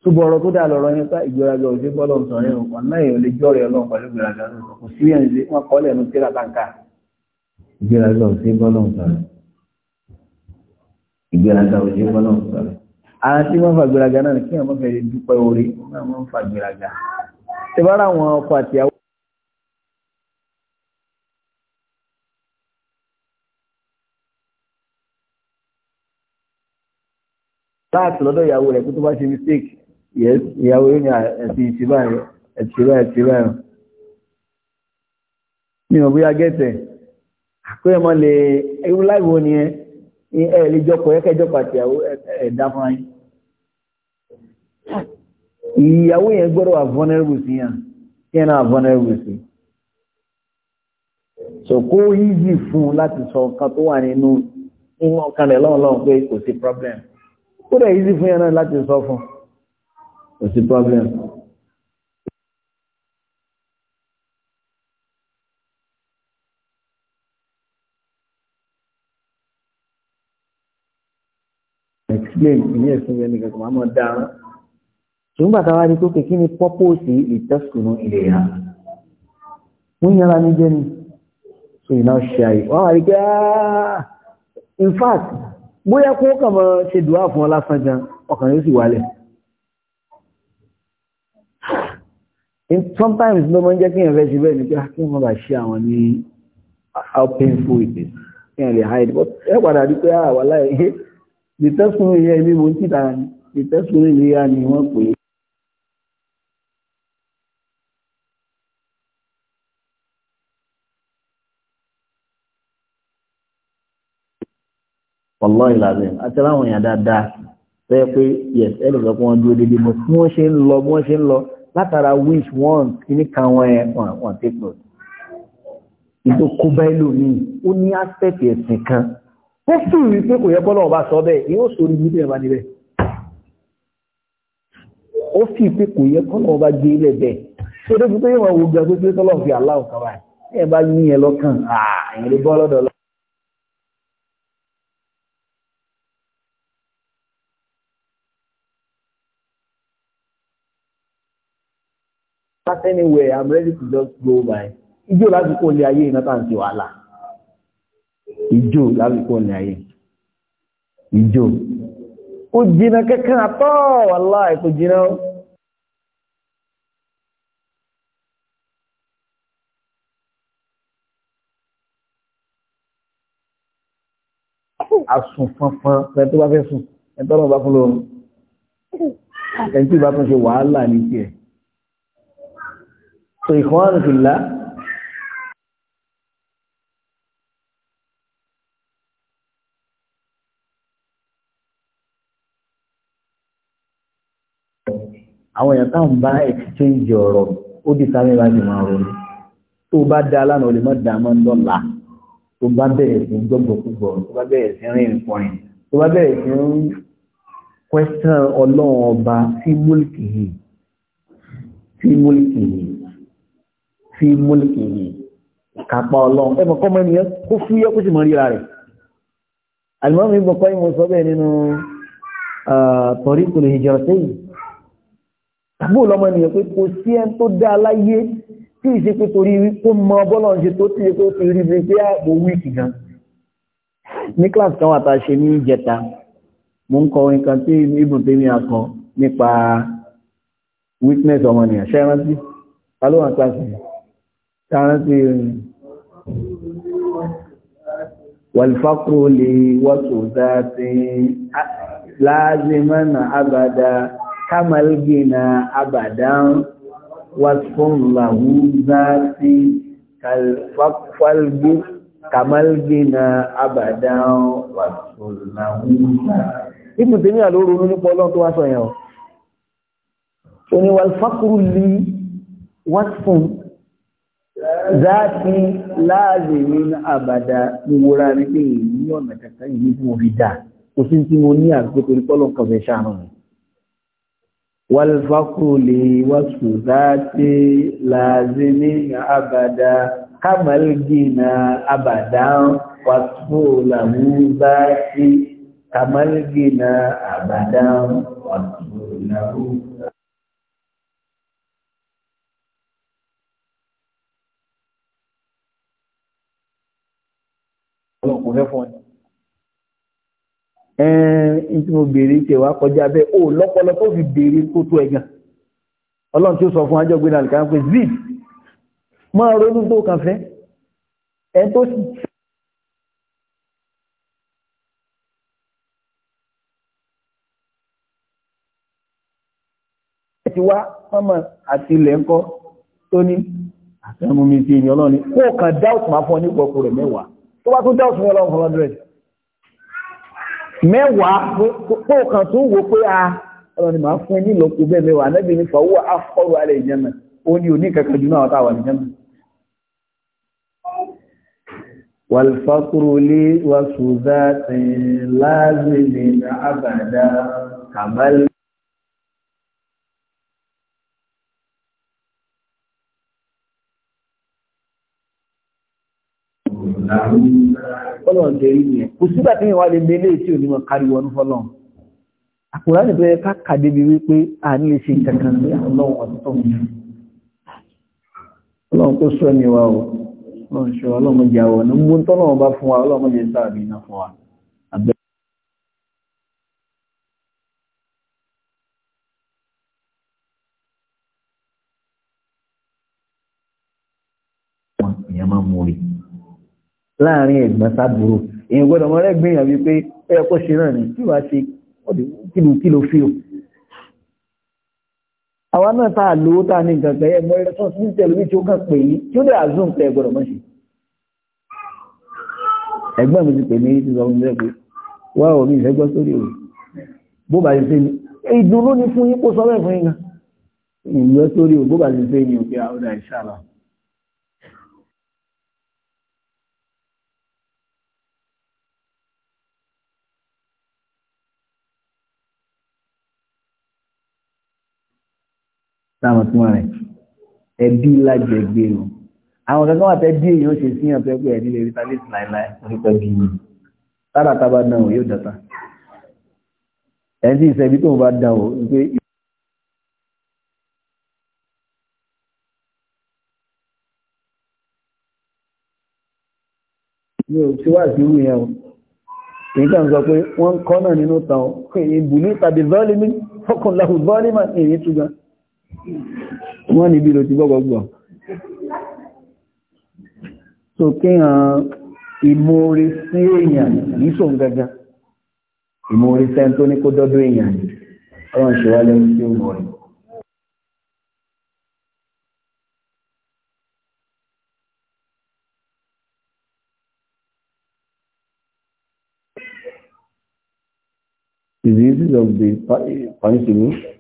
túbọ̀rọ̀ tó dà lọ́rọ̀ yẹn ká ìgbéraga òjò bọ́lọ̀ sọ yẹn wọn náà yóò lè jọ́rẹ̀ ọlọ́run pẹ̀lú ìgbéraga kò sí yẹn ṣe wọn kọ́ lẹ́nu tíra táǹkà ìgbéraga òjò bọ́lọ̀ sọ̀rọ̀ ìgbéraga òjò bọ́lọ̀ sọ̀rọ̀ ara tí sáàtì lọ́dọ̀ ìyàwó rẹ̀ tó bá ṣe mistake ìyàwó yóò ní àti ìtìbá ẹ̀tìbá ẹ̀tìbá ẹ̀ ní ọ̀bí agẹ́tẹ̀ ya mọ́ lè ewu láìwò ní ẹ ẹ̀ lè jọpọ̀ ẹ àti fún ìyàwó yẹn gbọ́dọ̀ wà vulnerable sí yàn kí ẹ̀nà vulnerable sí so kó láti sọ tó wà nínú ọkàn rẹ̀ pé kò sí problem. ó dẹ̀ easy fún yẹn náà láti sọ fún kò sí problem explain ìní ẹ̀sìn yẹn nìkan kò máa mọ̀ dáa ṣùgbọ́n tàwa rí pé kí ni pọ́pọ́sì ìtẹ́sùnú ilẹ̀ ìhà wọ́n yára ní jẹ́ ni so you now share it wọ́n wà rí pé ah, in fact bóyá kó kàn ṣe dùá fún ọ lásán ọkàn yóò sì wálẹ̀ sometimes ló mọ́ ń jẹ́ kí èèyàn fẹ́ ṣe bẹ́ẹ̀ ni pé ah, kí wọ́n bá ṣe àwọn ní how painful it is kí èèyàn lè hide but ẹ padà rí pé àwa ah, láì the test fún ilé ẹni mo ń tìta the test fún ilé wọ́n pè é ọlọ́ ìlànà àti láwọn èèyàn dáadáa fẹ́ pé yes ẹlòmíràn kí wọ́n dúró déédéé mọ́ bí wọ́n ṣe ń lọ bí wọ́n ṣe ń lọ látara wish wọ́n kíní kan wọ́n ẹ̀ wọ́n take note. ìdó kó bá ẹlòmíì ó ní aspect ẹ̀sìn kan ó sì rí pé kò yẹ bọ́lá ọba sọ bẹ́ẹ̀ ni ó sori ní bẹ́ẹ̀ bá níbẹ̀. ó sì pé kò yẹ bọ́lá ọba gbé ilẹ̀ bẹ́ẹ̀ ṣé o débi pé yóò máa wo gbàgbé pé tọ́lọ́ fi aláwọ̀ kaba But anyway, I'm ready to just go by. Ijó lásìkò ilé ayé iná tàǹtì wàhálà. Ijó lásìkò ilé ayé. Ijó. Ó jìnà kẹ́kẹ́ àtọ́ wàhálà ẹ̀kọ́ jìnà. Àsùn fanfan, ẹni tó bá fẹ́ sùn, ẹni tó bá fún lóorun. Ẹni tí ìbá tún ṣe wàhálà ní tiẹ̀ so ikhwan fillah àwọn èèyàn táwọn bá exchange ọ̀rọ̀ ó di sáré láti máa ronú tó bá dá lánàá olè má dá mọ́ ń dọ́là tó bá bẹ̀rẹ̀ sí gbọ́gbọ́kúgbọ́ tó bá bẹ̀rẹ̀ sí rìn ìkọrin tó bá bẹ̀rẹ̀ sí ń question ọlọ́run ọba sí múlìkì yìí sí múlìkì yìí fi múlùkì yìí kápá ọlọ́run ẹ̀mọ̀ kọ́ mọ́ ènìyàn kó fúyẹ́ kó sì mọ́ ríra rẹ̀ àlùmọ́ọ́mù ibùn kọ́ ìmọ̀ sọ bẹ́ẹ̀ nínú tọ̀rí kò lè jẹ́ ọ̀sẹ̀ yìí tàbí ọlọ́mọ ènìyàn pé kò sí ẹni tó dá aláyé tí ìṣe pé torí kó mọ bọ́lọ̀ ń ṣe tó tí ó ti rí bí pé àpò wíìkì gan ní kíláàsì kan wà tá a ṣe ní ìjẹta mo ń kọ orin kan tí ibùn tèmi àkọ nípa witness ọmọnìyàn ṣẹ́rántí ta ló wà kíláàsì yìí tàrántí wàlfàkùrù lè wọ́tò dáadé láàzìmọ́nà àbàdà kàmàlgìnà àbàdà wàtún làwú dáadé kàlfàkùrù kàmàlgìnà àbàdà wàtún làwú dáadé. ibùdó ní àlóró nípa ọlọ́run tó wá sọ yẹn o. òní wàlfàkùrù lè záàtì láàrin nínú àbàdà ìwòrà rí pé èyí ní ọ̀nà kàkà ìlú tí mo fi dà kò sí tí mo ní àgbẹ̀ torí pọ́lọ̀ kan fẹ́ ṣàánú mi. wàlfàkùlé wàsù záàtì láàrin nínú àbàdà kàmàlgìnà àbàdà wàsù làwù záàtì kàmàlgìnà àbàdà wàsù làwù fẹ́ fún ọ ẹ̀ẹ́n tí mo béèrè tẹ̀ wá kọjá bẹ́ẹ̀ ó lọ́pọlọ tó fi béèrè tó tó ẹ̀gàn ọlọ́run tí ó sọ fún ajọ́ gbé nàìjíríà pé zid máa ronú tó kàn fẹ́ ẹ̀ tó sì ti wá ọmọ àti ilẹ̀ ńkọ́ tó ní àtẹ́mú mi ti ènìyàn náà ni kó kàn dáùtù máa fún ọ nípa mẹ́wàá tó bá tún dá òsùn ọlọ́run fún ọdún rẹ̀ mẹ́wàá tó kàn tún wò pé a ah, ọ̀rọ̀ ni màá fún ẹ nílòpọ̀ bẹ́ẹ̀ mẹ́wàá anábì ní fàwọ́ afọ́rù alẹ́ ìjẹ́mẹ̀ ó ní òní kankan jù náà táwà ìjẹ́mẹ̀ wàlfàkúrò wàsùn Fọ́lọ̀ jẹ́ rí ni ẹ̀. Kò sígbà tí ìwà lè mẹ́lé tí ò ní mọ̀ kárí wọnú fọ́lọ̀. Àkùrá ní bẹ́ẹ̀ ká kàdé wípé a ní lè ṣe kankan sí ọlọ́run ọ̀tọ́. Ọlọ́run kó sọ ni wa o. Ọlọ́run ṣe ọlọ́run jẹ́ àwọn ọ̀nà. Gbogbo tọ́lọ́run bá fún wa, ọlọ́run jẹ́ láàrin ẹ̀gbọ́n sábúrò èyàn gbọ́dọ̀ mọ́ rẹ́gbìn yàn wípé ẹ kó ṣe náà ní kí wàá ṣe kílù kílù fíò àwa náà tá a lówó tá a ní nǹkan kan ẹ mọ ẹrẹ tán sí tẹlẹ bí tí ó kàn pè yín tí ó dẹ àzùn pé ẹ gbọ́dọ̀ mọ ṣe ẹ̀gbọ́n mi ti pè mí ti sọ fún mi pé wá òun ìfẹ́ gbọ́ sórí o bó bá ti ṣe ni ìdùnnú ni fún yín kó sọ bẹ́ẹ̀ fún yín gan ìgbẹ́ sórí o bó bá ti ṣe ni òkè àwọn ọ̀dà táwọn tí wọ́n rẹ̀ ẹbí lájẹgbé o àwọn kankan wà tẹ́ bí èyí ó ṣe sí ọ̀pẹ́ pé ẹ̀ní lè rí tálẹ́sì láìláì orípẹ́ bí i tára tábà náà yóò dọ̀tà ẹ̀ńtí ìṣẹ́bí tó bá dà ó pé mi ò tí wà sí irú yẹn o nǹkan sọ pé wọ́n ń kọ́ náà nínú tàn ó pé ìbùnú tàbí vọ́ọ̀lì mi fọ́kànlá vọ́ọ̀lì mà èyí túgbọ́n wọ́n níbi ló ti gbọ́gbọ́gbọ́ so kíyàn ìmóore sí èèyàn yìí sọ gangan ìmóore tó ní kó èèyàn of the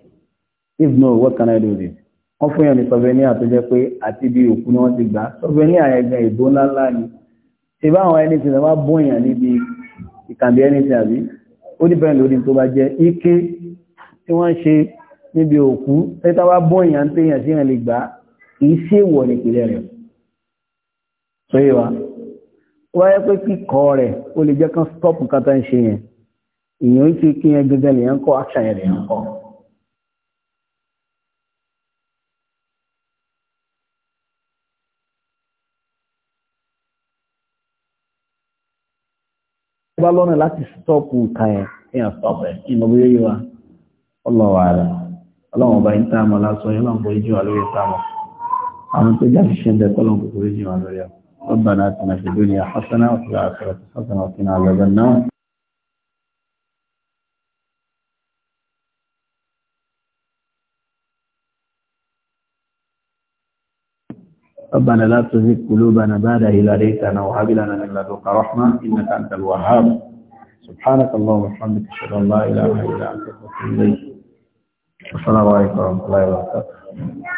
if no what can I do this wọ́n fún yàn ní souvenir tó jẹ́ pé àti bí òkú ni wọ́n ti gbà souvenir yẹn gan ìbò ńláńlá ni ṣe bá àwọn ẹni tí wọ́n bá bún yàn níbi ìkàndé ẹni tí àbí ó dìbẹ̀ lórí tó bá jẹ́ ike tí wọ́n ṣe níbi òkú tẹ́tà bá bún yàn ń tẹ̀yàn sí yàn lè gbà kì í ṣe wọ̀ nípìnlẹ̀ rẹ̀ sọ yé wa wáyé pé kíkọ́ rẹ̀ ó lè jẹ́ kán stop nǹkan tó ń ṣe yẹn ìyẹn ó ti kí yẹn gẹ́gẹ́ lè yẹn kọ́ action yẹn lè yẹn kọ́. bá lọ́nà láti stọ́pù kan ẹ̀ èèyàn stọ́pù ẹ̀ kí ìmọ̀ bóyá yíwa ọlọ́wà rẹ̀ ọlọ́wọ̀n bá ń tá àmọ́ lásán yóò lọ́n borí jíwà lórí tá àmọ́ àwọn tó já ṣiṣẹ́ ń bẹ kọ́lọ́n kò borí jíwà lórí ọ̀ ربنا اتنا في الدنيا حسنه وفي الاخره حسنه وقنا عذاب النار ربنا لا تزغ قلوبنا بعد إذ هديتنا وهب لنا من لدنك رحمة إنك أنت الوهاب سبحانك اللهم وبحمدك أشهد أن لا إله إلا أنت أستغفرك وأتوب إليك السلام عليكم ورحمة الله وبركاته